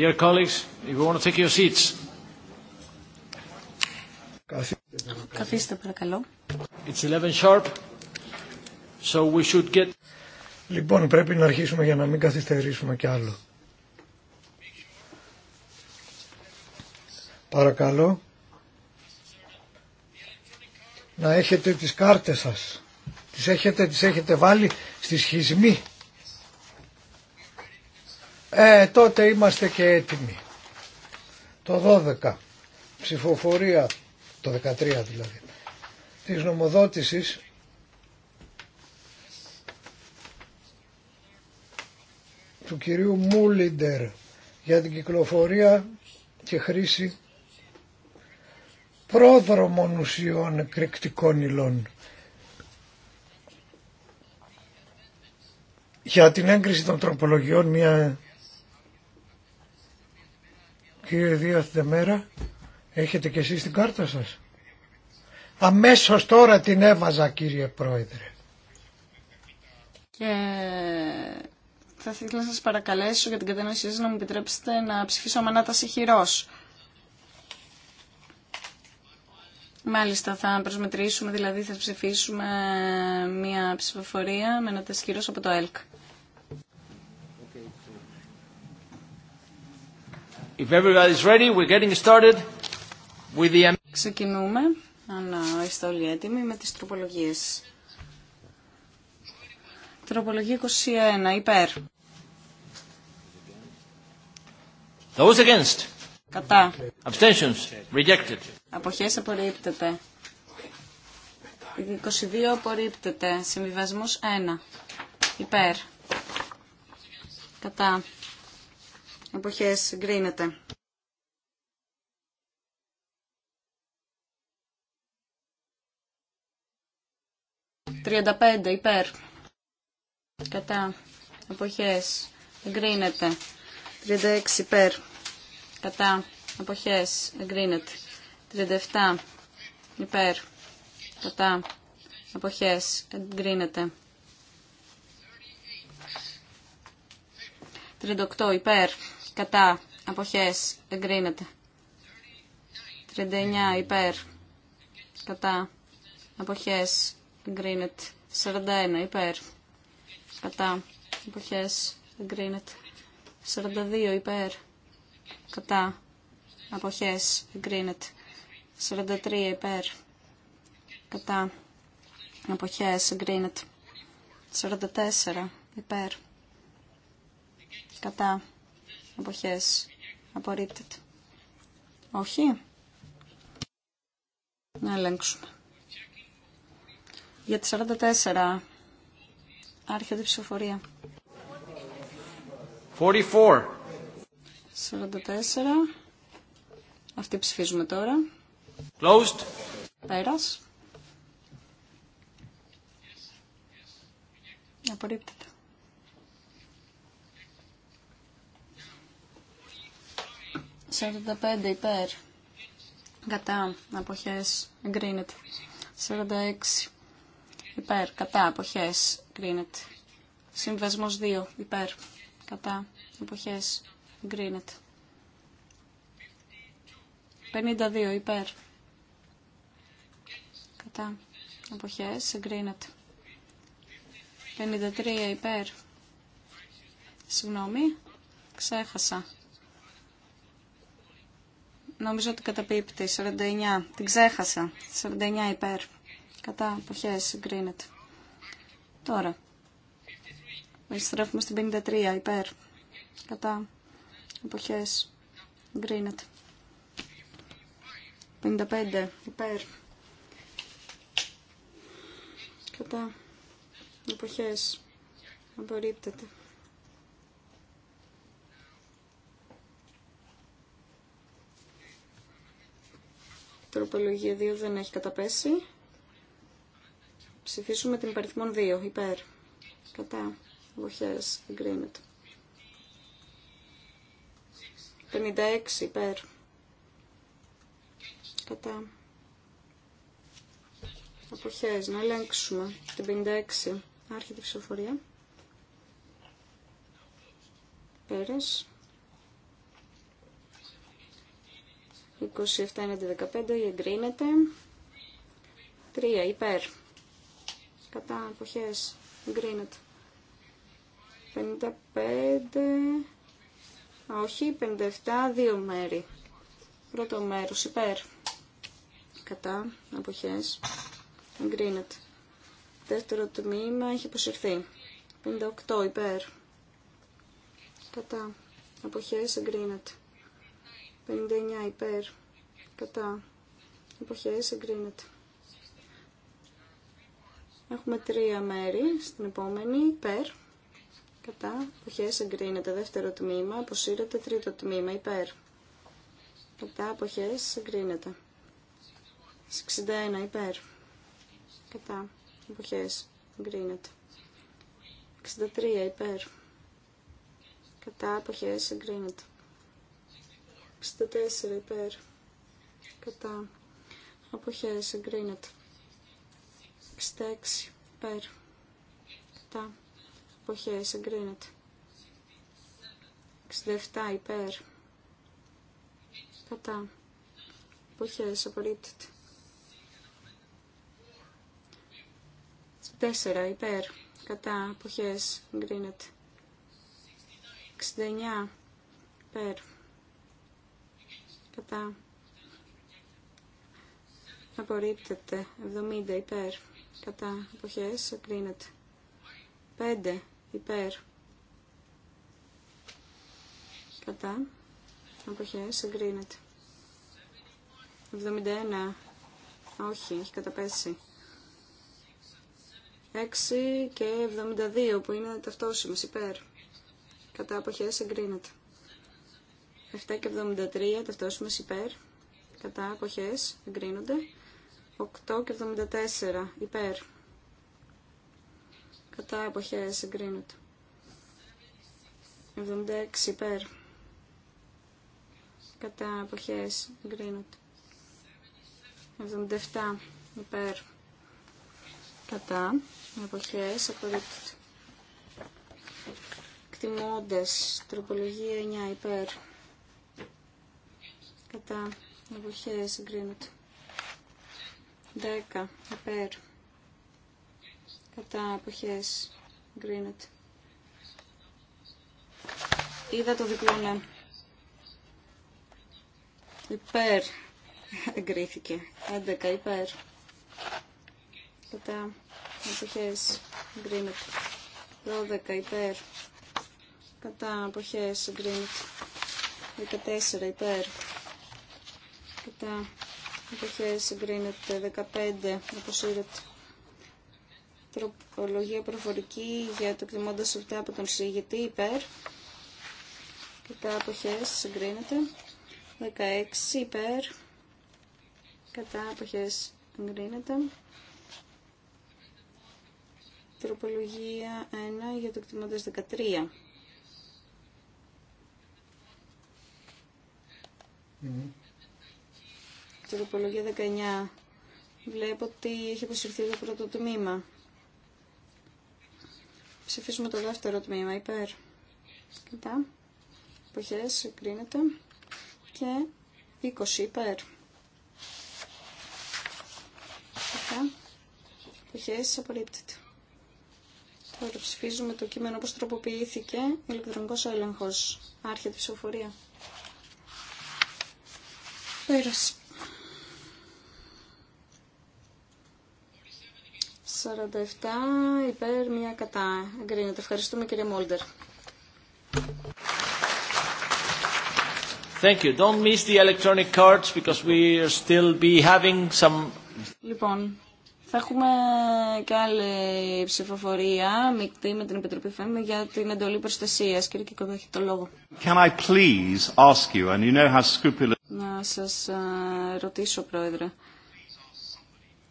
Speaker 3: Dear colleagues, if you want to take your seats.
Speaker 1: Καθίστε παρακαλώ.
Speaker 3: It's 11 sharp, so we should get...
Speaker 4: Λοιπόν, πρέπει να αρχίσουμε για να μην καθυστερήσουμε κι άλλο. Παρακαλώ να έχετε τις κάρτες σας. Τις έχετε, τις έχετε βάλει στη σχισμή. Ε, τότε είμαστε και έτοιμοι. Το 12, ψηφοφορία, το 13 δηλαδή, της νομοδότησης του κυρίου Μούλιντερ για την κυκλοφορία και χρήση πρόδρομων ουσιών εκρηκτικών υλών. Για την έγκριση των τροπολογιών μια Κύριε Δία Θεμέρα, έχετε και εσείς την κάρτα σας. Αμέσως τώρα την έβαζα κύριε Πρόεδρε.
Speaker 1: Και θα ήθελα να σας παρακαλέσω για την κατανόησή σας να μου επιτρέψετε να ψηφίσω ανάταση. χειρός. Μάλιστα, θα προσμετρήσουμε, δηλαδή θα ψηφίσουμε μια ψηφοφορία με ένα τεσχυρός από το ΕΛΚ.
Speaker 3: If ready, we're getting started
Speaker 1: Ξεκινούμε, αν είστε όλοι έτοιμοι, με τις τροπολογίες. Τροπολογία 21, υπέρ.
Speaker 3: Those against. Κατά. Abstentions. Rejected.
Speaker 1: Αποχές απορρίπτεται. 22 απορρίπτεται. Συμβιβασμός 1. Υπέρ. Κατά. Αποχές εγκρίνεται. 35. υπέρ. Κατά. Αποχές εγκρίνεται. 36 υπέρ. Κατά. Αποχές εγκρίνεται. 37 υπέρ. Κατά. Αποχές εγκρίνεται. 38 υπέρ κατά, αποχές, εγκρίνεται. 39 υπέρ, κατά, αποχές, εγκρίνεται. 41 υπέρ, κατά, αποχές, εγκρίνεται. 42 υπέρ, κατά, αποχές, εγκρίνεται. 43 υπέρ, κατά, αποχές, εγκρίνεται. 44 υπέρ, κατά, Αποχές. Απορρίπτεται. Όχι. Να ελέγξουμε. Για τη 44. Άρχεται η ψηφοφορία.
Speaker 3: 44.
Speaker 1: 44. Αυτή ψηφίζουμε τώρα. Closed. Πέρας. Απορρίπτεται. 45 υπέρ. Κατά απόχέ. εγκρίνεται. 46 υπέρ. Κατά Αποχέ. εγκρίνεται. Συμβασμό 2 υπέρ. Κατά Αποχέ. εγκρίνεται. 52 υπέρ. Κατά Αποχέ. εγκρίνεται. 53 υπέρ. Συγγνώμη, ξέχασα νομίζω ότι καταπίπτει. 49. Την ξέχασα. 49 υπέρ. Κατά εποχέ συγκρίνεται. Τώρα. Επιστρέφουμε στην 53 υπέρ. Κατά εποχέ γκρίνεται. 55 υπέρ. Κατά εποχέ. απορρίπτεται. Τροπολογία 2 δεν έχει καταπέσει. Ψηφίσουμε την υπαριθμόν 2. Υπέρ. Κατά. Αποχές. Εγκρίνεται. 56. Υπέρ. Κατά. Αποχές. Να ελέγξουμε την 56. Άρχεται η ψηφοφορία. Πέρας. 27 15 εγκρίνεται. 3 υπέρ. Κατά εποχές εγκρίνεται. 55. Όχι, 57, δύο μέρη. Πρώτο μέρος υπέρ. Κατά εποχές εγκρίνεται. Δεύτερο τμήμα έχει αποσυρθεί. 58 υπέρ. Κατά εποχές εγκρίνεται. 59 υπέρ κατά εποχές εγκρίνεται. Έχουμε τρία μέρη στην επόμενη υπέρ κατά εποχές εγκρίνεται. Δεύτερο τμήμα αποσύρεται τρίτο τμήμα υπέρ κατά εποχές εγκρίνεται. 61 υπέρ κατά εποχές εγκρίνεται. 63 υπέρ κατά εποχές εγκρίνεται. 64 υπέρ κατά αποχές εγκρίνεται 66 υπέρ κατά αποχές εγκρίνεται 67 υπέρ κατά αποχές απορρίπτεται 4 υπέρ κατά αποχές εγκρίνεται 69 υπέρ κατά απορρίπτεται 70 υπέρ κατά εποχές εγκρίνεται 5 υπέρ κατά εποχές εγκρίνεται 71 όχι, έχει καταπέσει 6 και 72 που είναι ταυτόσιμες υπέρ κατά εποχές εγκρίνεται 7 και 73 ταυτόσιμες υπέρ, κατά εποχές, εγκρίνονται. 8 και 74 υπέρ, κατά εποχές, εγκρίνονται. 76 υπέρ, κατά εποχές, εγκρίνονται. 77 υπέρ, κατά εποχές, απορρίπτονται. Εκτιμώντες, τροπολογία 9 υπέρ, κατά εποχές εγκρίνεται. 10 Επέρ. κατά εποχές εγκρίνεται. Είδα το διπλό ναι. Υπέρ εγκρίθηκε. 11 υπέρ κατά εποχές εγκρίνεται. 12 υπέρ κατά εποχές εγκρίνεται. 14 υπέρ κατά εποχές συγκρίνεται 15 είδατε. τροπολογία προφορική για το κτιμώντα 7 από τον συγητή υπέρ κατά εποχές συγκρίνεται 16 υπέρ κατά εποχές συγκρίνεται τροπολογία 1 για το κτιμώντα 13 Mm-hmm. Τροπολογία 19. Βλέπω ότι έχει αποσυρθεί το πρώτο τμήμα. Ψηφίσουμε το δεύτερο τμήμα. Υπέρ. Κοιτά. Εποχές. Εγκρίνεται. Και 20. Υπέρ. Κοιτά. Εποχές. Απορρίπτεται. Τώρα ψηφίζουμε το κείμενο όπως τροποποιήθηκε. Ηλεκτρονικός έλεγχος. Άρχεται η ψηφοφορία. Πέρασε. 47 υπέρ, μία κατά. Εγκρίνεται. Ευχαριστούμε κύριε Μόλτερ.
Speaker 3: Thank you. Don't miss the electronic cards because we still be having some...
Speaker 1: Λοιπόν, θα έχουμε και άλλη ψηφοφορία μεικτή με την Επιτροπή ΦΕΜ για την εντολή προστασίας. Κύριε Κικόδο, έχει το λόγο.
Speaker 3: Can I please ask you, and you know how scrupulous...
Speaker 1: Να σας ε, ρωτήσω, Πρόεδρε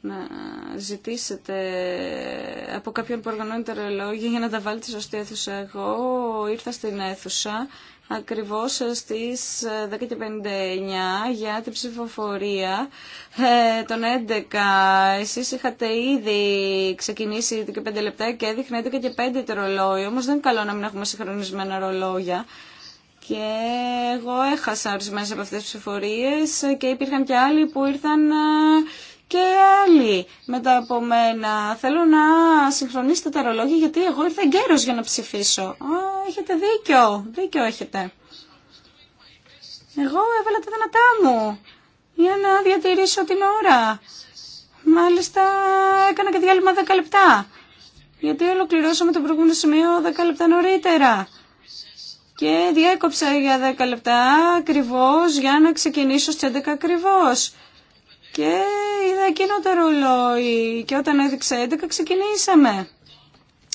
Speaker 1: να ζητήσετε από κάποιον που οργανώνει τα ρολόγια για να τα βάλει στη σωστή αίθουσα. Εγώ ήρθα στην αίθουσα ακριβώς στις 10.59 για την ψηφοφορία ε, των 11. Εσείς είχατε ήδη ξεκινήσει και 5 λεπτά και έδειχνε 11 και 5 το ρολόι, όμως δεν είναι καλό να μην έχουμε συγχρονισμένα ρολόγια. Και εγώ έχασα ορισμένε από αυτές τις ψηφορίες και υπήρχαν και άλλοι που ήρθαν ε, και άλλοι μετά από μένα. Θέλω να συγχρονίσετε τα ρολόγια γιατί εγώ ήρθα εγκαίρος για να ψηφίσω. Α, έχετε δίκιο, δίκιο έχετε. Εγώ έβαλα τα δυνατά μου για να διατηρήσω την ώρα. Μάλιστα έκανα και διάλειμμα 10 λεπτά. Γιατί ολοκληρώσαμε το προηγούμενο σημείο 10 λεπτά νωρίτερα. Και διέκοψα για 10 λεπτά ακριβώ για να ξεκινήσω στις 11 ακριβώς και είδα εκείνο το ρολόι και όταν έδειξε 11 ξεκινήσαμε.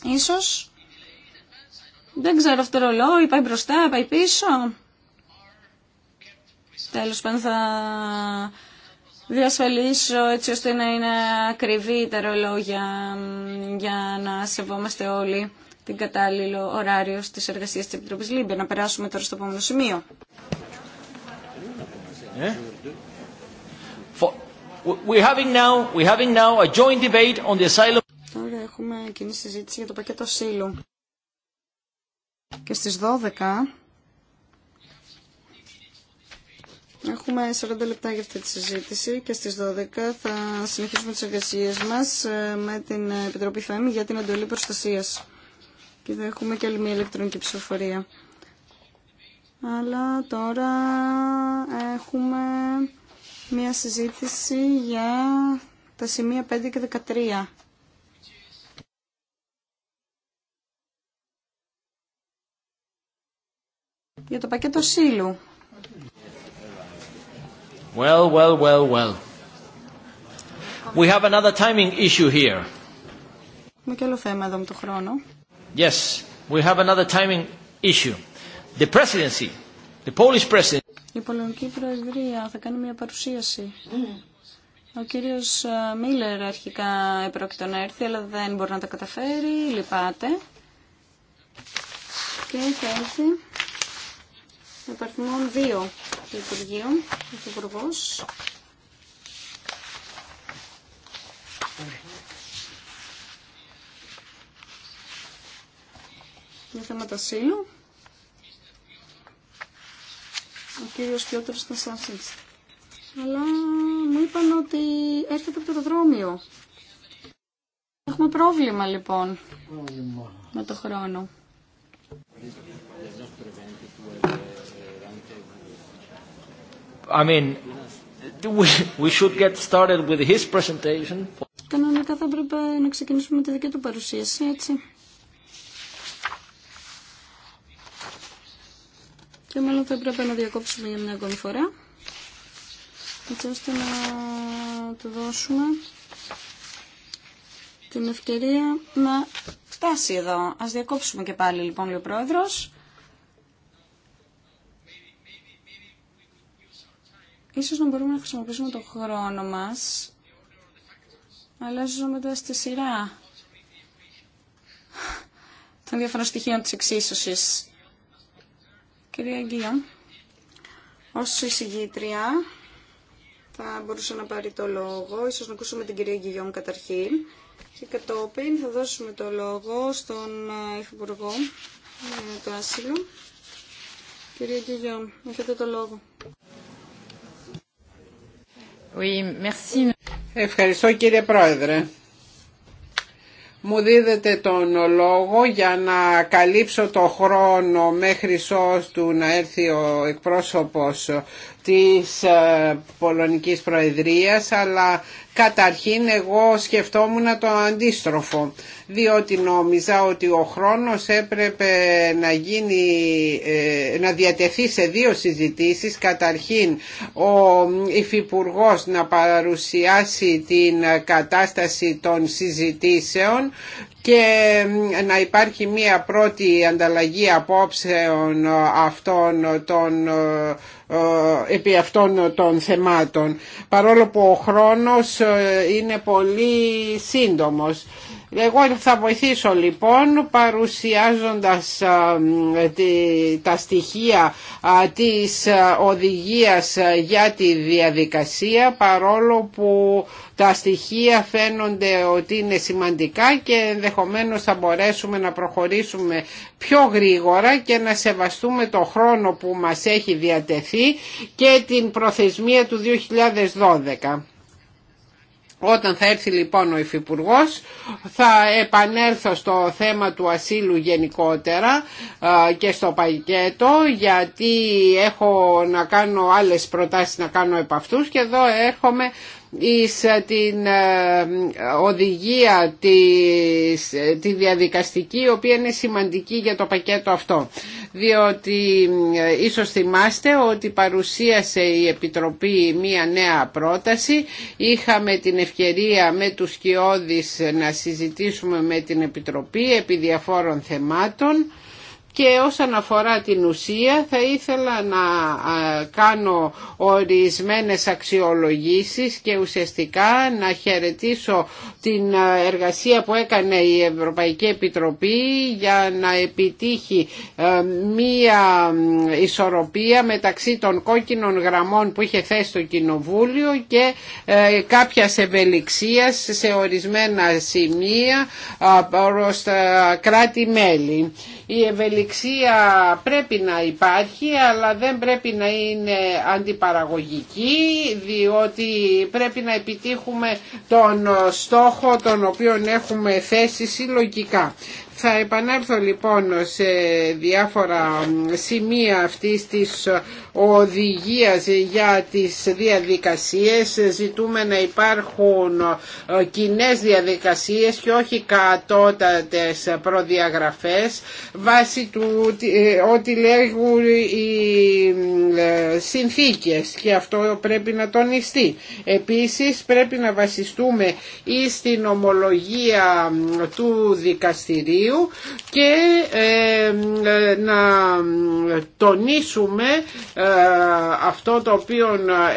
Speaker 1: Ίσως, δεν ξέρω αυτό το ρολόι, πάει μπροστά, πάει πίσω. Τέλος πάντων θα διασφαλίσω έτσι ώστε να είναι ακριβή τα ρολόγια για να σεβόμαστε όλοι την κατάλληλο ωράριο στις εργασίες της Επιτροπής Λίμπια. Να περάσουμε τώρα στο επόμενο σημείο. Ε? having now, having now a joint debate on the asylum. Τώρα έχουμε κοινή συζήτηση για το πακέτο ασύλου. Και στις 12 Έχουμε 40 λεπτά για αυτή τη συζήτηση και στις 12 θα συνεχίσουμε τις εργασίες μας ε, με την Επιτροπή ΦΕΜ για την εντολή προστασίας. Και θα έχουμε και άλλη μια ηλεκτρονική ψηφοφορία. Αλλά τώρα έχουμε μία συζήτηση για τα σημεία 5 και 13. Για το πακέτο σύλλου.
Speaker 5: Well, well, well, well.
Speaker 3: We have another timing issue here.
Speaker 1: Με και άλλο θέμα εδώ με το χρόνο.
Speaker 3: Yes, we have another timing issue. The presidency, the Polish presidency.
Speaker 1: Η Πολωνική Προεδρία θα κάνει μια παρουσίαση. Mm. Ο κύριος ε, Μίλλερ αρχικά επρόκειτο να έρθει, αλλά δεν μπορεί να τα καταφέρει, λυπάται. Και θα έρθει επαρτημών 2 του Υπουργείου, ο Υπουργός. Για θέματα σύλλου ο κύριος Πιότερ Στασάσης. Αλλά μου είπαν ότι έρχεται από το αεροδρόμιο. Έχουμε πρόβλημα λοιπόν με το χρόνο.
Speaker 3: I mean, we should get started with his presentation.
Speaker 1: Κανονικά θα έπρεπε να ξεκινήσουμε με τη δική του παρουσίαση, έτσι. και μάλλον θα έπρεπε να διακόψουμε για μια ακόμη φορά έτσι ώστε να του δώσουμε την ευκαιρία να φτάσει εδώ. Ας διακόψουμε και πάλι λοιπόν ο Πρόεδρος. Ίσως να μπορούμε να χρησιμοποιήσουμε τον χρόνο μας αλλάζοντας στη σειρά των διαφορών στοιχείων της εξίσωσης. Κυρία Γκίον, ως εισηγήτρια θα μπορούσε να πάρει το λόγο. Ίσως να ακούσουμε την κυρία Γκυγιόμ καταρχήν. Και κατόπιν θα δώσουμε το λόγο στον ε, Υφυπουργό ε, του Άσυλου. Κυρία Γκυγιόμ, έχετε το λόγο.
Speaker 2: Oui, merci. Ευχαριστώ κύριε Πρόεδρε μου δίδετε τον λόγο για να καλύψω το χρόνο μέχρι του να έρθει ο εκπρόσωπος της ε, Πολωνικής Προεδρίας αλλά καταρχήν εγώ σκεφτόμουν το αντίστροφο διότι νόμιζα ότι ο χρόνος έπρεπε να, γίνει, ε, να διατεθεί σε δύο συζητήσεις καταρχήν ο υφυπουργό να παρουσιάσει την κατάσταση των συζητήσεων και ε, να υπάρχει μία πρώτη ανταλλαγή απόψεων αυτών των ε, επί αυτών των θεμάτων παρόλο που ο χρόνος ε, είναι πολύ σύντομος. Εγώ θα βοηθήσω λοιπόν παρουσιάζοντας ε, τα στοιχεία της οδηγίας για τη διαδικασία παρόλο που τα στοιχεία φαίνονται ότι είναι σημαντικά και ενδεχομένως θα μπορέσουμε να προχωρήσουμε πιο γρήγορα και να σεβαστούμε το χρόνο που μας έχει διατεθεί και την προθεσμία του 2012. Όταν θα έρθει λοιπόν ο υφυπουργό, θα επανέλθω στο θέμα του ασύλου γενικότερα και στο πακέτο γιατί έχω να κάνω άλλες προτάσεις να κάνω επ' αυτούς και εδώ έρχομαι εις ε, την ε, οδηγία της, ε, τη διαδικαστική η οποία είναι σημαντική για το πακέτο αυτό διότι ίσως θυμάστε ότι παρουσίασε η Επιτροπή μία νέα πρόταση είχαμε την ευκαιρία με τους Σκιώδης να συζητήσουμε με την Επιτροπή επί διαφόρων θεμάτων και όσον αφορά την ουσία θα ήθελα να κάνω ορισμένες αξιολογήσεις και ουσιαστικά να χαιρετήσω την εργασία που έκανε η Ευρωπαϊκή Επιτροπή για να επιτύχει μία ισορροπία μεταξύ των κόκκινων γραμμών που είχε θέσει το Κοινοβούλιο και ε, κάποια ευελιξία σε ορισμένα σημεία προς τα κράτη-μέλη. Η ευελιξία πρέπει να υπάρχει αλλά δεν πρέπει να είναι αντιπαραγωγική διότι πρέπει να επιτύχουμε τον στόχο τον οποίο έχουμε θέσει συλλογικά. Θα επανέλθω λοιπόν σε διάφορα σημεία αυτής της οδηγίας για τις διαδικασίες. Ζητούμε να υπάρχουν ε, κοινέ διαδικασίες και όχι κατώτατες προδιαγραφές βάσει του ότι ε, λέγουν οι ε, συνθήκες και αυτό πρέπει να τονιστεί. Επίσης πρέπει να βασιστούμε ή στην ομολογία του δικαστηρίου και να τονίσουμε ε, αυτό το οποίο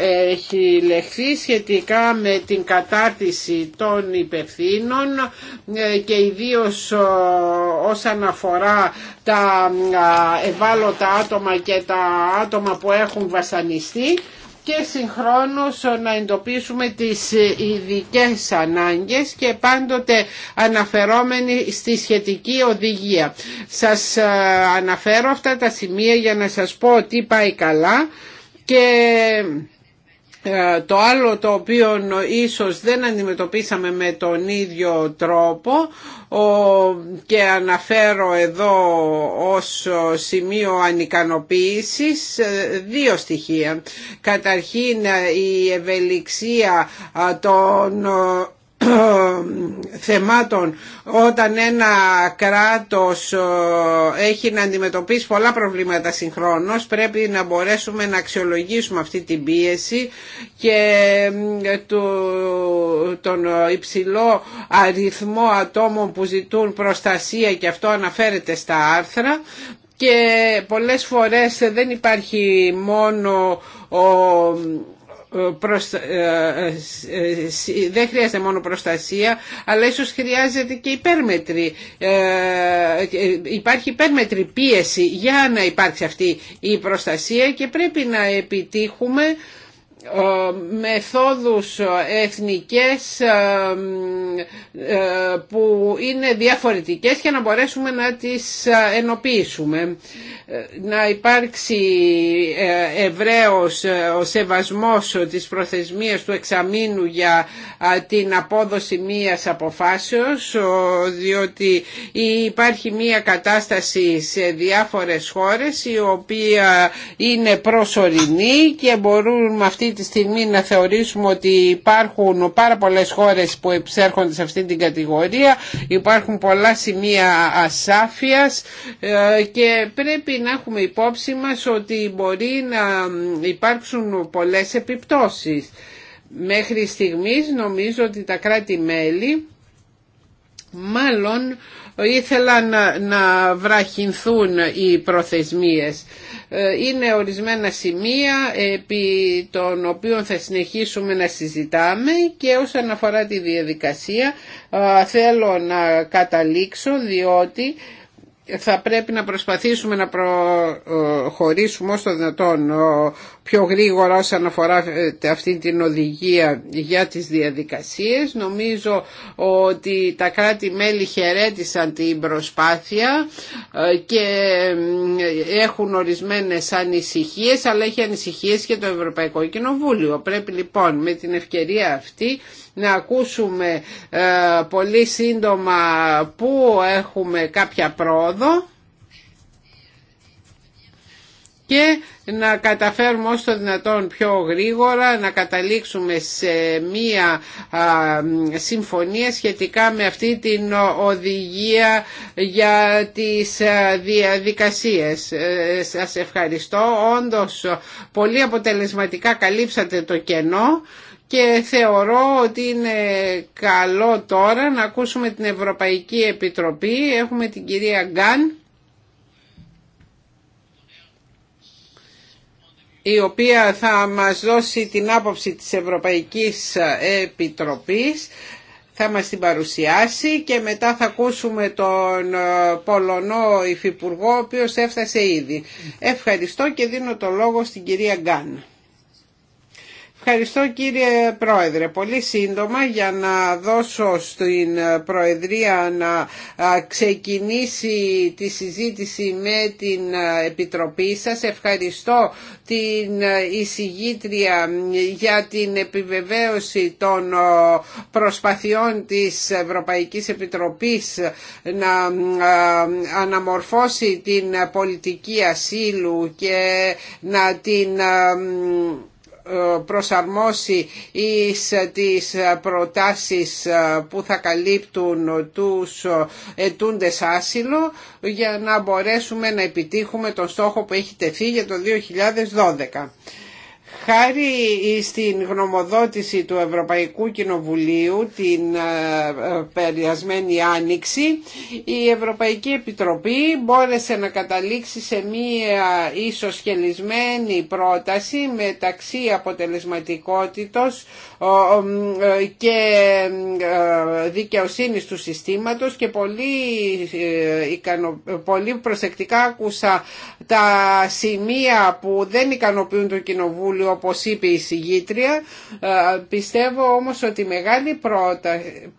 Speaker 2: ε, έχει λεχθεί σχετικά με την κατάρτιση των υπευθύνων ε, και ιδίως όσον αφορά τα ευάλωτα άτομα και τα άτομα που έχουν βασανιστεί και συγχρόνως να εντοπίσουμε τις ειδικέ ανάγκες και πάντοτε αναφερόμενοι στη σχετική οδηγία. Σας ε, αναφέρω αυτά τα σημεία για να σας πω τι πάει καλά και ε, το άλλο το οποίο ίσως δεν αντιμετωπίσαμε με τον ίδιο τρόπο και αναφέρω εδώ ως σημείο ανικανοποίησης ε, δύο στοιχεία. Καταρχήν ε, η ευελιξία των θεμάτων όταν ένα κράτος ε, έχει να αντιμετωπίσει πολλά προβλήματα συγχρόνως πρέπει να μπορέσουμε να αξιολογήσουμε αυτή την πίεση και ε, τον υψηλό αριθμό ατόμων που ζητούν προστασία και αυτό αναφέρεται στα άρθρα και πολλές φορές δεν υπάρχει μόνο ο προστα... Ε, ε, ε, δεν χρειάζεται μόνο προστασία αλλά ίσως χρειάζεται και υπέρμετρη υπάρχει υπέρμετρη πίεση για να υπάρξει αυτή η προστασία και πρέπει να επιτύχουμε ε, μεθόδους ε, εθνικές ε, που είναι διαφορετικές και να μπορέσουμε να τις ενοποιήσουμε. Να υπάρξει ευρέως ο σεβασμός της προθεσμίας του εξαμήνου για την απόδοση μίας αποφάσεως διότι υπάρχει μία κατάσταση σε διάφορες χώρες η οποία είναι προσωρινή και μπορούν με αυτή τη στιγμή να θεωρήσουμε ότι υπάρχουν πάρα πολλές χώρες που εψέρχονται σε αυτή την κατηγορία, υπάρχουν πολλά σημεία ασάφειας ε, και πρέπει να έχουμε υπόψη μας ότι μπορεί να υπάρξουν πολλές επιπτώσεις. Μέχρι στιγμής νομίζω ότι τα κράτη-μέλη μάλλον Ήθελα να βραχυνθούν οι προθεσμίες. Ε, είναι ορισμένα σημεία επί των οποίων θα συνεχίσουμε να συζητάμε και όσον αφορά τη διαδικασία θέλω να καταλήξω διότι θα πρέπει να προσπαθήσουμε να προχωρήσουμε όσο δυνατόν πιο γρήγορα όσον αφορά ε, αυτή την οδηγία για τις διαδικασίες. Νομίζω ότι τα κράτη-μέλη χαιρέτησαν την προσπάθεια ε, και ε, έχουν ορισμένες ανησυχίες, αλλά έχει ανησυχίες και το Ευρωπαϊκό Κοινοβούλιο. Πρέπει λοιπόν με την ευκαιρία αυτή να ακούσουμε πολύ σύντομα πού έχουμε κάποια πρόοδο και να καταφέρουμε όσο δυνατόν πιο γρήγορα να καταλήξουμε σε μία συμφωνία σχετικά με αυτή την οδηγία για τις διαδικασίες. Ε, σας ευχαριστώ. Όντως πολύ αποτελεσματικά καλύψατε το κενό και θεωρώ ότι είναι καλό τώρα να ακούσουμε την Ευρωπαϊκή Επιτροπή. Έχουμε την κυρία Γκάν η οποία θα μας δώσει την άποψη της Ευρωπαϊκής Επιτροπής θα μας την παρουσιάσει και μετά θα ακούσουμε τον ε, Πολωνό Υφυπουργό ο οποίος έφτασε ήδη. Ευχαριστώ και δίνω το λόγο στην κυρία Γκάν. Ευχαριστώ κύριε Πρόεδρε. Πολύ σύντομα για να δώσω στην Προεδρία να ξεκινήσει τη συζήτηση με την Επιτροπή σας. Ευχαριστώ την εισηγήτρια για την επιβεβαίωση των προσπαθειών της Ευρωπαϊκής Επιτροπής να αναμορφώσει την πολιτική ασύλου και να την προσαρμόσει εις τις προτάσεις που θα καλύπτουν τους ετούντες άσυλο για να μπορέσουμε να επιτύχουμε τον στόχο που έχει τεθεί για το 2012. Χάρη στην γνωμοδότηση του Ευρωπαϊκού Κοινοβουλίου την ε, ε, περιασμένη άνοιξη η Ευρωπαϊκή Επιτροπή μπόρεσε να καταλήξει σε μία ισοσχελισμένη πρόταση μεταξύ αποτελεσματικότητος ε, και δικαιοσύνης του συστήματος και πολύ, πολύ προσεκτικά άκουσα τα σημεία που δεν ικανοποιούν το Κοινοβούλιο Όπω όπως είπε η συγγήτρια. Ε, πιστεύω όμως ότι η μεγάλη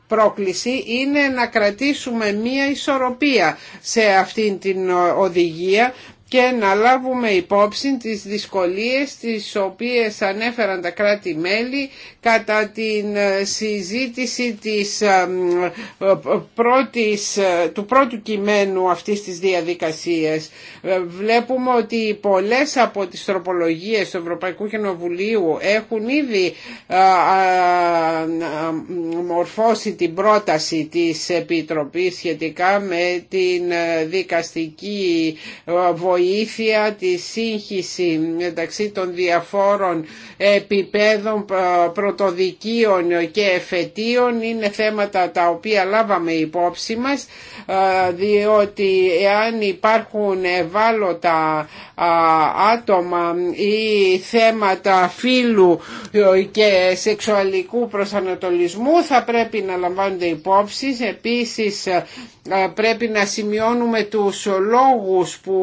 Speaker 2: πρόκληση είναι να κρατήσουμε μία ισορροπία σε αυτήν την ε, οδηγία και να λάβουμε υπόψη τις δυσκολίες τις οποίες ανέφεραν τα κράτη-μέλη κατά την ε, συζήτηση της ε, ε, πρώτης, του πρώτου κειμένου αυτής της διαδικασίας. Βλέπουμε ότι πολλές από τις τροπολογίες του Ευρωπαϊκού Κοινοβουλίου έχουν ήδη μορφώσει την πρόταση της Επιτροπής σχετικά με την δικαστική βοήθεια βοήθεια τη σύγχυση μεταξύ των διαφόρων επιπέδων πρωτοδικίων και εφετείων είναι θέματα τα οποία λάβαμε υπόψη μας διότι εάν υπάρχουν ευάλωτα άτομα ή θέματα φύλου και σεξουαλικού προσανατολισμού θα πρέπει να λαμβάνονται υπόψη. Επίσης πρέπει να σημειώνουμε τους λόγους που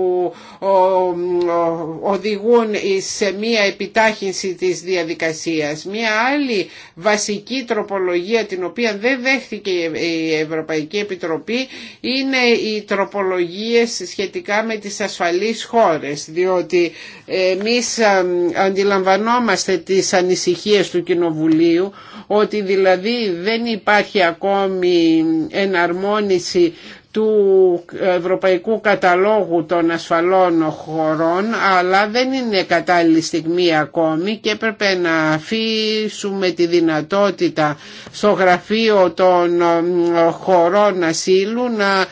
Speaker 2: οδηγούν σε μία επιτάχυνση της διαδικασίας. Μία άλλη βασική τροπολογία την οποία δεν δέχθηκε η Ευρωπαϊκή Επιτροπή είναι οι τροπολογίες σχετικά με τις ασφαλείς χώρες διότι εμείς ε, αντιλαμβανόμαστε τις ανησυχίες του Κοινοβουλίου ότι δηλαδή δεν υπάρχει ακόμη εναρμόνιση του Ευρωπαϊκού Καταλόγου των Ασφαλών Χωρών αλλά δεν είναι κατάλληλη στιγμή ακόμη και έπρεπε να αφήσουμε τη δυνατότητα στο γραφείο των χωρών ασύλου να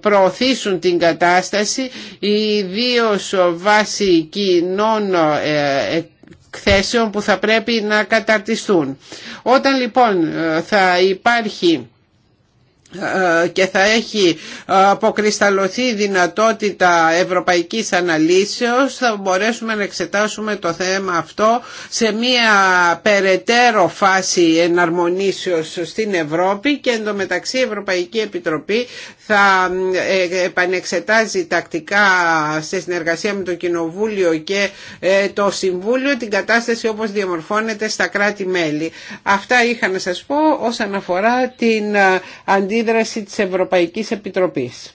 Speaker 2: προωθήσουν την κατάσταση ιδίω βάσει κοινών ε, εκθέσεων που θα πρέπει να καταρτιστούν. Όταν λοιπόν ε, θα υπάρχει ε, και θα έχει αποκρισταλωθεί η δυνατότητα ευρωπαϊκής αναλύσεως θα μπορέσουμε να εξετάσουμε το θέμα αυτό σε μια περαιτέρω φάση εναρμονίσεως στην Ευρώπη και εντωμεταξύ η Ευρωπαϊκή Επιτροπή θα ε, επανεξετάζει τακτικά σε συνεργασία με το Κοινοβούλιο και ε, το Συμβούλιο την κατάσταση όπως διαμορφώνεται στα κράτη-μέλη. Αυτά είχα να σας πω όσον αφορά την αντίδραση αντίδραση της Ευρωπαϊκής Επιτροπής.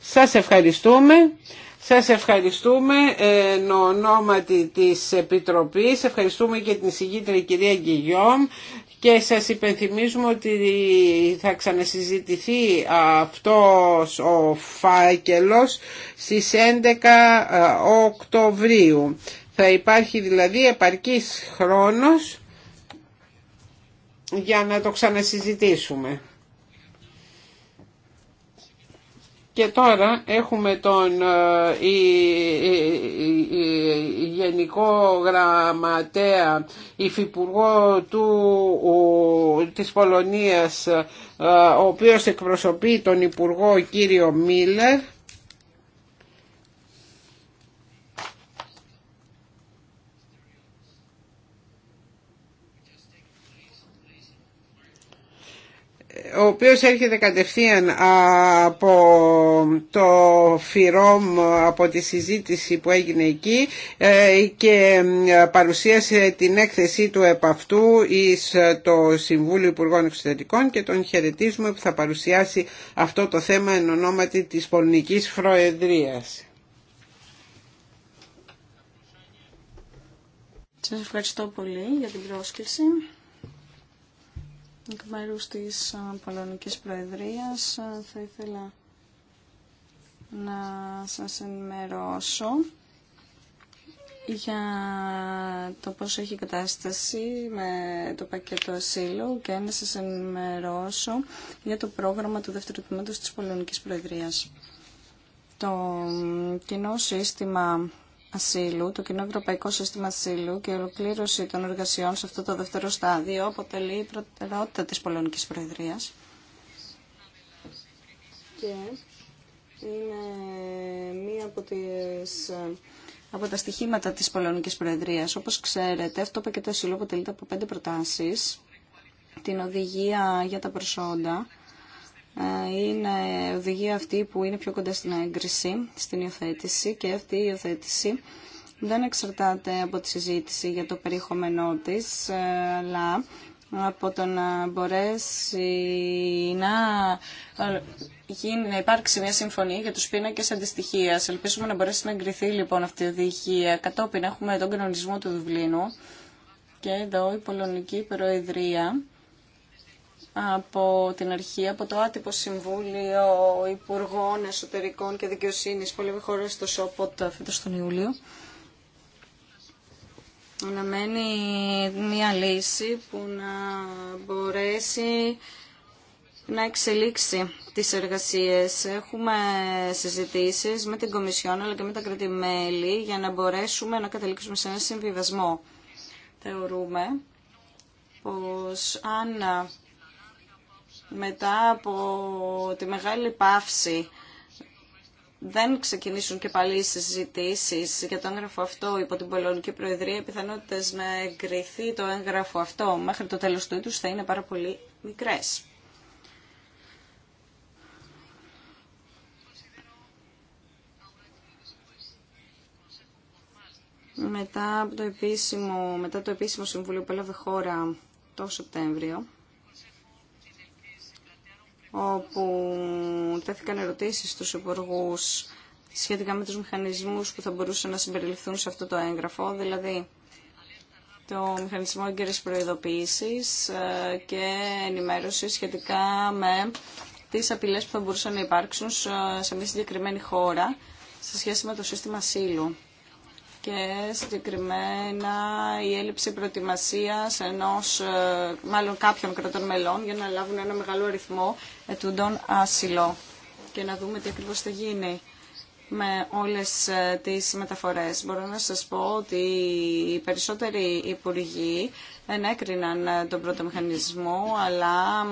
Speaker 2: Σας ευχαριστούμε. Σας ευχαριστούμε ε, εν ονόματι της Επιτροπής, ευχαριστούμε και την εισηγήτρια κυρία Γκυγιόμ και σας υπενθυμίζουμε ότι θα ξανασυζητηθεί αυτός ο φάκελος στις 11 ε, Οκτωβρίου. Θα υπάρχει δηλαδή επαρκής χρόνος για να το ξανασυζητήσουμε. Και τώρα έχουμε τον ε, Γενικό Γραμματέα, υφυπουργό του, ο, της Πολωνίας, ε, ο οποίος εκπροσωπεί τον Υπουργό κύριο Μίλλερ ο οποίος έρχεται κατευθείαν από το ΦΥΡΟΜ από τη συζήτηση που έγινε εκεί ε, και ε, παρουσίασε την έκθεσή του επ' αυτού εις ε, το Συμβούλιο Υπουργών Εξωτερικών και τον χαιρετίζουμε που θα παρουσιάσει αυτό το θέμα εν ονόματι της Πολωνικής Φροεδρίας.
Speaker 1: Σας ευχαριστώ πολύ για την πρόσκληση. Εκ μέρου τη Πολωνική Προεδρία θα ήθελα να σας ενημερώσω για το πώς έχει κατάσταση με το πακέτο ασύλου και να σας ενημερώσω για το πρόγραμμα του δεύτερου τμήματος της Πολωνικής Προεδρίας. Το κοινό σύστημα ασύλου, το κοινό ευρωπαϊκό σύστημα ασύλου και η ολοκλήρωση των εργασιών σε αυτό το δεύτερο στάδιο αποτελεί η προτεραιότητα της Πολωνικής Προεδρίας. Και είναι μία από, τις, από τα στοιχήματα της Πολωνικής Προεδρίας. Όπως ξέρετε, αυτό το πακέτο ασύλου αποτελείται από πέντε προτάσεις, την οδηγία για τα προσόντα, είναι οδηγία αυτή που είναι πιο κοντά στην έγκριση, στην υιοθέτηση και αυτή η υιοθέτηση δεν εξαρτάται από τη συζήτηση για το περιεχόμενό της, ε, αλλά από το να μπορέσει ε, να, υπάρξει μια συμφωνία για τους πίνακες αντιστοιχίας. Ελπίζουμε να μπορέσει να εγκριθεί λοιπόν αυτή η οδηγία. Κατόπιν έχουμε τον κανονισμό του Δουβλίνου και εδώ η Πολωνική Προεδρία από την αρχή, από το άτυπο Συμβούλιο Υπουργών Εσωτερικών και Δικαιοσύνης που έλεγε το στο ΣΟΠΟΤ φέτος τον Ιούλιο. Αναμένει μια λύση που να μπορέσει να εξελίξει τις εργασίες. Έχουμε συζητήσεις με την Κομισιόν αλλά και με τα κρατημέλη για να μπορέσουμε να καταλήξουμε σε ένα συμβιβασμό. Θεωρούμε πως αν μετά από τη μεγάλη πάυση δεν ξεκινήσουν και πάλι οι συζητήσει για το έγγραφο αυτό υπό την Πολωνική Προεδρία, οι πιθανότητε να εγκριθεί το έγγραφο αυτό μέχρι το τέλο του έτου θα είναι πάρα πολύ μικρέ. Μετά, το επίσημο, μετά το επίσημο συμβούλιο που έλαβε χώρα το Σεπτέμβριο, όπου τέθηκαν ερωτήσεις στους υπουργού σχετικά με τους μηχανισμούς που θα μπορούσαν να συμπεριληφθούν σε αυτό το έγγραφο, δηλαδή το μηχανισμό έγκαιρης προειδοποίησης ε, και ενημέρωση σχετικά με τις απειλές που θα μπορούσαν να υπάρξουν σε μια συγκεκριμένη χώρα σε σχέση με το σύστημα ασύλου και συγκεκριμένα η έλλειψη προετοιμασίας ενός, ε, μάλλον κάποιων κρατών μελών για να λάβουν ένα μεγάλο αριθμό ετούντων άσυλο και να δούμε τι ακριβώς θα γίνει με όλες ε, τις μεταφορές. Μπορώ να σας πω ότι οι περισσότεροι υπουργοί ενέκριναν ε, τον πρώτο μηχανισμό, αλλά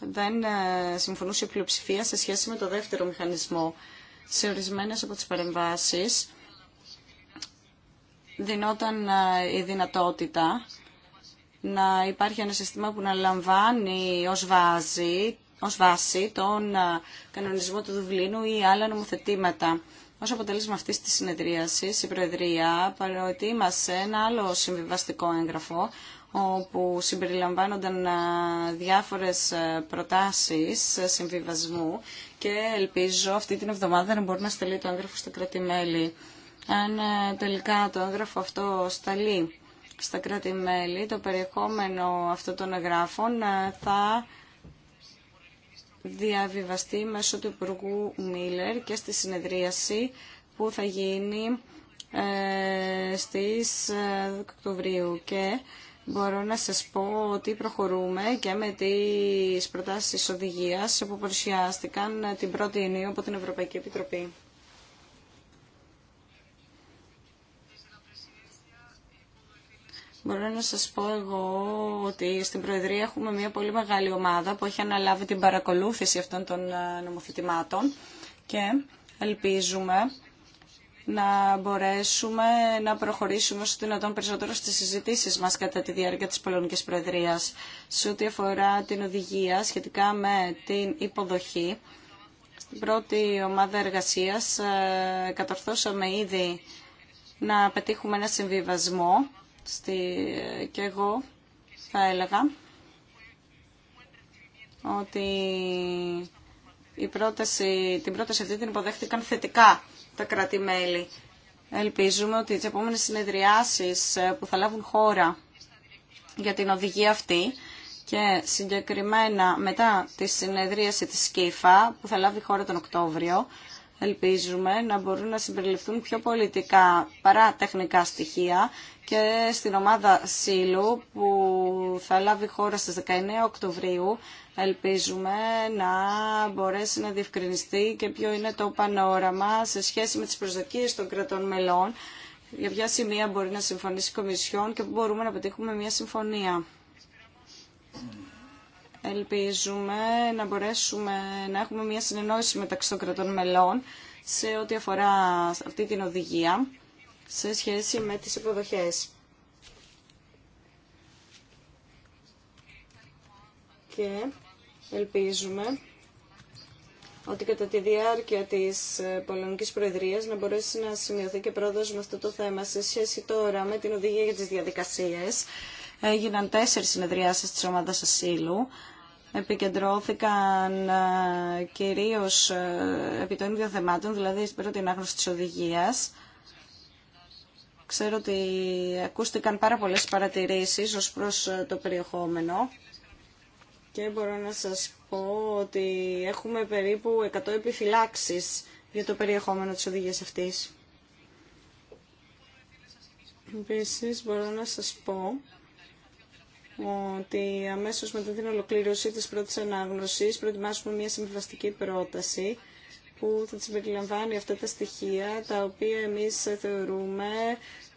Speaker 1: δεν συμφωνούσε η πλειοψηφία σε σχέση με το δεύτερο μηχανισμό. Σε ορισμένες από τις παρεμβάσεις δινόταν ε, η δυνατότητα να υπάρχει ένα σύστημα που να λαμβάνει ως βάση, ως βάση τον ε, κανονισμό του Δουβλίνου ή άλλα νομοθετήματα. Ως αποτέλεσμα αυτής της συνεδρίασης, η Προεδρία προετοίμασε ένα άλλο συμβιβαστικό παροετοιμασε ενα όπου συμπεριλαμβάνονταν ε, διάφορες προτάσεις συμβιβασμού και ελπίζω αυτή την εβδομάδα να μπορεί να στελεί το έγγραφο στο κρατη αν ε, τελικά το έγγραφο αυτό σταλεί στα κράτη-μέλη, το περιεχόμενο αυτών των εγγράφων ε, θα διαβιβαστεί μέσω του Υπουργού Μίλλερ και στη συνεδρίαση που θα γίνει ε, στις Οκτωβρίου και μπορώ να σας πω ότι προχωρούμε και με τις προτάσεις οδηγίας που παρουσιάστηκαν την 1η Ιουνίου από την Ευρωπαϊκή Επιτροπή. Μπορώ να σας πω εγώ ότι στην Προεδρία έχουμε μια πολύ μεγάλη ομάδα που έχει αναλάβει την παρακολούθηση αυτών των ε, νομοθετημάτων και ελπίζουμε να μπορέσουμε να προχωρήσουμε όσο δυνατόν περισσότερο στις συζητήσεις μας κατά τη διάρκεια της Πολωνικής Προεδρίας σε ό,τι αφορά την οδηγία σχετικά με την υποδοχή. Στην πρώτη ομάδα εργασίας ε, κατορθώσαμε ήδη να πετύχουμε ένα συμβιβασμό στη, και εγώ θα έλεγα ότι η πρόταση, την πρόταση αυτή την υποδέχτηκαν θετικά τα κράτη-μέλη. Ελπίζουμε ότι τις επόμενες συνεδριάσεις ε, που θα λάβουν χώρα για την οδηγία αυτή και συγκεκριμένα μετά τη συνεδρίαση της ΣΚΙΦΑ που θα λάβει χώρα τον Οκτώβριο, ελπίζουμε να μπορούν να συμπεριληφθούν πιο πολιτικά παρά τεχνικά στοιχεία και στην ομάδα ΣΥΛΟΥ που θα λάβει χώρα στις 19 Οκτωβρίου ελπίζουμε να μπορέσει να διευκρινιστεί και ποιο είναι το πανόραμα σε σχέση με τις προσδοκίες των κρατών μελών για ποια σημεία μπορεί να συμφωνήσει η Κομισιόν και πού μπορούμε να πετύχουμε μια συμφωνία. Ελπίζουμε να μπορέσουμε να έχουμε μια συνεννόηση μεταξύ των κρατών μελών σε ό,τι αφορά αυτή την οδηγία σε σχέση με τις υποδοχές. Και ελπίζουμε ότι κατά τη διάρκεια της Πολωνικής Προεδρίας να μπορέσει να σημειωθεί και πρόοδος με αυτό το θέμα σε σχέση τώρα με την οδηγία για τις διαδικασίες. Έγιναν τέσσερις συνεδριάσεις της ομάδας ασύλου επικεντρώθηκαν ε, κυρίως ε, επί των ίδιων θεμάτων, δηλαδή στην πρώτη ανάγνωση της οδηγίας. Ξέρω ότι ακούστηκαν πάρα πολλές παρατηρήσεις ως προς ε, το περιεχόμενο και μπορώ να σας πω ότι έχουμε περίπου 100 επιφυλάξεις για το περιεχόμενο της οδηγίας αυτής. Επίση μπορώ να σας πω ότι αμέσως μετά την ολοκλήρωση της πρώτης ανάγνωσης προετοιμάσουμε μια συμβιβαστική πρόταση που θα περιλαμβάνει αυτά τα στοιχεία τα οποία εμείς θεωρούμε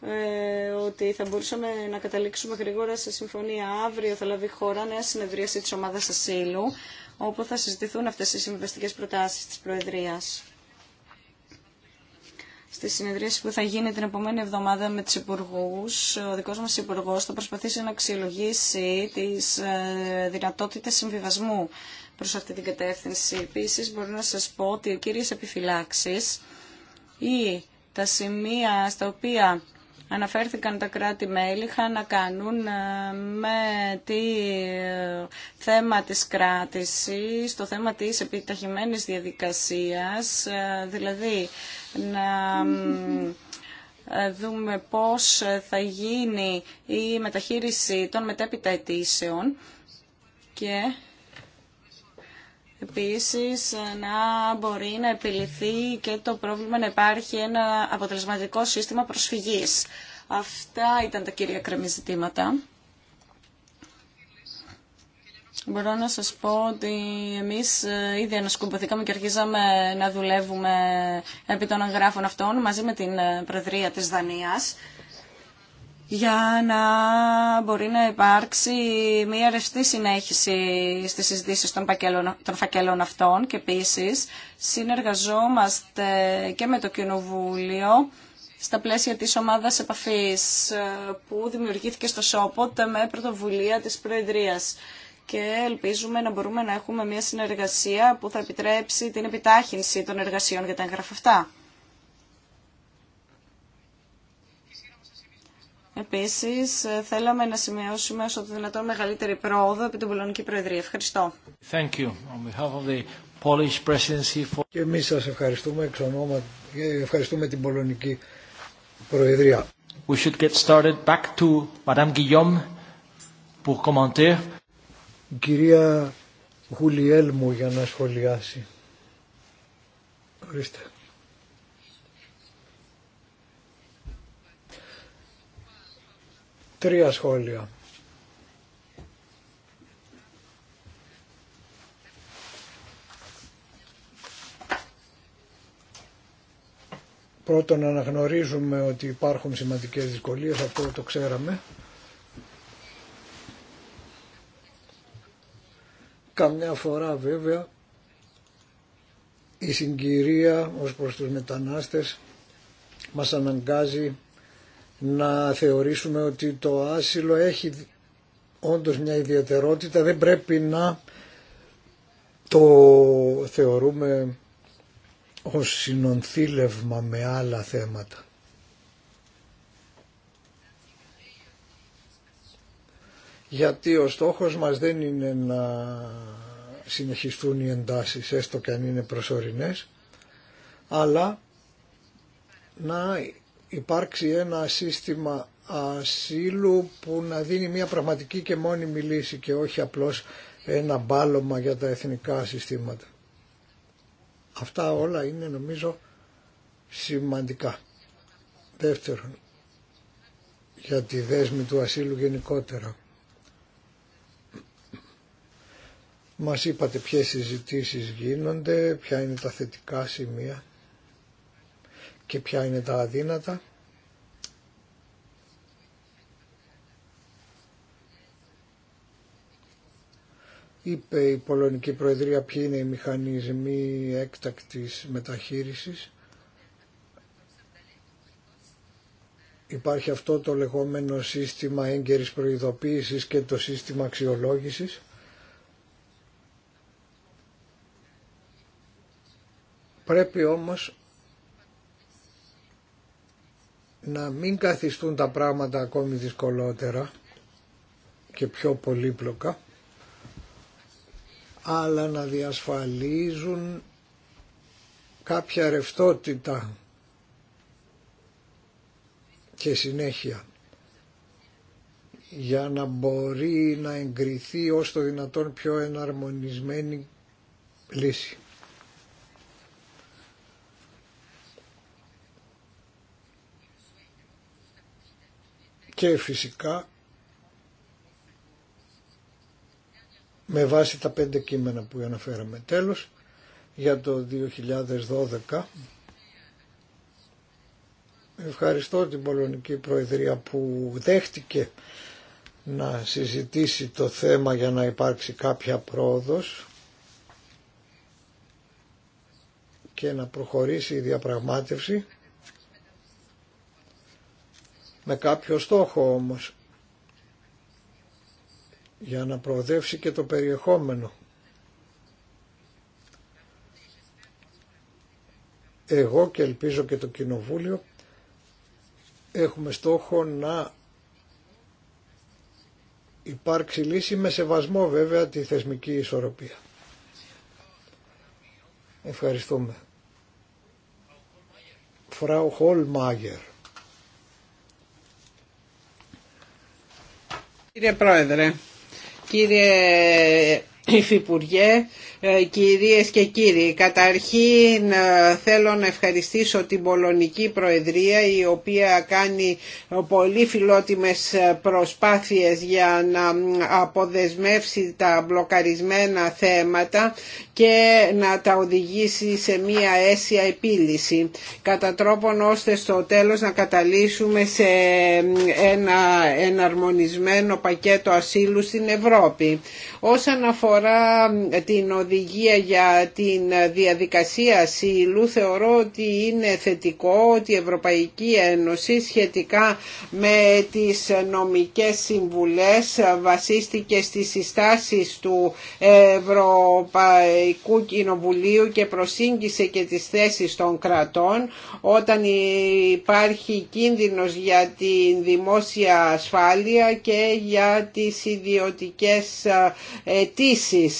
Speaker 1: ε, ότι θα μπορούσαμε να καταλήξουμε γρήγορα σε συμφωνία. Αύριο θα λάβει χώρα νέα συνεδρίαση της ομάδας ασύλου όπου θα συζητηθούν αυτές οι συμβιβαστικές προτάσεις της Προεδρίας στη συνεδρίαση που θα γίνει την επόμενη εβδομάδα με τους υπουργού. Ο δικός μας υπουργό θα προσπαθήσει να αξιολογήσει τις ε, δυνατότητες συμβιβασμού προς αυτή την κατεύθυνση. Επίσης, μπορώ να σας πω ότι οι κύριες επιφυλάξεις ή τα σημεία στα οποία αναφέρθηκαν τα κράτη-μέλη είχαν να κάνουν ε, με τη ε, θέμα της κράτησης, το θέμα της επιταχυμένης διαδικασίας, ε, δηλαδή να δούμε πώς θα γίνει η μεταχείριση των μετέπειτα αιτήσεων και Επίσης, να μπορεί να επιληθεί και το πρόβλημα να υπάρχει ένα αποτελεσματικό σύστημα προσφυγής. Αυτά ήταν τα κυρία κρεμή ζητήματα. Μπορώ να σας πω ότι εμείς ε, ήδη ανασκουμπωθήκαμε και αρχίζαμε να δουλεύουμε επί των εγγράφων αυτών μαζί με την ε, Προεδρία της Δανίας για να μπορεί να υπάρξει μια ρευστή συνέχιση στις συζητήσεις των, πακέλων, των φακέλων αυτών και επίσης συνεργαζόμαστε και με το Κοινοβούλιο στα πλαίσια της ομάδας επαφής ε, που δημιουργήθηκε στο ΣΟΠΟΤ με πρωτοβουλία της Προεδρίας και ελπίζουμε να μπορούμε να έχουμε μια συνεργασία που θα επιτρέψει την επιτάχυνση των εργασιών για τα εγγραφευτά. Επίσης, ε, θέλαμε να σημειώσουμε όσο το δυνατόν μεγαλύτερη πρόοδο επί την Πολωνική Προεδρία. Ευχαριστώ.
Speaker 3: Thank you. On behalf of the Polish presidency for... Και εμείς σας ευχαριστούμε,
Speaker 4: εξ ευχαριστούμε την Πολωνική
Speaker 3: Προεδρία. We should get started back to Madame Guillaume pour commenter. Κυρία
Speaker 4: Γουλιέλ μου για να σχολιάσει. Ορίστε. Τρία σχόλια. Πρώτον αναγνωρίζουμε ότι υπάρχουν σημαντικές δυσκολίες, αυτό το ξέραμε. Καμιά φορά βέβαια η συγκυρία ως προς τους μετανάστες μας αναγκάζει να θεωρήσουμε ότι το άσυλο έχει όντως μια ιδιαιτερότητα, δεν πρέπει να το θεωρούμε ως συνονθήλευμα με άλλα θέματα. Γιατί ο στόχος μας δεν είναι να συνεχιστούν οι εντάσεις, έστω και αν είναι προσωρινές, αλλά να υπάρξει ένα σύστημα ασύλου που να δίνει μια πραγματική και μόνιμη λύση και όχι απλώς ένα μπάλωμα για τα εθνικά συστήματα. Αυτά όλα είναι νομίζω σημαντικά. Δεύτερον, για τη δέσμη του ασύλου γενικότερα. Μας είπατε ποιες συζητήσει γίνονται, ποια είναι τα θετικά σημεία και ποια είναι τα αδύνατα. Είπε η Πολωνική Προεδρία ποιοι είναι οι μηχανισμοί έκτακτης μεταχείρισης. Υπάρχει αυτό το λεγόμενο σύστημα έγκαιρης προειδοποίησης και το σύστημα αξιολόγησης. Πρέπει όμως να μην καθιστούν τα πράγματα ακόμη δυσκολότερα και πιο πολύπλοκα αλλά να διασφαλίζουν κάποια ρευτότητα και συνέχεια για να μπορεί να εγκριθεί ως το δυνατόν πιο εναρμονισμένη λύση. και φυσικά με βάση τα πέντε κείμενα που αναφέραμε τέλος για το 2012 ευχαριστώ την Πολωνική Προεδρία που δέχτηκε να συζητήσει το θέμα για να υπάρξει κάποια πρόοδος και να προχωρήσει η διαπραγμάτευση με κάποιο στόχο όμως για να προοδεύσει και το περιεχόμενο. Εγώ και ελπίζω και το Κοινοβούλιο έχουμε στόχο να υπάρξει λύση με σεβασμό βέβαια τη θεσμική ισορροπία. Ευχαριστούμε. Φράου Χολμάγερ.
Speaker 2: Κύριε Πρόεδρε, κύριε Υφυπουργέ, ε, κυρίες και κύριοι. Καταρχήν ε, θέλω να ευχαριστήσω την Πολωνική Προεδρία η οποία κάνει ε, πολύ φιλότιμες προσπάθειες για να αποδεσμεύσει τα μπλοκαρισμένα θέματα και να τα οδηγήσει σε μία αίσια επίλυση κατά τρόπον ώστε στο τέλος να καταλύσουμε σε ένα εναρμονισμένο πακέτο ασύλου στην Ευρώπη. Όσον αφορά την οδηγία για την διαδικασία θεωρώ ότι είναι θετικό ότι η Ευρωπαϊκή Ένωση σχετικά με τις νομικές συμβουλές βασίστηκε στις συστάσεις του Ευρωπαϊκού Κοινοβουλίου και προσήγγισε και τις θέσεις των κρατών όταν υπάρχει κίνδυνος για την δημόσια ασφάλεια και για τις ιδιωτικές αιτήσει.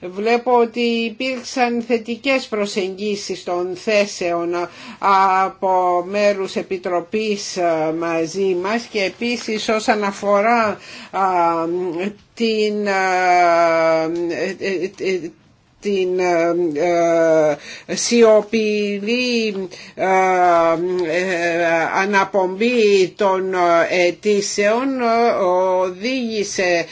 Speaker 2: Βλέπω βλέπω ότι υπήρξαν θετικές προσεγγίσεις των θέσεων από μέρους Επιτροπής ε, μαζί μας και επίσης όσον αφορά ε, την, ε, την ε, ε, σιωπηλή ε, αναπομπή των αιτήσεων οδήγησε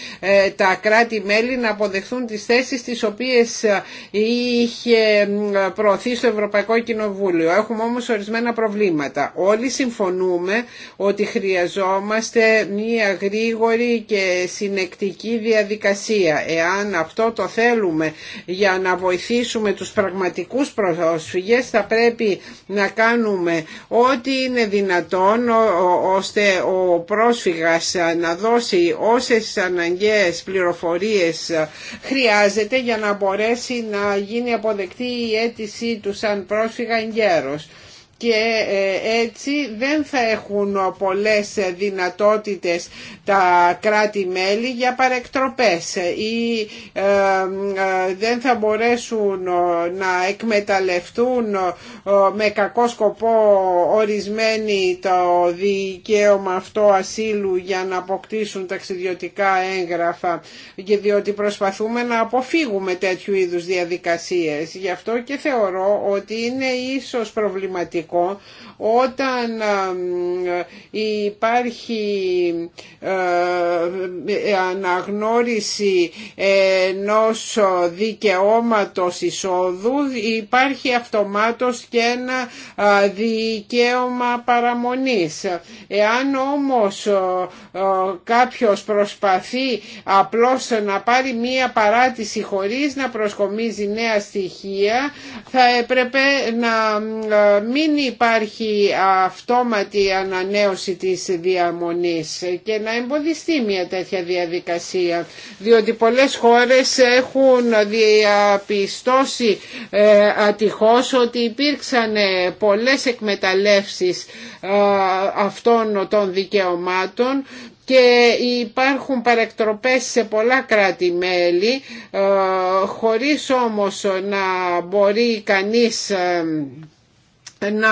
Speaker 2: τα κράτη-μέλη να αποδεχθούν τις θέσεις τις οποίες είχε προωθεί στο Ευρωπαϊκό Κοινοβούλιο. Έχουμε όμως ορισμένα προβλήματα. Όλοι συμφωνούμε ότι χρειαζόμαστε μία γρήγορη και συνεκτική διαδικασία. Εάν αυτό το θέλουμε για να βοηθήσουμε τους πραγματικούς προσφυγές θα πρέπει να κάνουμε ό,τι είναι δυνατόν ώστε ο πρόσφυγας να δώσει όσες αναγκαίες πληροφορίες χρειάζεται για να μπορέσει να γίνει αποδεκτή η αίτησή του σαν πρόσφυγα εγκαίρος και ε, έτσι δεν θα έχουν πολλές δυνατότητες τα κράτη-μέλη για παρεκτροπές ή ε, ε, δεν θα μπορέσουν να εκμεταλλευτούν με κακό σκοπό ορισμένοι το δικαίωμα αυτό ασύλου για να αποκτήσουν ταξιδιωτικά έγγραφα και διότι προσπαθούμε να αποφύγουμε τέτοιου είδους διαδικασίες. Γι' αυτό και θεωρώ ότι είναι ίσως προβληματικό σημαντικό όταν ε, ε, υπάρχει ε, αναγνώριση ενός δικαιώματος εισόδου υπάρχει αυτομάτως και ένα δικαίωμα παραμονής. Εάν όμως κάποιος προσπαθεί απλώς να πάρει μία παράτηση χωρίς να προσκομίζει νέα στοιχεία θα έπρεπε να μην υπάρχει υπάρχει αυτόματη ανανέωση της διαμονής και να εμποδιστεί μια τέτοια διαδικασία διότι πολλές χώρες έχουν διαπιστώσει ε, ατυχώς ότι υπήρξαν ε, πολλές εκμεταλλεύσεις ε, αυτών των δικαιωμάτων και υπάρχουν παρεκτροπές σε πολλά κράτη-μέλη χωρίς όμως να μπορεί κανείς να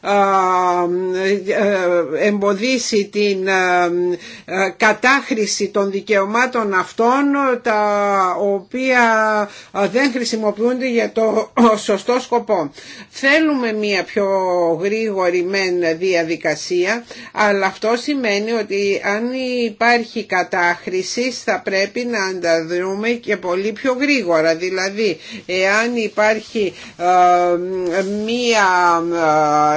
Speaker 2: ε, εμποδίσει την κατάχρηση των δικαιωμάτων αυτών τα οποία δεν χρησιμοποιούνται για το σωστό σκοπό. Θέλουμε μια πιο γρήγορη μεν διαδικασία αλλά αυτό σημαίνει ότι αν υπάρχει κατάχρηση θα πρέπει να ανταδρούμε και πολύ πιο γρήγορα. Δηλαδή εάν υπάρχει μια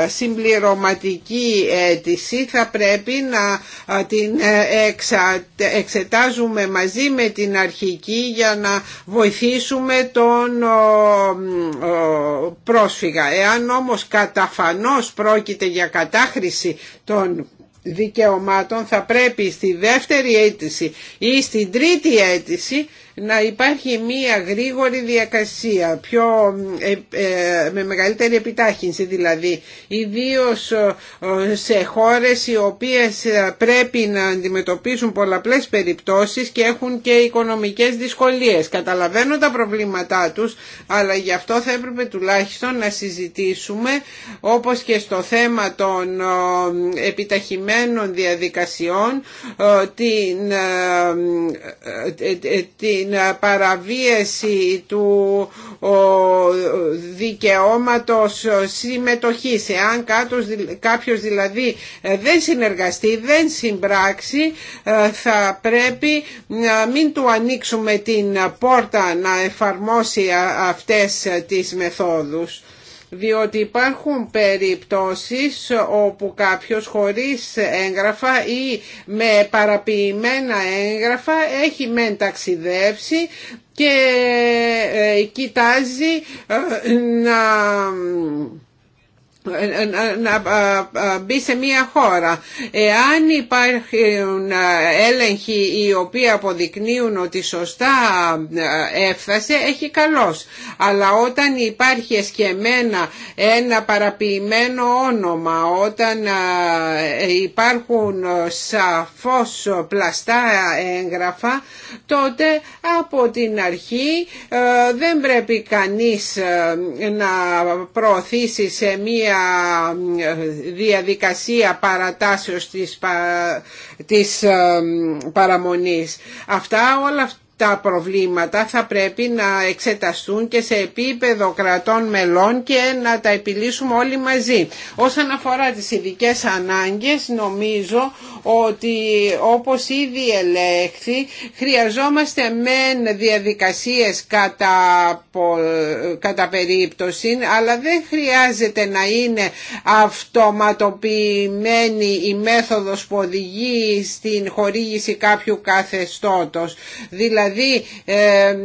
Speaker 2: ε, συμπληρωματική αίτηση θα πρέπει να ε, την ε, εξετάζουμε μαζί με την αρχική για να βοηθήσουμε τον πρόσφυγα. Εάν όμως καταφανώς πρόκειται για κατάχρηση των δικαιωμάτων θα πρέπει στη δεύτερη αίτηση ή στην τρίτη αίτηση να υπάρχει μία γρήγορη διακασία, πιο, ε, ε, με μεγαλύτερη επιτάχυνση δηλαδή, ιδίως ε, σε χώρες οι οποίες πρέπει να αντιμετωπίσουν πολλαπλές περιπτώσεις και έχουν και οικονομικές δυσκολίες. Καταλαβαίνω τα προβλήματά τους, αλλά γι' αυτό θα έπρεπε τουλάχιστον να συζητήσουμε, όπως και στο θέμα των επιταχυμένων διαδικασιών, την, την παραβίαση του δικαιώματος συμμετοχής. Εάν κάποιος δηλαδή ε, δεν συνεργαστεί, δεν συμπράξει, ε, θα πρέπει να ε, μην του ανοίξουμε την πόρτα να εφαρμόσει αυτές τις μεθόδους διότι υπάρχουν περιπτώσεις όπου κάποιος χωρίς έγγραφα ή με παραποιημένα έγγραφα έχει μεν ταξιδέψει και ε, κοιτάζει ε, να να ε, ε, ε, μπει σε μια χώρα. Εάν υπάρχουν έλεγχοι οι οποίοι αποδεικνύουν ότι σωστά έφτασε, έχει καλός. Αλλά όταν υπάρχει εσκεμένα ένα παραποιημένο όνομα, όταν υπάρχουν σαφώς πλαστά έγγραφα, τότε από την αρχή δεν πρέπει κανείς να προωθήσει σε μία διαδικασία παρατάσεως της, πα, της παραμονής. Αυτά όλα αυτά τα προβλήματα θα πρέπει να εξεταστούν και σε επίπεδο κρατών μελών και να τα επιλύσουμε όλοι μαζί. Όσον αφορά τις ειδικέ ανάγκες νομίζω ότι όπως ήδη ελέγχθη χρειαζόμαστε μεν διαδικασίες κατά, κατά περίπτωση αλλά δεν χρειάζεται να είναι αυτοματοποιημένη η μέθοδος που οδηγεί στην χορήγηση κάποιου καθεστώτος. Δηλαδή Δηλαδή ε,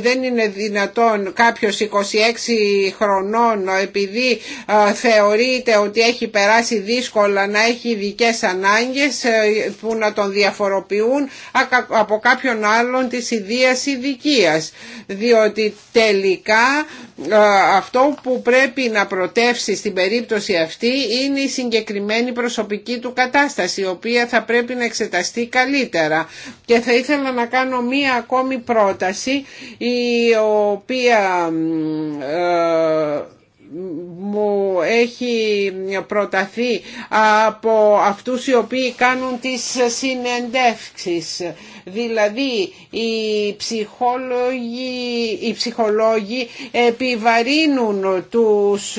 Speaker 2: δεν, είναι δυνατόν κάποιος 26 χρονών επειδή ε, θεωρείται ότι έχει περάσει δύσκολα να έχει ειδικέ ανάγκες ε, που να τον διαφοροποιούν από κάποιον άλλον της ιδίας ειδικίας, διότι τελικά αυτό που πρέπει να προτεύσει στην περίπτωση αυτή είναι η συγκεκριμένη προσωπική του κατάσταση η οποία θα πρέπει να εξεταστεί καλύτερα και θα ήθελα να κάνω μία ακόμη πρόταση η οποία ε, μου έχει προταθεί από αυτούς οι οποίοι κάνουν τις συνεντεύξεις Δηλαδή οι ψυχολόγοι, οι ψυχολόγοι επιβαρύνουν τους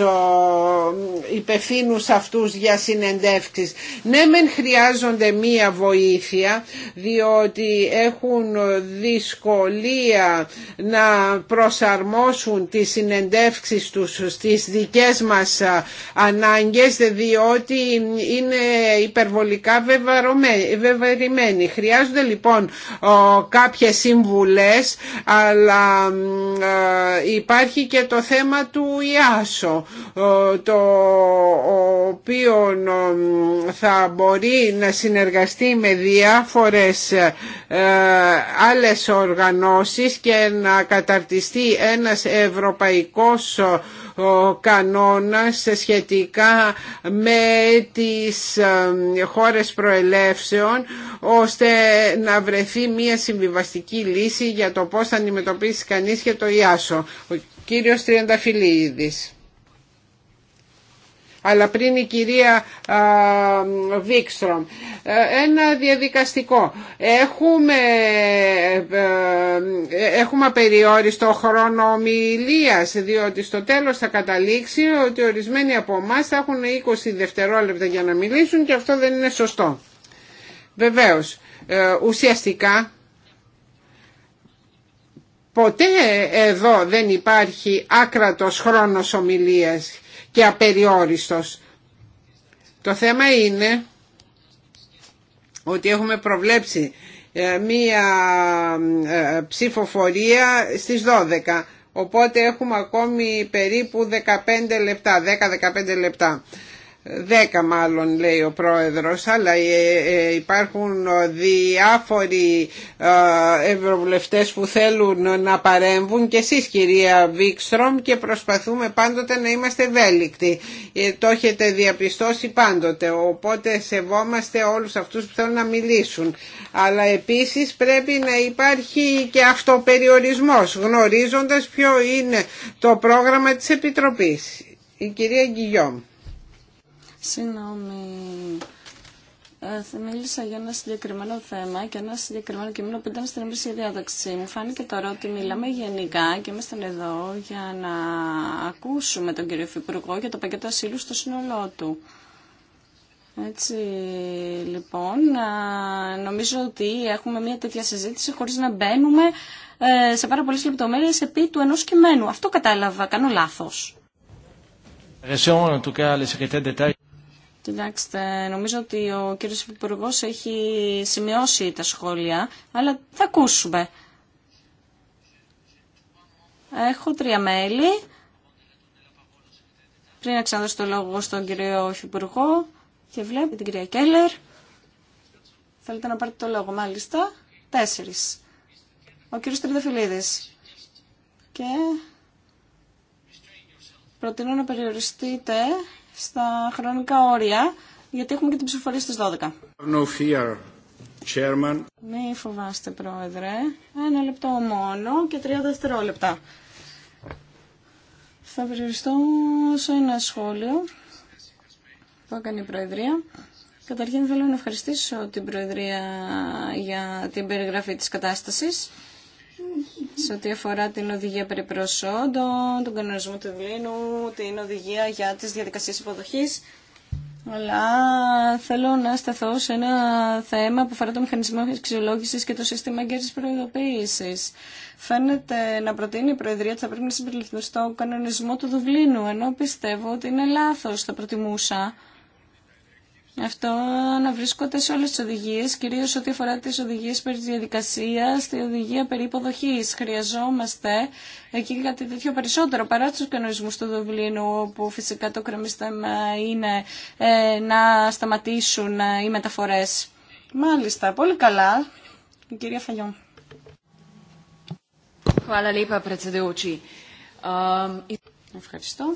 Speaker 2: υπευθύνου αυτούς για συνεντεύξεις. Ναι μεν χρειάζονται μία βοήθεια διότι έχουν δυσκολία να προσαρμόσουν τις συνεντεύξεις τους στις δικές μας ανάγκες διότι είναι υπερβολικά βεβαρημένοι. Χρειάζονται λοιπόν κάποιες συμβουλές αλλά ε, υπάρχει και το θέμα του Ιάσο το οποίο θα μπορεί να συνεργαστεί με διάφορες ε, άλλες οργανώσεις και να καταρτιστεί ένας ευρωπαϊκός κανόνας σχετικά με τις χώρες προελεύσεων ώστε να βρεθεί μια συμβιβαστική λύση για το πώς θα αντιμετωπίσει κανείς και το Ιάσο. Ο κύριος Τριανταφυλλίδης αλλά πριν η κυρία Βίξτρομ. Ε, ένα διαδικαστικό. Έχουμε, ε, ε, έχουμε απεριόριστο χρόνο ομιλίας, διότι στο τέλος θα καταλήξει ότι ορισμένοι από εμά θα έχουν 20 δευτερόλεπτα για να μιλήσουν και αυτό δεν είναι σωστό. Βεβαίως, ουσιαστικά ποτέ εδώ δεν υπάρχει άκρατος χρόνος ομιλίας και απεριόριστος. Το θέμα είναι ότι έχουμε προβλέψει ε, μία ε, ψηφοφορία στις 12. Οπότε έχουμε ακόμη περίπου 15 λεπτά, 10-15 λεπτά. Δέκα μάλλον λέει ο πρόεδρος αλλά ε, ε, υπάρχουν διάφοροι ε, ευρωβουλευτές που θέλουν να παρέμβουν και εσείς κυρία Βίξτρομ και προσπαθούμε πάντοτε να είμαστε ευέλικτοι το έχετε διαπιστώσει πάντοτε οπότε σεβόμαστε όλους αυτούς που θέλουν να μιλήσουν αλλά επίσης πρέπει να υπάρχει και αυτοπεριορισμός γνωρίζοντας ποιο είναι το πρόγραμμα της
Speaker 1: Επιτροπής η
Speaker 2: κυρία Γκυγιόμ
Speaker 1: Συγγνώμη. Ε, μίλησα για ένα συγκεκριμένο θέμα και ένα συγκεκριμένο κείμενο που ήταν στην εμπειρία διάταξη. Μου φάνηκε τώρα ότι μιλάμε γενικά και ήμασταν εδώ για να ακούσουμε τον κύριο Υφυπουργό για το πακέτο ασύλου στο σύνολό του. Έτσι λοιπόν, νομίζω ότι έχουμε μια τέτοια συζήτηση χωρίς να μπαίνουμε ε, σε πάρα πολλές λεπτομέρειες επί του ενός κειμένου. Αυτό κατάλαβα, κάνω λάθος. Κοιτάξτε, νομίζω ότι ο κύριος Υπουργό έχει σημειώσει τα σχόλια, αλλά θα ακούσουμε. Έχω τρία μέλη. Πριν να ξαναδώσω το λόγο στον κύριο Υπουργό και βλέπετε την κυρία Κέλλερ. Θέλετε να πάρετε το λόγο, μάλιστα. Τέσσερις. Ο κύριος Τριδεφιλίδης. Και προτείνω να περιοριστείτε στα χρονικά όρια, γιατί έχουμε και την ψηφοφορία στις 12.
Speaker 3: No chairman.
Speaker 1: Μη φοβάστε, Πρόεδρε. Ένα λεπτό μόνο και τρία δευτερόλεπτα. Θα περιοριστώ σε ένα σχόλιο που έκανε η Προεδρία. Καταρχήν θέλω να ευχαριστήσω την Προεδρία για την περιγραφή της κατάστασης σε ό,τι αφορά την οδηγία περί προσόντων, τον κανονισμό του Βλήνου, την οδηγία για τις διαδικασίες υποδοχής. Αλλά θέλω να σταθώ σε ένα θέμα που αφορά το μηχανισμό αξιολόγηση και το σύστημα εγκαίρη προειδοποίηση. Φαίνεται να προτείνει η Προεδρία ότι θα πρέπει να συμπεριληφθούν στο κανονισμό του Δουβλίνου, ενώ πιστεύω ότι είναι λάθο. Θα προτιμούσα αυτό να βρίσκονται σε όλες τις οδηγίες, κυρίως ό,τι αφορά τις οδηγίες περί διαδικασίας, τη οδηγία περί υποδοχής. Χρειαζόμαστε εκεί κάτι τέτοιο περισσότερο παρά τους κανονισμούς του Δουβλίνου, όπου φυσικά το κρεμίσταμα είναι ε, να σταματήσουν ε, οι μεταφορές. Μάλιστα, πολύ καλά. Η κυρία Φαγιόν. Ehm, Ευχαριστώ.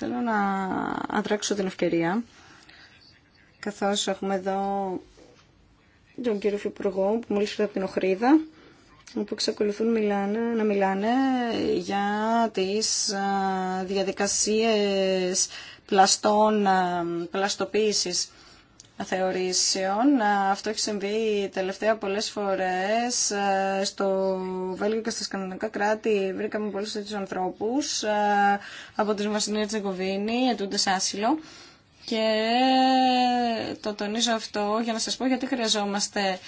Speaker 1: Θέλω να αντράξω την ευκαιρία, καθώς έχουμε εδώ τον κύριο Φιπουργό που μόλις ήρθε από την Οχρίδα, που εξακολουθούν μιλάνε, να μιλάνε για τις διαδικασίες πλαστών, πλαστοποίησης θεωρήσεων. Αυτό έχει συμβεί τελευταία πολλές φορές ε, στο Βέλγιο και στα κανονικά κράτη. Βρήκαμε πολλούς τέτοιους ανθρώπους ε, από τη Βασιλεία Τσεκοβίνη, ετούντες άσυλο. Και το τονίζω αυτό για να σας πω γιατί χρειαζόμαστε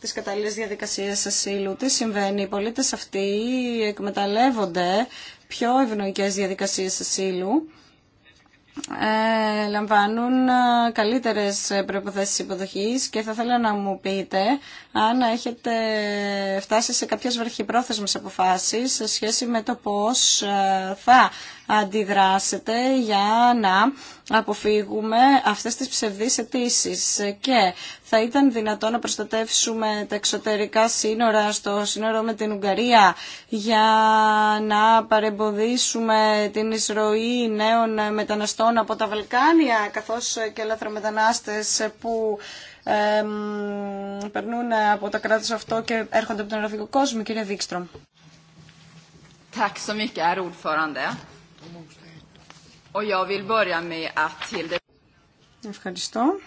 Speaker 1: τις καταλληλές διαδικασίες ασύλου. Τι συμβαίνει, οι πολίτες αυτοί εκμεταλλεύονται πιο ευνοϊκές διαδικασίες ασύλου ε, λαμβάνουν ε, καλύτερες ε, προϋποθέσεις υποδοχής και θα ήθελα να μου πείτε αν έχετε φτάσει σε κάποιες βαρχιπρόθεσμες αποφάσεις σε σχέση με το πώς ε, θα αντιδράσετε για να αποφύγουμε αυτές τις ψευδείς αιτήσει. Και θα ήταν δυνατό να προστατεύσουμε τα εξωτερικά σύνορα στο σύνορο με την Ουγγαρία για να παρεμποδίσουμε την εισρωή νέων μεταναστών από τα Βαλκάνια καθώς και μετανάστες που περνούν από το σε αυτό και έρχονται από τον αραβικό κόσμο. Κύριε Δίκστρομ. Ευχαριστώ.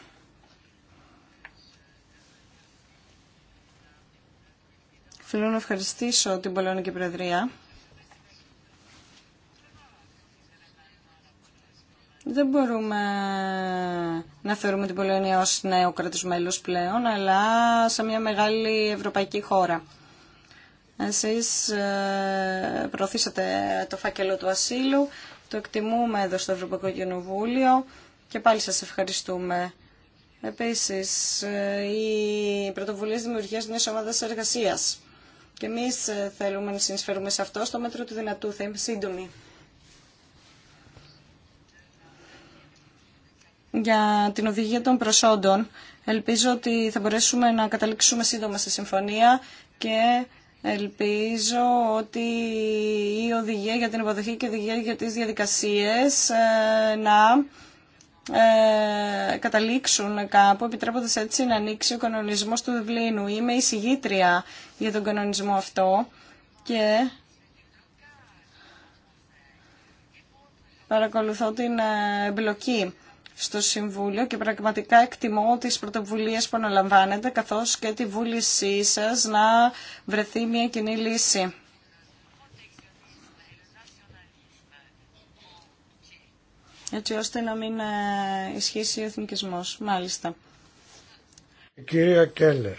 Speaker 1: Θέλω να ευχαριστήσω την Πολωνική Προεδρία Δεν μπορούμε να θεωρούμε την Πολωνία ως νέο κράτος μέλος πλέον, αλλά σε μια μεγάλη ευρωπαϊκή χώρα. Εσείς ε, προωθήσατε το φάκελο του ασύλου, το εκτιμούμε εδώ στο Ευρωπαϊκό Κοινοβούλιο και πάλι σας ευχαριστούμε. Επίσης, ε, οι πρωτοβουλία δημιουργίας μιας ομάδας εργασίας. Και εμείς ε, θέλουμε να συνεισφέρουμε σε αυτό στο μέτρο του δυνατού. Θα είμαι σύντομη. για την οδηγία των προσόντων. Ελπίζω ότι θα μπορέσουμε να καταλήξουμε σύντομα σε συμφωνία και ελπίζω ότι η οδηγία για την υποδοχή και η οδηγία για τις διαδικασίες ε, να ε, καταλήξουν κάπου, επιτρέποντας έτσι να ανοίξει ο κανονισμός του Δουβλίνου. Είμαι συγγήτρια για τον κανονισμό αυτό και παρακολουθώ την ε, εμπλοκή στο Συμβούλιο και πραγματικά εκτιμώ τις πρωτοβουλίες που αναλαμβάνετε καθώς και τη βούλησή σας να βρεθεί μια κοινή λύση. έτσι ώστε να μην ε, ισχύσει ο εθνικισμός. Μάλιστα.
Speaker 4: Κυρία Κέλλερ,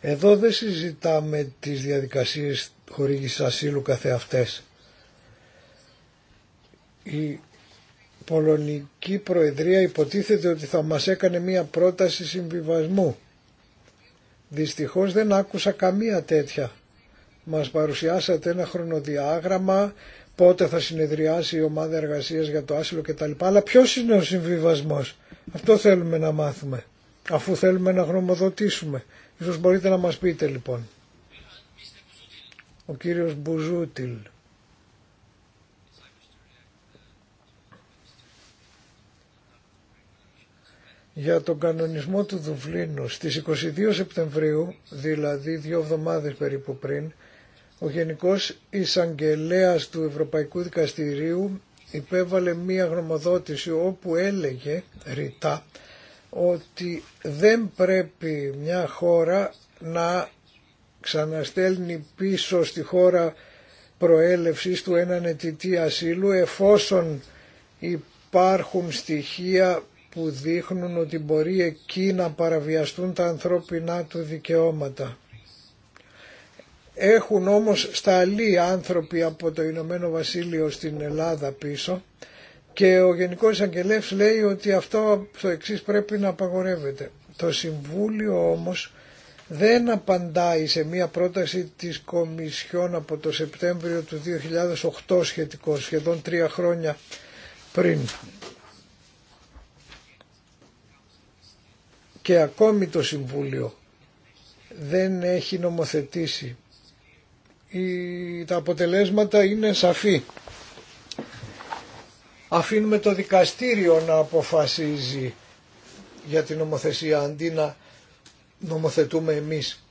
Speaker 4: εδώ δεν συζητάμε τις διαδικασίες χορήγησης ασύλου καθεαυτές. Η Πολωνική Προεδρία υποτίθεται ότι θα μας έκανε μία πρόταση συμβιβασμού. Δυστυχώς δεν άκουσα καμία τέτοια. Μας παρουσιάσατε ένα χρονοδιάγραμμα, πότε θα συνεδριάσει η ομάδα εργασίας για το άσυλο κτλ. Αλλά ποιος είναι ο συμβιβασμός. Αυτό θέλουμε να μάθουμε, αφού θέλουμε να γνωμοδοτήσουμε. Ίσως μπορείτε να μας πείτε λοιπόν. Ο κύριος Μπουζούτιλ. για τον κανονισμό του Δουβλίνου. Στις 22 Σεπτεμβρίου, δηλαδή δύο εβδομάδες περίπου πριν, ο Γενικός εισαγγελέα του Ευρωπαϊκού Δικαστηρίου υπέβαλε μία γνωμοδότηση όπου έλεγε ρητά ότι δεν πρέπει μια χώρα να ξαναστέλνει πίσω στη χώρα προέλευσης του έναν αιτητή ασύλου εφόσον υπάρχουν στοιχεία που δείχνουν ότι μπορεί εκεί να παραβιαστούν τα ανθρώπινά του δικαιώματα. Έχουν όμως σταλεί άνθρωποι από το Ηνωμένο Βασίλειο στην Ελλάδα πίσω και ο Γενικός Αγγελεύς λέει ότι αυτό το εξής πρέπει να απαγορεύεται. Το Συμβούλιο όμως δεν απαντάει σε μία πρόταση της Κομισιόν από το Σεπτέμβριο του 2008 σχετικό, σχεδόν τρία χρόνια πριν. και ακόμη το Συμβούλιο δεν έχει νομοθετήσει. Η, τα αποτελέσματα είναι σαφή. Αφήνουμε το δικαστήριο να αποφασίζει για την νομοθεσία αντί να νομοθετούμε εμείς.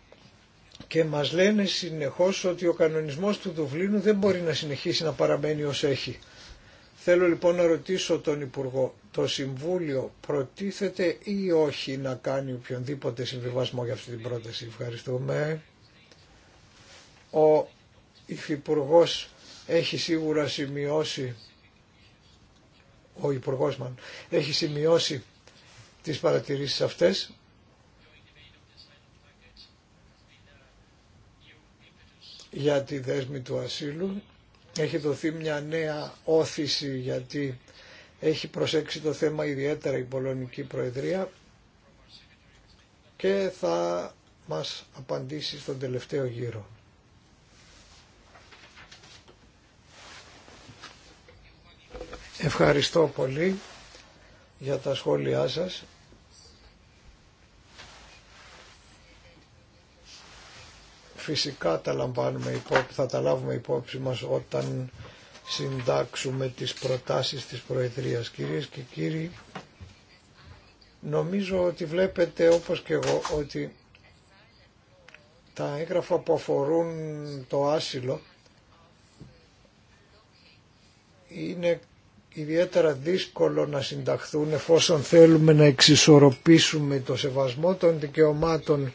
Speaker 4: Και μας λένε συνεχώς ότι ο κανονισμός του Δουβλίνου δεν μπορεί να συνεχίσει να παραμένει ως έχει. Θέλω λοιπόν να ρωτήσω τον Υπουργό το Συμβούλιο προτίθεται ή όχι να κάνει οποιονδήποτε συμβιβασμό για αυτή την πρόταση. Ευχαριστούμε. Ο Υφυπουργό έχει σίγουρα σημειώσει, ο Υπουργό μας έχει σημειώσει τις παρατηρήσεις αυτές. για τη δέσμη του ασύλου. Έχει δοθεί μια νέα όθηση γιατί έχει προσέξει το θέμα ιδιαίτερα η Πολωνική Προεδρία και θα μας απαντήσει στον τελευταίο γύρο. Ευχαριστώ πολύ για τα σχόλιά σας. Φυσικά τα λαμβάνουμε θα τα λάβουμε υπόψη μας όταν συντάξουμε τις προτάσεις της Προεδρίας. Κυρίες και κύριοι, νομίζω ότι βλέπετε όπως και εγώ ότι τα έγγραφα που αφορούν το άσυλο είναι ιδιαίτερα δύσκολο να συνταχθούν εφόσον θέλουμε να εξισορροπήσουμε το σεβασμό των δικαιωμάτων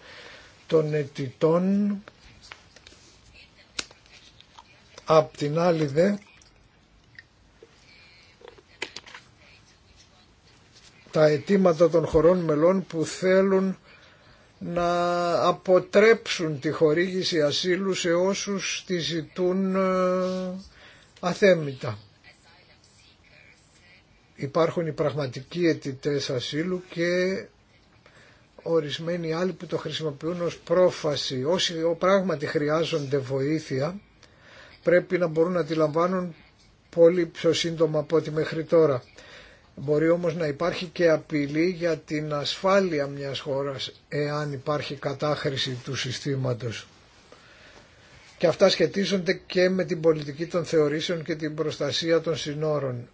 Speaker 4: των αιτητών. Απ' την άλλη δε τα αιτήματα των χωρών μελών που θέλουν να αποτρέψουν τη χορήγηση ασύλου σε όσους τη ζητούν ε, αθέμητα. Υπάρχουν οι πραγματικοί αιτητές ασύλου και ορισμένοι άλλοι που το χρησιμοποιούν ως πρόφαση. Όσοι πράγματι χρειάζονται βοήθεια πρέπει να μπορούν να τη λαμβάνουν πολύ πιο σύντομα από ό,τι μέχρι τώρα. Μπορεί όμως να υπάρχει και απειλή για την ασφάλεια μιας χώρας εάν υπάρχει κατάχρηση του συστήματος. Και αυτά σχετίζονται και με την πολιτική των θεωρήσεων και την προστασία των συνόρων.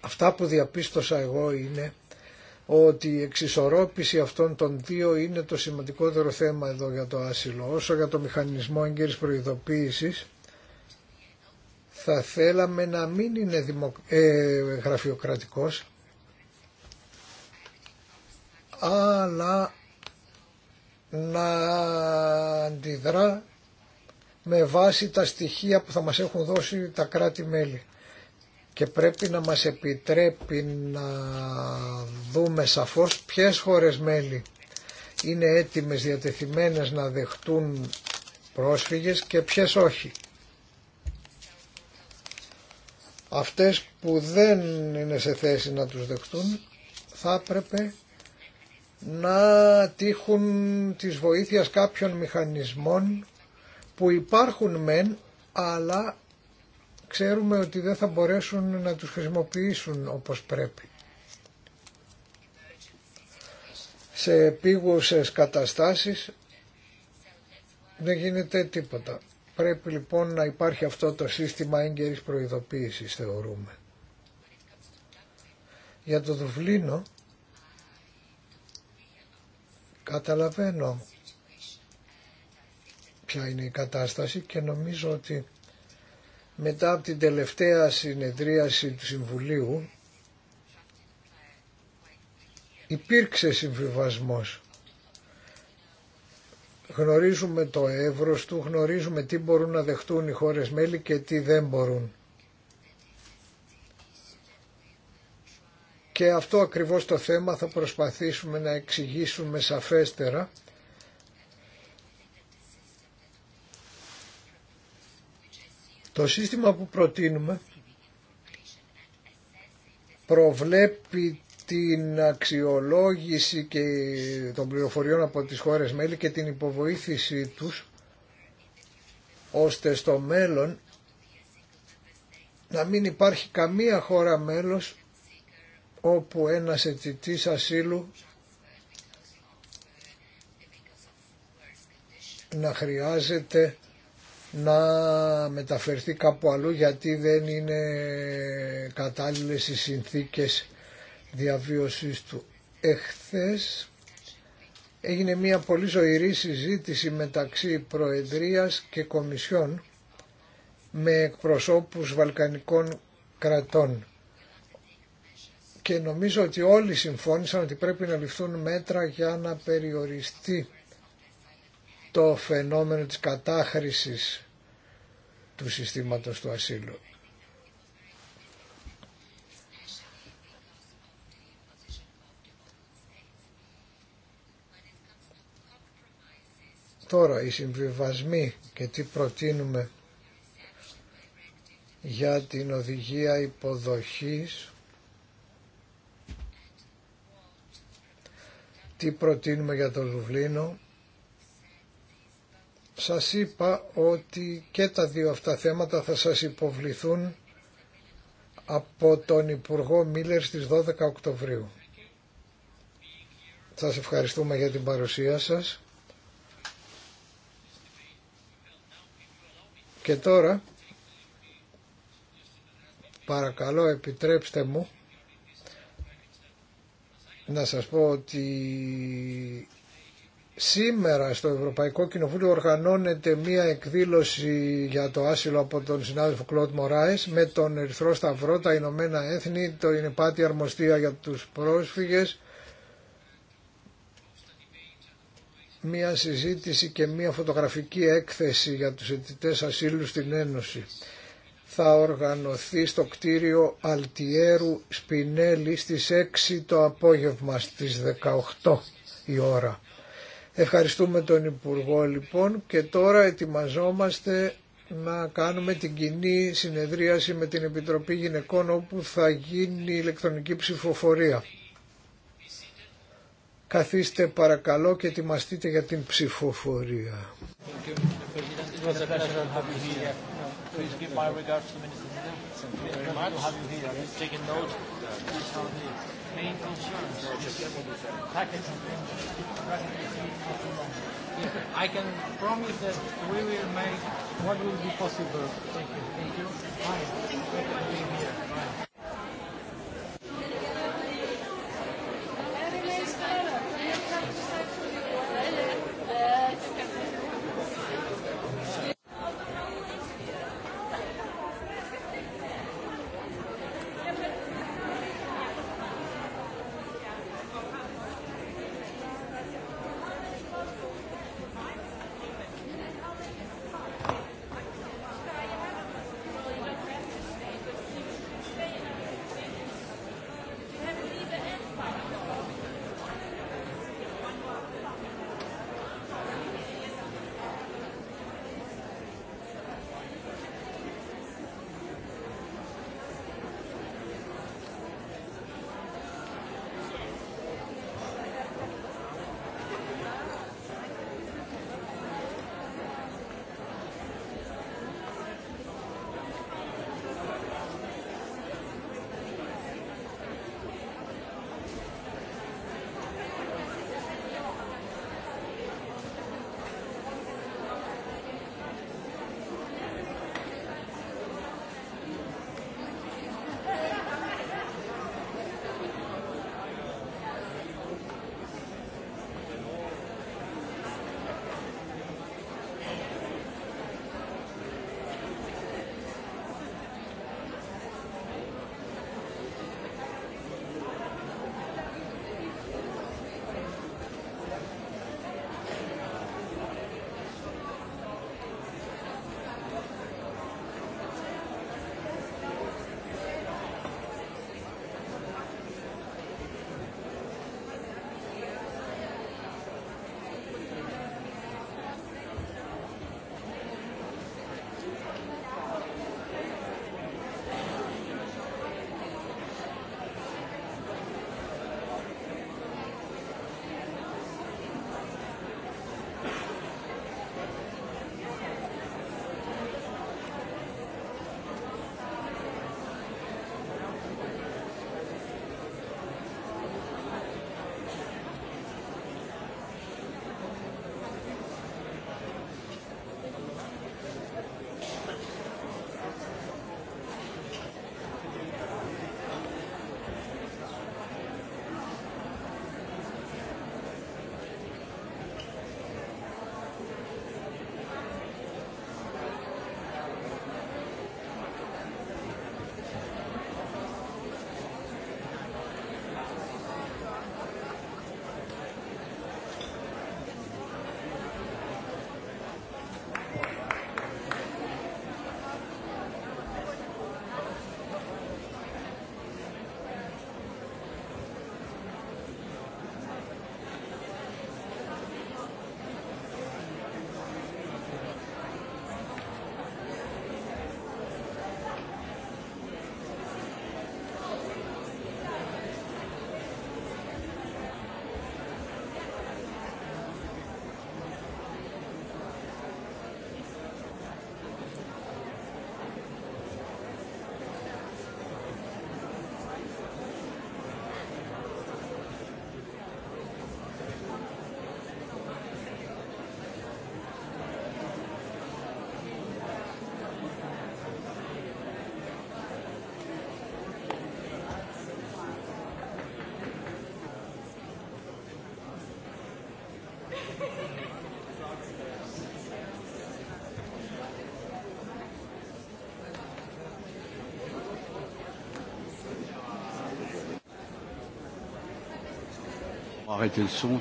Speaker 4: Αυτά που διαπίστωσα εγώ είναι ότι η εξισορρόπηση αυτών των δύο είναι το σημαντικότερο θέμα εδώ για το άσυλο. Όσο για το μηχανισμό έγκαιρης προειδοποίησης, θα θέλαμε να μην είναι δημο... Ε, γραφειοκρατικός αλλά να αντιδρά με βάση τα στοιχεία που θα μας έχουν δώσει τα κράτη-μέλη. Και πρέπει να μας επιτρέπει να δούμε σαφώς ποιες χώρες μέλη είναι έτοιμες, διατεθειμένες να δεχτούν πρόσφυγες και ποιες όχι αυτές που δεν είναι σε θέση να τους δεχτούν θα έπρεπε να τύχουν της βοήθειας κάποιων μηχανισμών που υπάρχουν μεν αλλά ξέρουμε ότι δεν θα μπορέσουν να τους χρησιμοποιήσουν όπως πρέπει. Σε επίγουσες καταστάσεις δεν γίνεται τίποτα. Πρέπει λοιπόν να υπάρχει αυτό το σύστημα έγκαιρης προειδοποίησης θεωρούμε. Για το Δουβλίνο καταλαβαίνω ποια είναι η κατάσταση και νομίζω ότι μετά από την τελευταία συνεδρίαση του Συμβουλίου υπήρξε συμβιβασμός Γνωρίζουμε το εύρος του, γνωρίζουμε τι μπορούν να δεχτούν οι χώρες μέλη και τι δεν μπορούν. Και αυτό ακριβώς το θέμα θα προσπαθήσουμε να εξηγήσουμε σαφέστερα Το σύστημα που προτείνουμε προβλέπει την αξιολόγηση και των πληροφοριών από τις χώρες μέλη και την υποβοήθησή τους ώστε στο μέλλον να μην υπάρχει καμία χώρα μέλος όπου ένας αιτητής ασύλου να χρειάζεται να μεταφερθεί κάπου αλλού γιατί δεν είναι κατάλληλες οι συνθήκες διαβίωσης του. Εχθές έγινε μια πολύ ζωηρή συζήτηση μεταξύ Προεδρίας και Κομισιόν με εκπροσώπους Βαλκανικών κρατών. Και νομίζω ότι όλοι συμφώνησαν ότι πρέπει να ληφθούν μέτρα για να περιοριστεί το φαινόμενο της κατάχρησης του συστήματος του ασύλου. Τώρα οι συμβιβασμοί και τι προτείνουμε για την οδηγία υποδοχής τι προτείνουμε για το Λουβλίνο σας είπα ότι και τα δύο αυτά θέματα θα σας υποβληθούν από τον Υπουργό Μίλερ στις 12 Οκτωβρίου. Σας ευχαριστούμε για την παρουσία σας Και τώρα παρακαλώ επιτρέψτε μου να σας πω ότι σήμερα στο Ευρωπαϊκό Κοινοβούλιο οργανώνεται μία εκδήλωση για το άσυλο από τον συνάδελφο Κλωτ Μωράες με τον Ερυθρό Σταυρό, τα Ηνωμένα Έθνη, το Ινεπάτη Αρμοστία για τους πρόσφυγες μία συζήτηση και μία φωτογραφική έκθεση για τους αιτητές ασύλου στην Ένωση. Θα οργανωθεί στο κτίριο Αλτιέρου Σπινέλη στις 6 το απόγευμα στις 18 η ώρα. Ευχαριστούμε τον Υπουργό λοιπόν και τώρα ετοιμαζόμαστε να κάνουμε την κοινή συνεδρίαση με την Επιτροπή Γυναικών όπου θα γίνει ηλεκτρονική ψηφοφορία. Καθίστε παρακαλώ και ετοιμαστείτε για την ψηφοφορία.
Speaker 5: I can promise that we will make what will be possible. Thank you. Thank you. Bye.
Speaker 3: Arrêtez le son.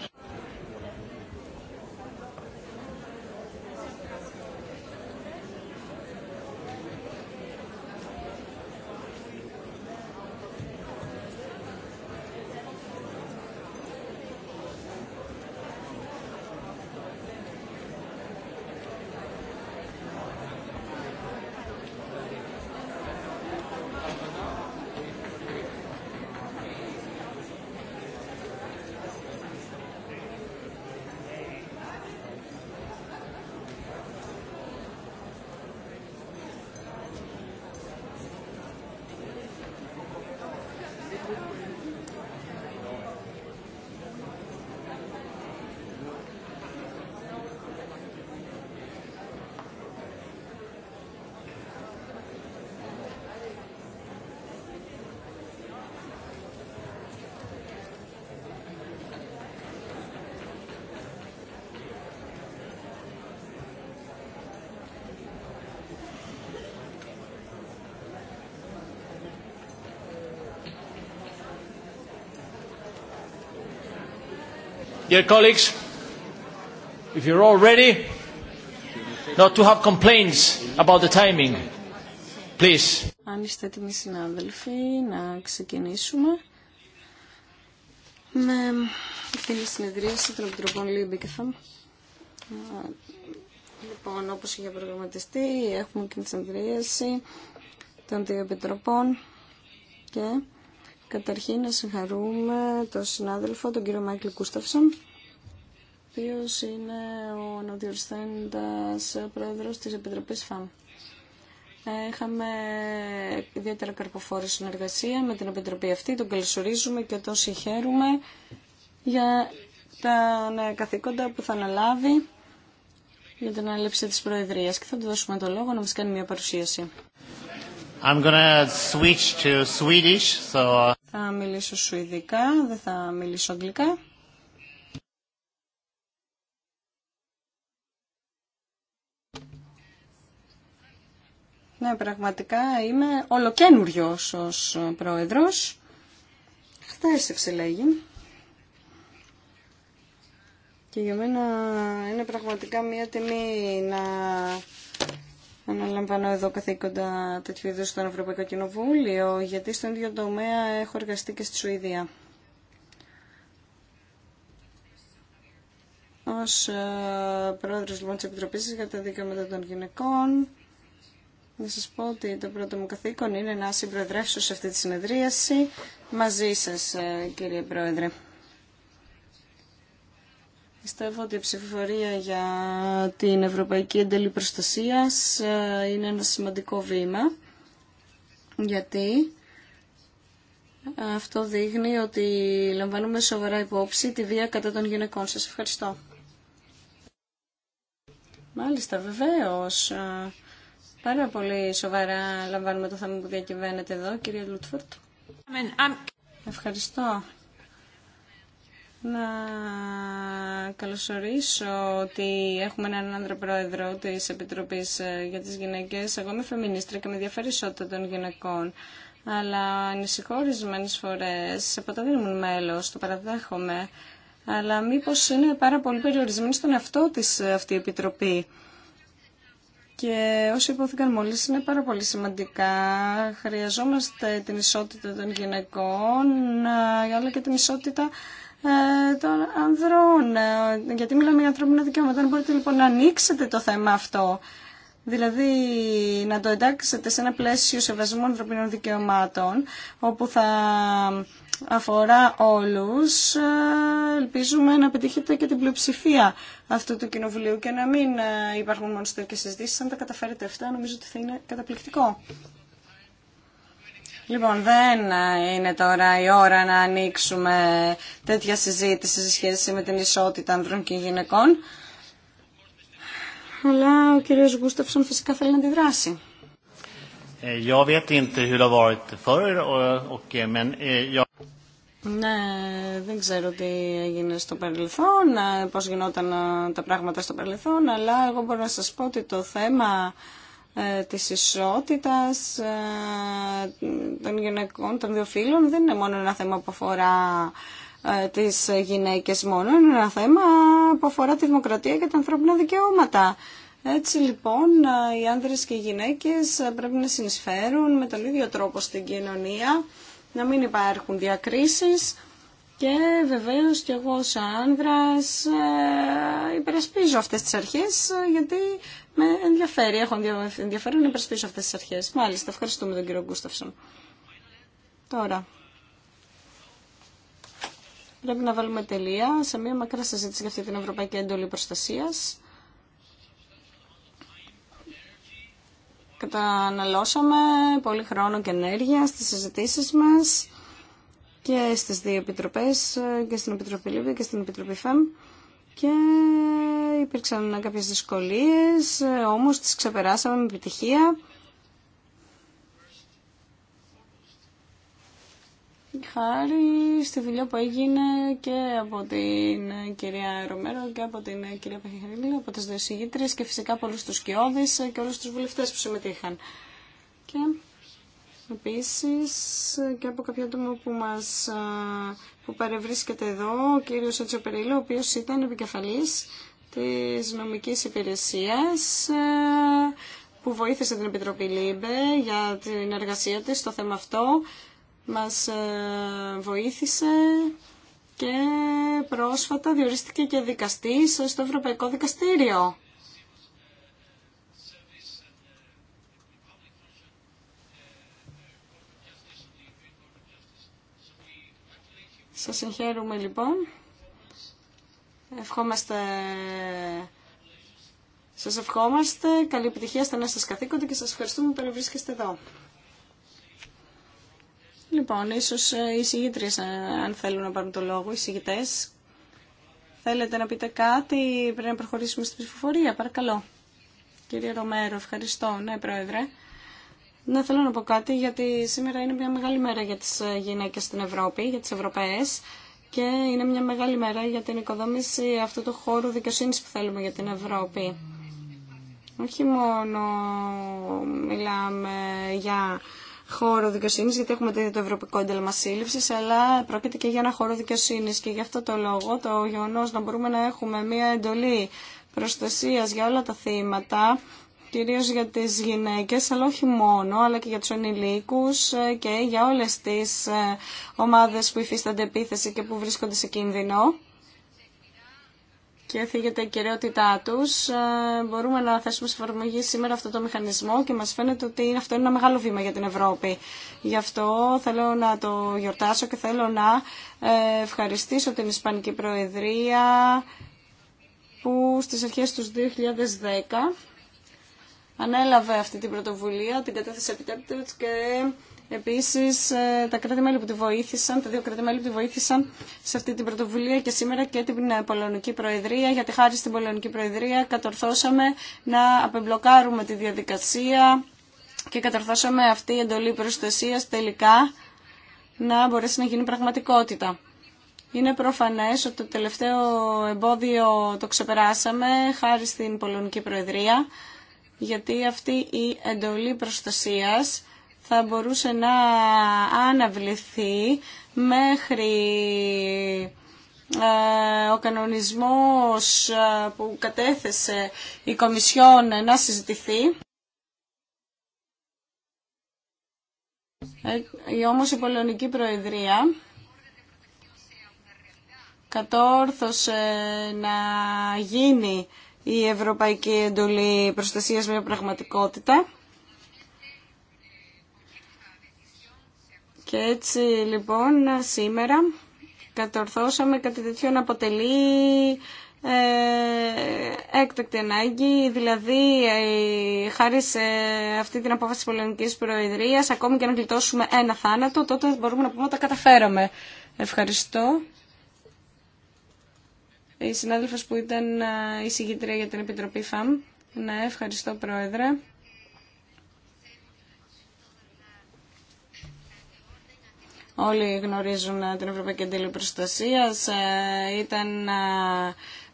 Speaker 3: Dear colleagues, if you're all ready, not to have complaints about the timing, please.
Speaker 1: Αν είστε έτοιμοι συνάδελφοι, να ξεκινήσουμε με την συνεδρίαση των Επιτροπών Λίμπη Λοιπόν, όπως είχε προγραμματιστεί, έχουμε και τη συνεδρίαση των δύο Επιτροπών και Καταρχήν να συγχαρούμε τον συνάδελφο, τον κύριο Μάικλ Κούσταυσον, οποίο είναι ο αναδιοριστέντας πρόεδρος της Επιτροπής ΦΑΜ. Ε, είχαμε ιδιαίτερα καρποφόρη συνεργασία με την Επιτροπή αυτή, τον καλωσορίζουμε και τον συγχαίρουμε για τα καθήκοντα που θα αναλάβει για την ανάληψη της Προεδρίας και θα του δώσουμε το λόγο να μας κάνει μια παρουσίαση. Uh, θα μιλήσω σουηδικά, δεν θα μιλήσω αγγλικά. Ναι, πραγματικά είμαι ολοκένουριος ως πρόεδρος. Χθε εξελέγει. Και για μένα είναι πραγματικά μια τιμή να αναλαμβάνω εδώ καθήκοντα τέτοιου είδου στον Ευρωπαϊκό Κοινοβούλιο, γιατί στον ίδιο τομέα έχω εργαστεί και στη Σουηδία. Ως ε, πρόεδρος λοιπόν της Επιτροπής για τα Δικαιώματα των Γυναικών, να σας πω ότι το πρώτο μου καθήκον είναι να συμπροεδρεύσω σε αυτή τη συνεδρίαση μαζί σας, ε, κύριε Πρόεδρε. Πιστεύω ότι η ψηφοφορία για την Ευρωπαϊκή Εντελή Προστασίας ε, είναι ένα σημαντικό βήμα, γιατί αυτό δείχνει ότι λαμβάνουμε σοβαρά υπόψη τη βία κατά των γυναικών. Σας ευχαριστώ. Μάλιστα, βεβαίω, ε, Πάρα πολύ σοβαρά λαμβάνουμε το θέμα που διακυβαίνεται εδώ, κυρία Λούτφορτ. Ευχαριστώ να καλωσορίσω ότι έχουμε έναν άντρα πρόεδρο της Επιτροπής ε, για τις Γυναίκες. Εγώ είμαι φεμινίστρια και με ενδιαφέρει ισότητα των γυναικών. Αλλά ανησυχώ ορισμένε φορές, ποτέ δεν ήμουν μέλος, το παραδέχομαι. Αλλά μήπω είναι πάρα πολύ περιορισμένη στον εαυτό τη ε, αυτή η Επιτροπή. Και όσοι υπόθηκαν μόλι, είναι πάρα πολύ σημαντικά. Χρειαζόμαστε την ισότητα των γυναικών, ε, αλλά και την ισότητα ε, των ανδρών. Ε, γιατί μιλάμε για ανθρώπινα δικαιώματα. Μπορείτε λοιπόν να ανοίξετε το θέμα αυτό. Δηλαδή να το εντάξετε σε ένα πλαίσιο σεβασμού ανθρωπίνων δικαιωμάτων όπου θα αφορά όλους. Ε, ελπίζουμε να πετύχετε και την πλειοψηφία αυτού του κοινοβουλίου και να μην υπάρχουν μόνο συζητήσεις. Αν τα καταφέρετε αυτά νομίζω ότι θα είναι καταπληκτικό. Λοιπόν, δεν είναι τώρα η ώρα να ανοίξουμε τέτοια συζήτηση σε σχέση με την ισότητα ανδρών και γυναικών. Αλλά ο κύριος Γκούστευσον φυσικά θέλει να αντιδράσει.
Speaker 3: Ε, eh, eh,
Speaker 1: ναι, δεν ξέρω τι έγινε στο παρελθόν, ε, πώς γινόταν ε, τα πράγματα στο παρελθόν, αλλά εγώ μπορώ να σας πω ότι το θέμα ε, της ισότητας ε, των γυναικών, των δύο φίλων δεν είναι μόνο ένα θέμα που αφορά ε, τις γυναίκες μόνο, είναι ένα θέμα που αφορά τη δημοκρατία και τα ανθρώπινα δικαιώματα. Έτσι λοιπόν οι άνδρες και οι γυναίκες πρέπει να συνεισφέρουν με τον ίδιο τρόπο στην κοινωνία, να μην υπάρχουν διακρίσεις και βεβαίως και εγώ ως άνδρας υπερασπίζω αυτές τις αρχές γιατί με ενδιαφέρει, έχω ενδιαφέρον να υπερασπίσω αυτές τις αρχές. Μάλιστα, ευχαριστούμε τον κύριο Γκούσταυσον. Τώρα, πρέπει να βάλουμε τελεία σε μια μακρά συζήτηση για αυτή την Ευρωπαϊκή Έντολη Προστασία. Καταναλώσαμε πολύ χρόνο και ενέργεια στις συζητήσεις μας και στις δύο επιτροπές, ε, και στην Επιτροπή Λίβη και στην Επιτροπή ΦΕΜ και υπήρξαν κάποιες δυσκολίες, όμως τις ξεπεράσαμε με επιτυχία. Χάρη στη δουλειά που έγινε και από την κυρία Ρομέρο και από την κυρία Παχαιχαρίλη, από τις δύο και φυσικά από όλους τους κοιόδης και όλους τους βουλευτές που συμμετείχαν. Και Επίσης και από κάποιο άτομο που, μας, που παρευρίσκεται εδώ, ο κύριος Περίλο, ο οποίος ήταν επικεφαλής της νομικής υπηρεσίας που βοήθησε την Επιτροπή ΛΥΜΠΕ για την εργασία της στο θέμα αυτό. Μας βοήθησε και πρόσφατα διορίστηκε και δικαστής στο Ευρωπαϊκό Δικαστήριο. Σας ευχαριστούμε, λοιπόν. Ευχόμαστε... Σας ευχόμαστε. Καλή επιτυχία στα νέα σας καθήκοντα και σας ευχαριστούμε που βρίσκεστε εδώ. Λοιπόν, ίσως ε, οι συγγήτριες, ε, αν θέλουν να πάρουν το λόγο, οι συγγητές. Θέλετε να πείτε κάτι πριν να προχωρήσουμε στην ψηφοφορία, παρακαλώ. Κύριε Ρομέρο, ευχαριστώ. Ναι, Πρόεδρε. Ναι, θέλω να πω κάτι, γιατί σήμερα είναι μια μεγάλη μέρα για τις ε, γυναίκες στην Ευρώπη, για τις Ευρωπαίες και είναι μια μεγάλη μέρα για την οικοδόμηση αυτού του χώρου δικαιοσύνη που θέλουμε για την Ευρώπη. Όχι μόνο μιλάμε για χώρο δικαιοσύνη, γιατί έχουμε δει το Ευρωπαϊκό Ένταλμα αλλά πρόκειται και για ένα χώρο δικαιοσύνη. και γι' αυτό το λόγο το γεγονό να μπορούμε να έχουμε μια εντολή προστασία για όλα τα θύματα κυρίως για τις γυναίκες, αλλά όχι μόνο, αλλά και για τους ενηλίκους ε, και για όλες τις ε, ομάδες που υφίστανται επίθεση και που βρίσκονται σε κίνδυνο και θίγεται η κυριότητά τους. Ε, μπορούμε να θέσουμε σε εφαρμογή σήμερα αυτό το μηχανισμό και μας φαίνεται ότι αυτό είναι ένα μεγάλο βήμα για την Ευρώπη. Γι' αυτό θέλω να το γιορτάσω και θέλω να ευχαριστήσω την Ισπανική Προεδρία που στις αρχές του 2010 ανέλαβε αυτή την πρωτοβουλία, την κατέθεσε επιτάπητος και επίσης ε, τα κρατη που τη βοήθησαν, τα δύο κράτη-μέλη που τη βοήθησαν σε αυτή την πρωτοβουλία και σήμερα και την Πολωνική Προεδρία, γιατί χάρη στην Πολωνική Προεδρία κατορθώσαμε να απεμπλοκάρουμε τη διαδικασία και κατορθώσαμε αυτή η εντολή προστασία τελικά να μπορέσει να γίνει πραγματικότητα. Είναι προφανές ότι το τελευταίο εμπόδιο το ξεπεράσαμε χάρη στην Πολωνική Προεδρία γιατί αυτή η εντολή προστασίας θα μπορούσε να αναβληθεί μέχρι ε, ο κανονισμός ε, που κατέθεσε η Κομισιόν να συζητηθεί. Ε, η όμως η Πολωνική Προεδρία κατόρθωσε να γίνει η Ευρωπαϊκή Εντολή Προστασίας μια πραγματικότητα. Και έτσι λοιπόν σήμερα κατορθώσαμε κάτι τέτοιο να αποτελεί ε, έκτακτη ανάγκη, δηλαδή ε, χάρη σε αυτή την απόφαση της Πολωνικής Προεδρίας, ακόμη και να γλιτώσουμε ένα θάνατο, τότε μπορούμε να πούμε ότι τα καταφέραμε. Ευχαριστώ η συνάδελφος που ήταν η για την Επιτροπή ΦΑΜ. Ναι, ευχαριστώ Πρόεδρε. Όλοι γνωρίζουν ε, την Ευρωπαϊκή Εντήλη Προστασίας. Ε, ήταν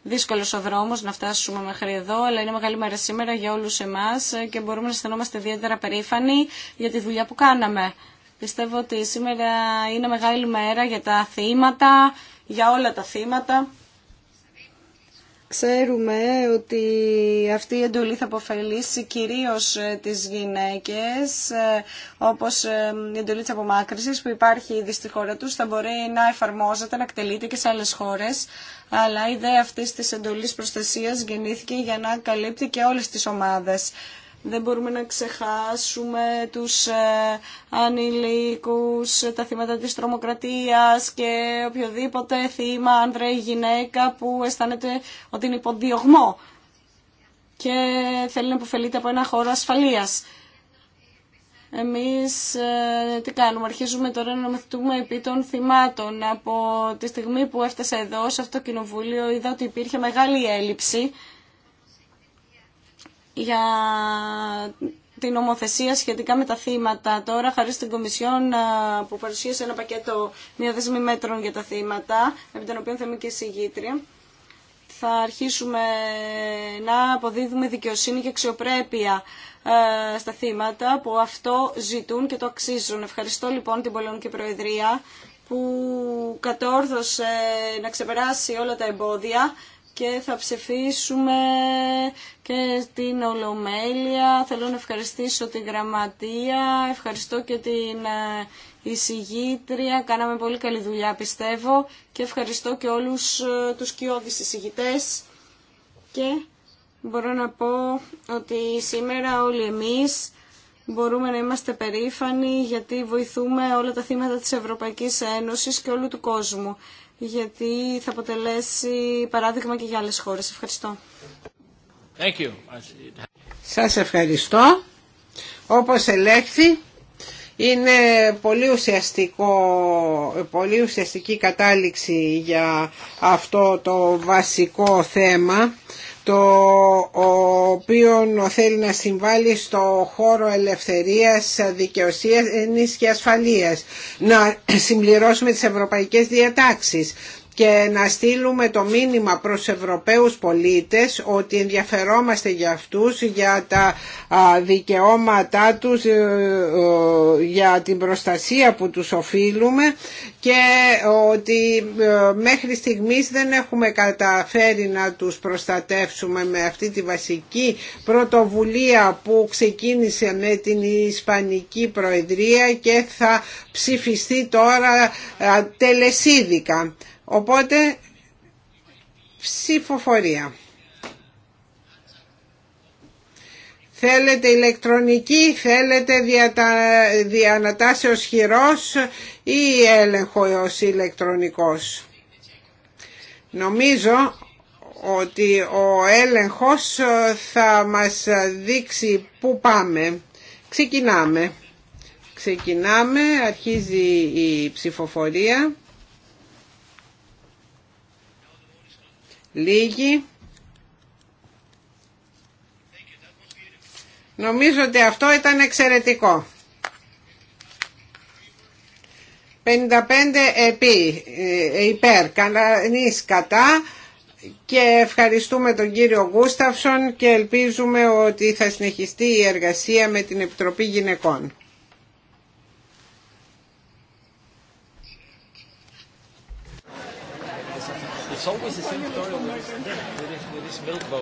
Speaker 1: δύσκολος ο δρόμος να φτάσουμε μέχρι εδώ, αλλά είναι μεγάλη μέρα σήμερα για όλους εμάς ε, και μπορούμε να αισθανόμαστε ιδιαίτερα περήφανοι για τη δουλειά που κάναμε. Πιστεύω ότι σήμερα είναι μεγάλη μέρα για τα θύματα, για όλα τα θύματα. Ξέρουμε ότι αυτή η εντολή θα αποφελήσει κυρίως ε, τις γυναίκες, ε, όπως ε, η εντολή της απομάκρυσης που υπάρχει ήδη στη χώρα τους, θα μπορεί να εφαρμόζεται, να εκτελείται και σε άλλες χώρες. Αλλά η ιδέα αυτής της εντολής προστασίας γεννήθηκε για να καλύπτει και όλες τις ομάδες δεν μπορούμε να ξεχάσουμε τους ε, ανηλίκους, τα θύματα της τρομοκρατίας και οποιοδήποτε θύμα, άνδρα ή γυναίκα που αισθάνεται ότι είναι υποδιωγμό και θέλει να υποφελείται από ένα χώρο ασφαλείας. Εμείς ε, τι κάνουμε, αρχίζουμε τώρα να μεθυτούμε επί των θυμάτων. Από τη στιγμή που έφτασα εδώ, σε αυτό το κοινοβούλιο, είδα ότι υπήρχε μεγάλη έλλειψη για την νομοθεσία σχετικά με τα θύματα. Τώρα, χάρη στην Κομισιόν που παρουσίασε ένα πακέτο μια δεσμή μέτρων για τα θύματα, επί των οποίων θα είμαι και συγγήτρια, θα αρχίσουμε να αποδίδουμε δικαιοσύνη και αξιοπρέπεια στα θύματα που αυτό ζητούν και το αξίζουν. Ευχαριστώ λοιπόν την Πολωνική Προεδρία που κατόρθωσε να ξεπεράσει όλα τα εμπόδια και θα ψηφίσουμε και στην Ολομέλεια. Θέλω να ευχαριστήσω την Γραμματεία, ευχαριστώ και την ε, εισηγήτρια. Κάναμε πολύ καλή δουλειά πιστεύω και ευχαριστώ και όλους ε, τους κοιόδης εισηγητές. Και μπορώ να πω ότι σήμερα όλοι εμείς μπορούμε να είμαστε περήφανοι γιατί βοηθούμε όλα τα θύματα της Ευρωπαϊκής Ένωσης και όλου του κόσμου γιατί θα αποτελέσει παράδειγμα και για άλλες χώρες. Ευχαριστώ.
Speaker 3: Thank
Speaker 2: Σας ευχαριστώ. Όπως ελέγχθη, είναι πολύ, ουσιαστικό, πολύ ουσιαστική κατάληξη για αυτό το βασικό θέμα το οποίο θέλει να συμβάλλει στο χώρο ελευθερίας, δικαιοσύνης και ασφαλείας. Να συμπληρώσουμε τις ευρωπαϊκές διατάξεις και να στείλουμε το μήνυμα προς Ευρωπαίους πολίτες ότι ενδιαφερόμαστε για αυτούς, για τα δικαιώματά τους, ε, ε, για την προστασία που τους οφείλουμε και ότι ε, μέχρι στιγμής δεν έχουμε καταφέρει να τους προστατεύσουμε με αυτή τη βασική πρωτοβουλία που ξεκίνησε με την Ισπανική Προεδρία και θα ψηφιστεί τώρα τελεσίδικα. Οπότε ψηφοφορία. Θέλετε ηλεκτρονική, θέλετε διατα... διανατάσεως χειρός ή έλεγχος ηλεκτρονικός. Νομίζω ότι ο έλεγχος θα μας δείξει πού πάμε. Ξεκινάμε. Ξεκινάμε, αρχίζει η ψηφοφορία. Λίγοι. Νομίζω ότι αυτό ήταν εξαιρετικό. 55 επί, ε, υπέρ, κανείς κατά και ευχαριστούμε τον κύριο Γκούσταυσον και ελπίζουμε ότι θα συνεχιστεί η εργασία με την Επιτροπή Γυναικών.
Speaker 5: always the same story with, this, this milk boat.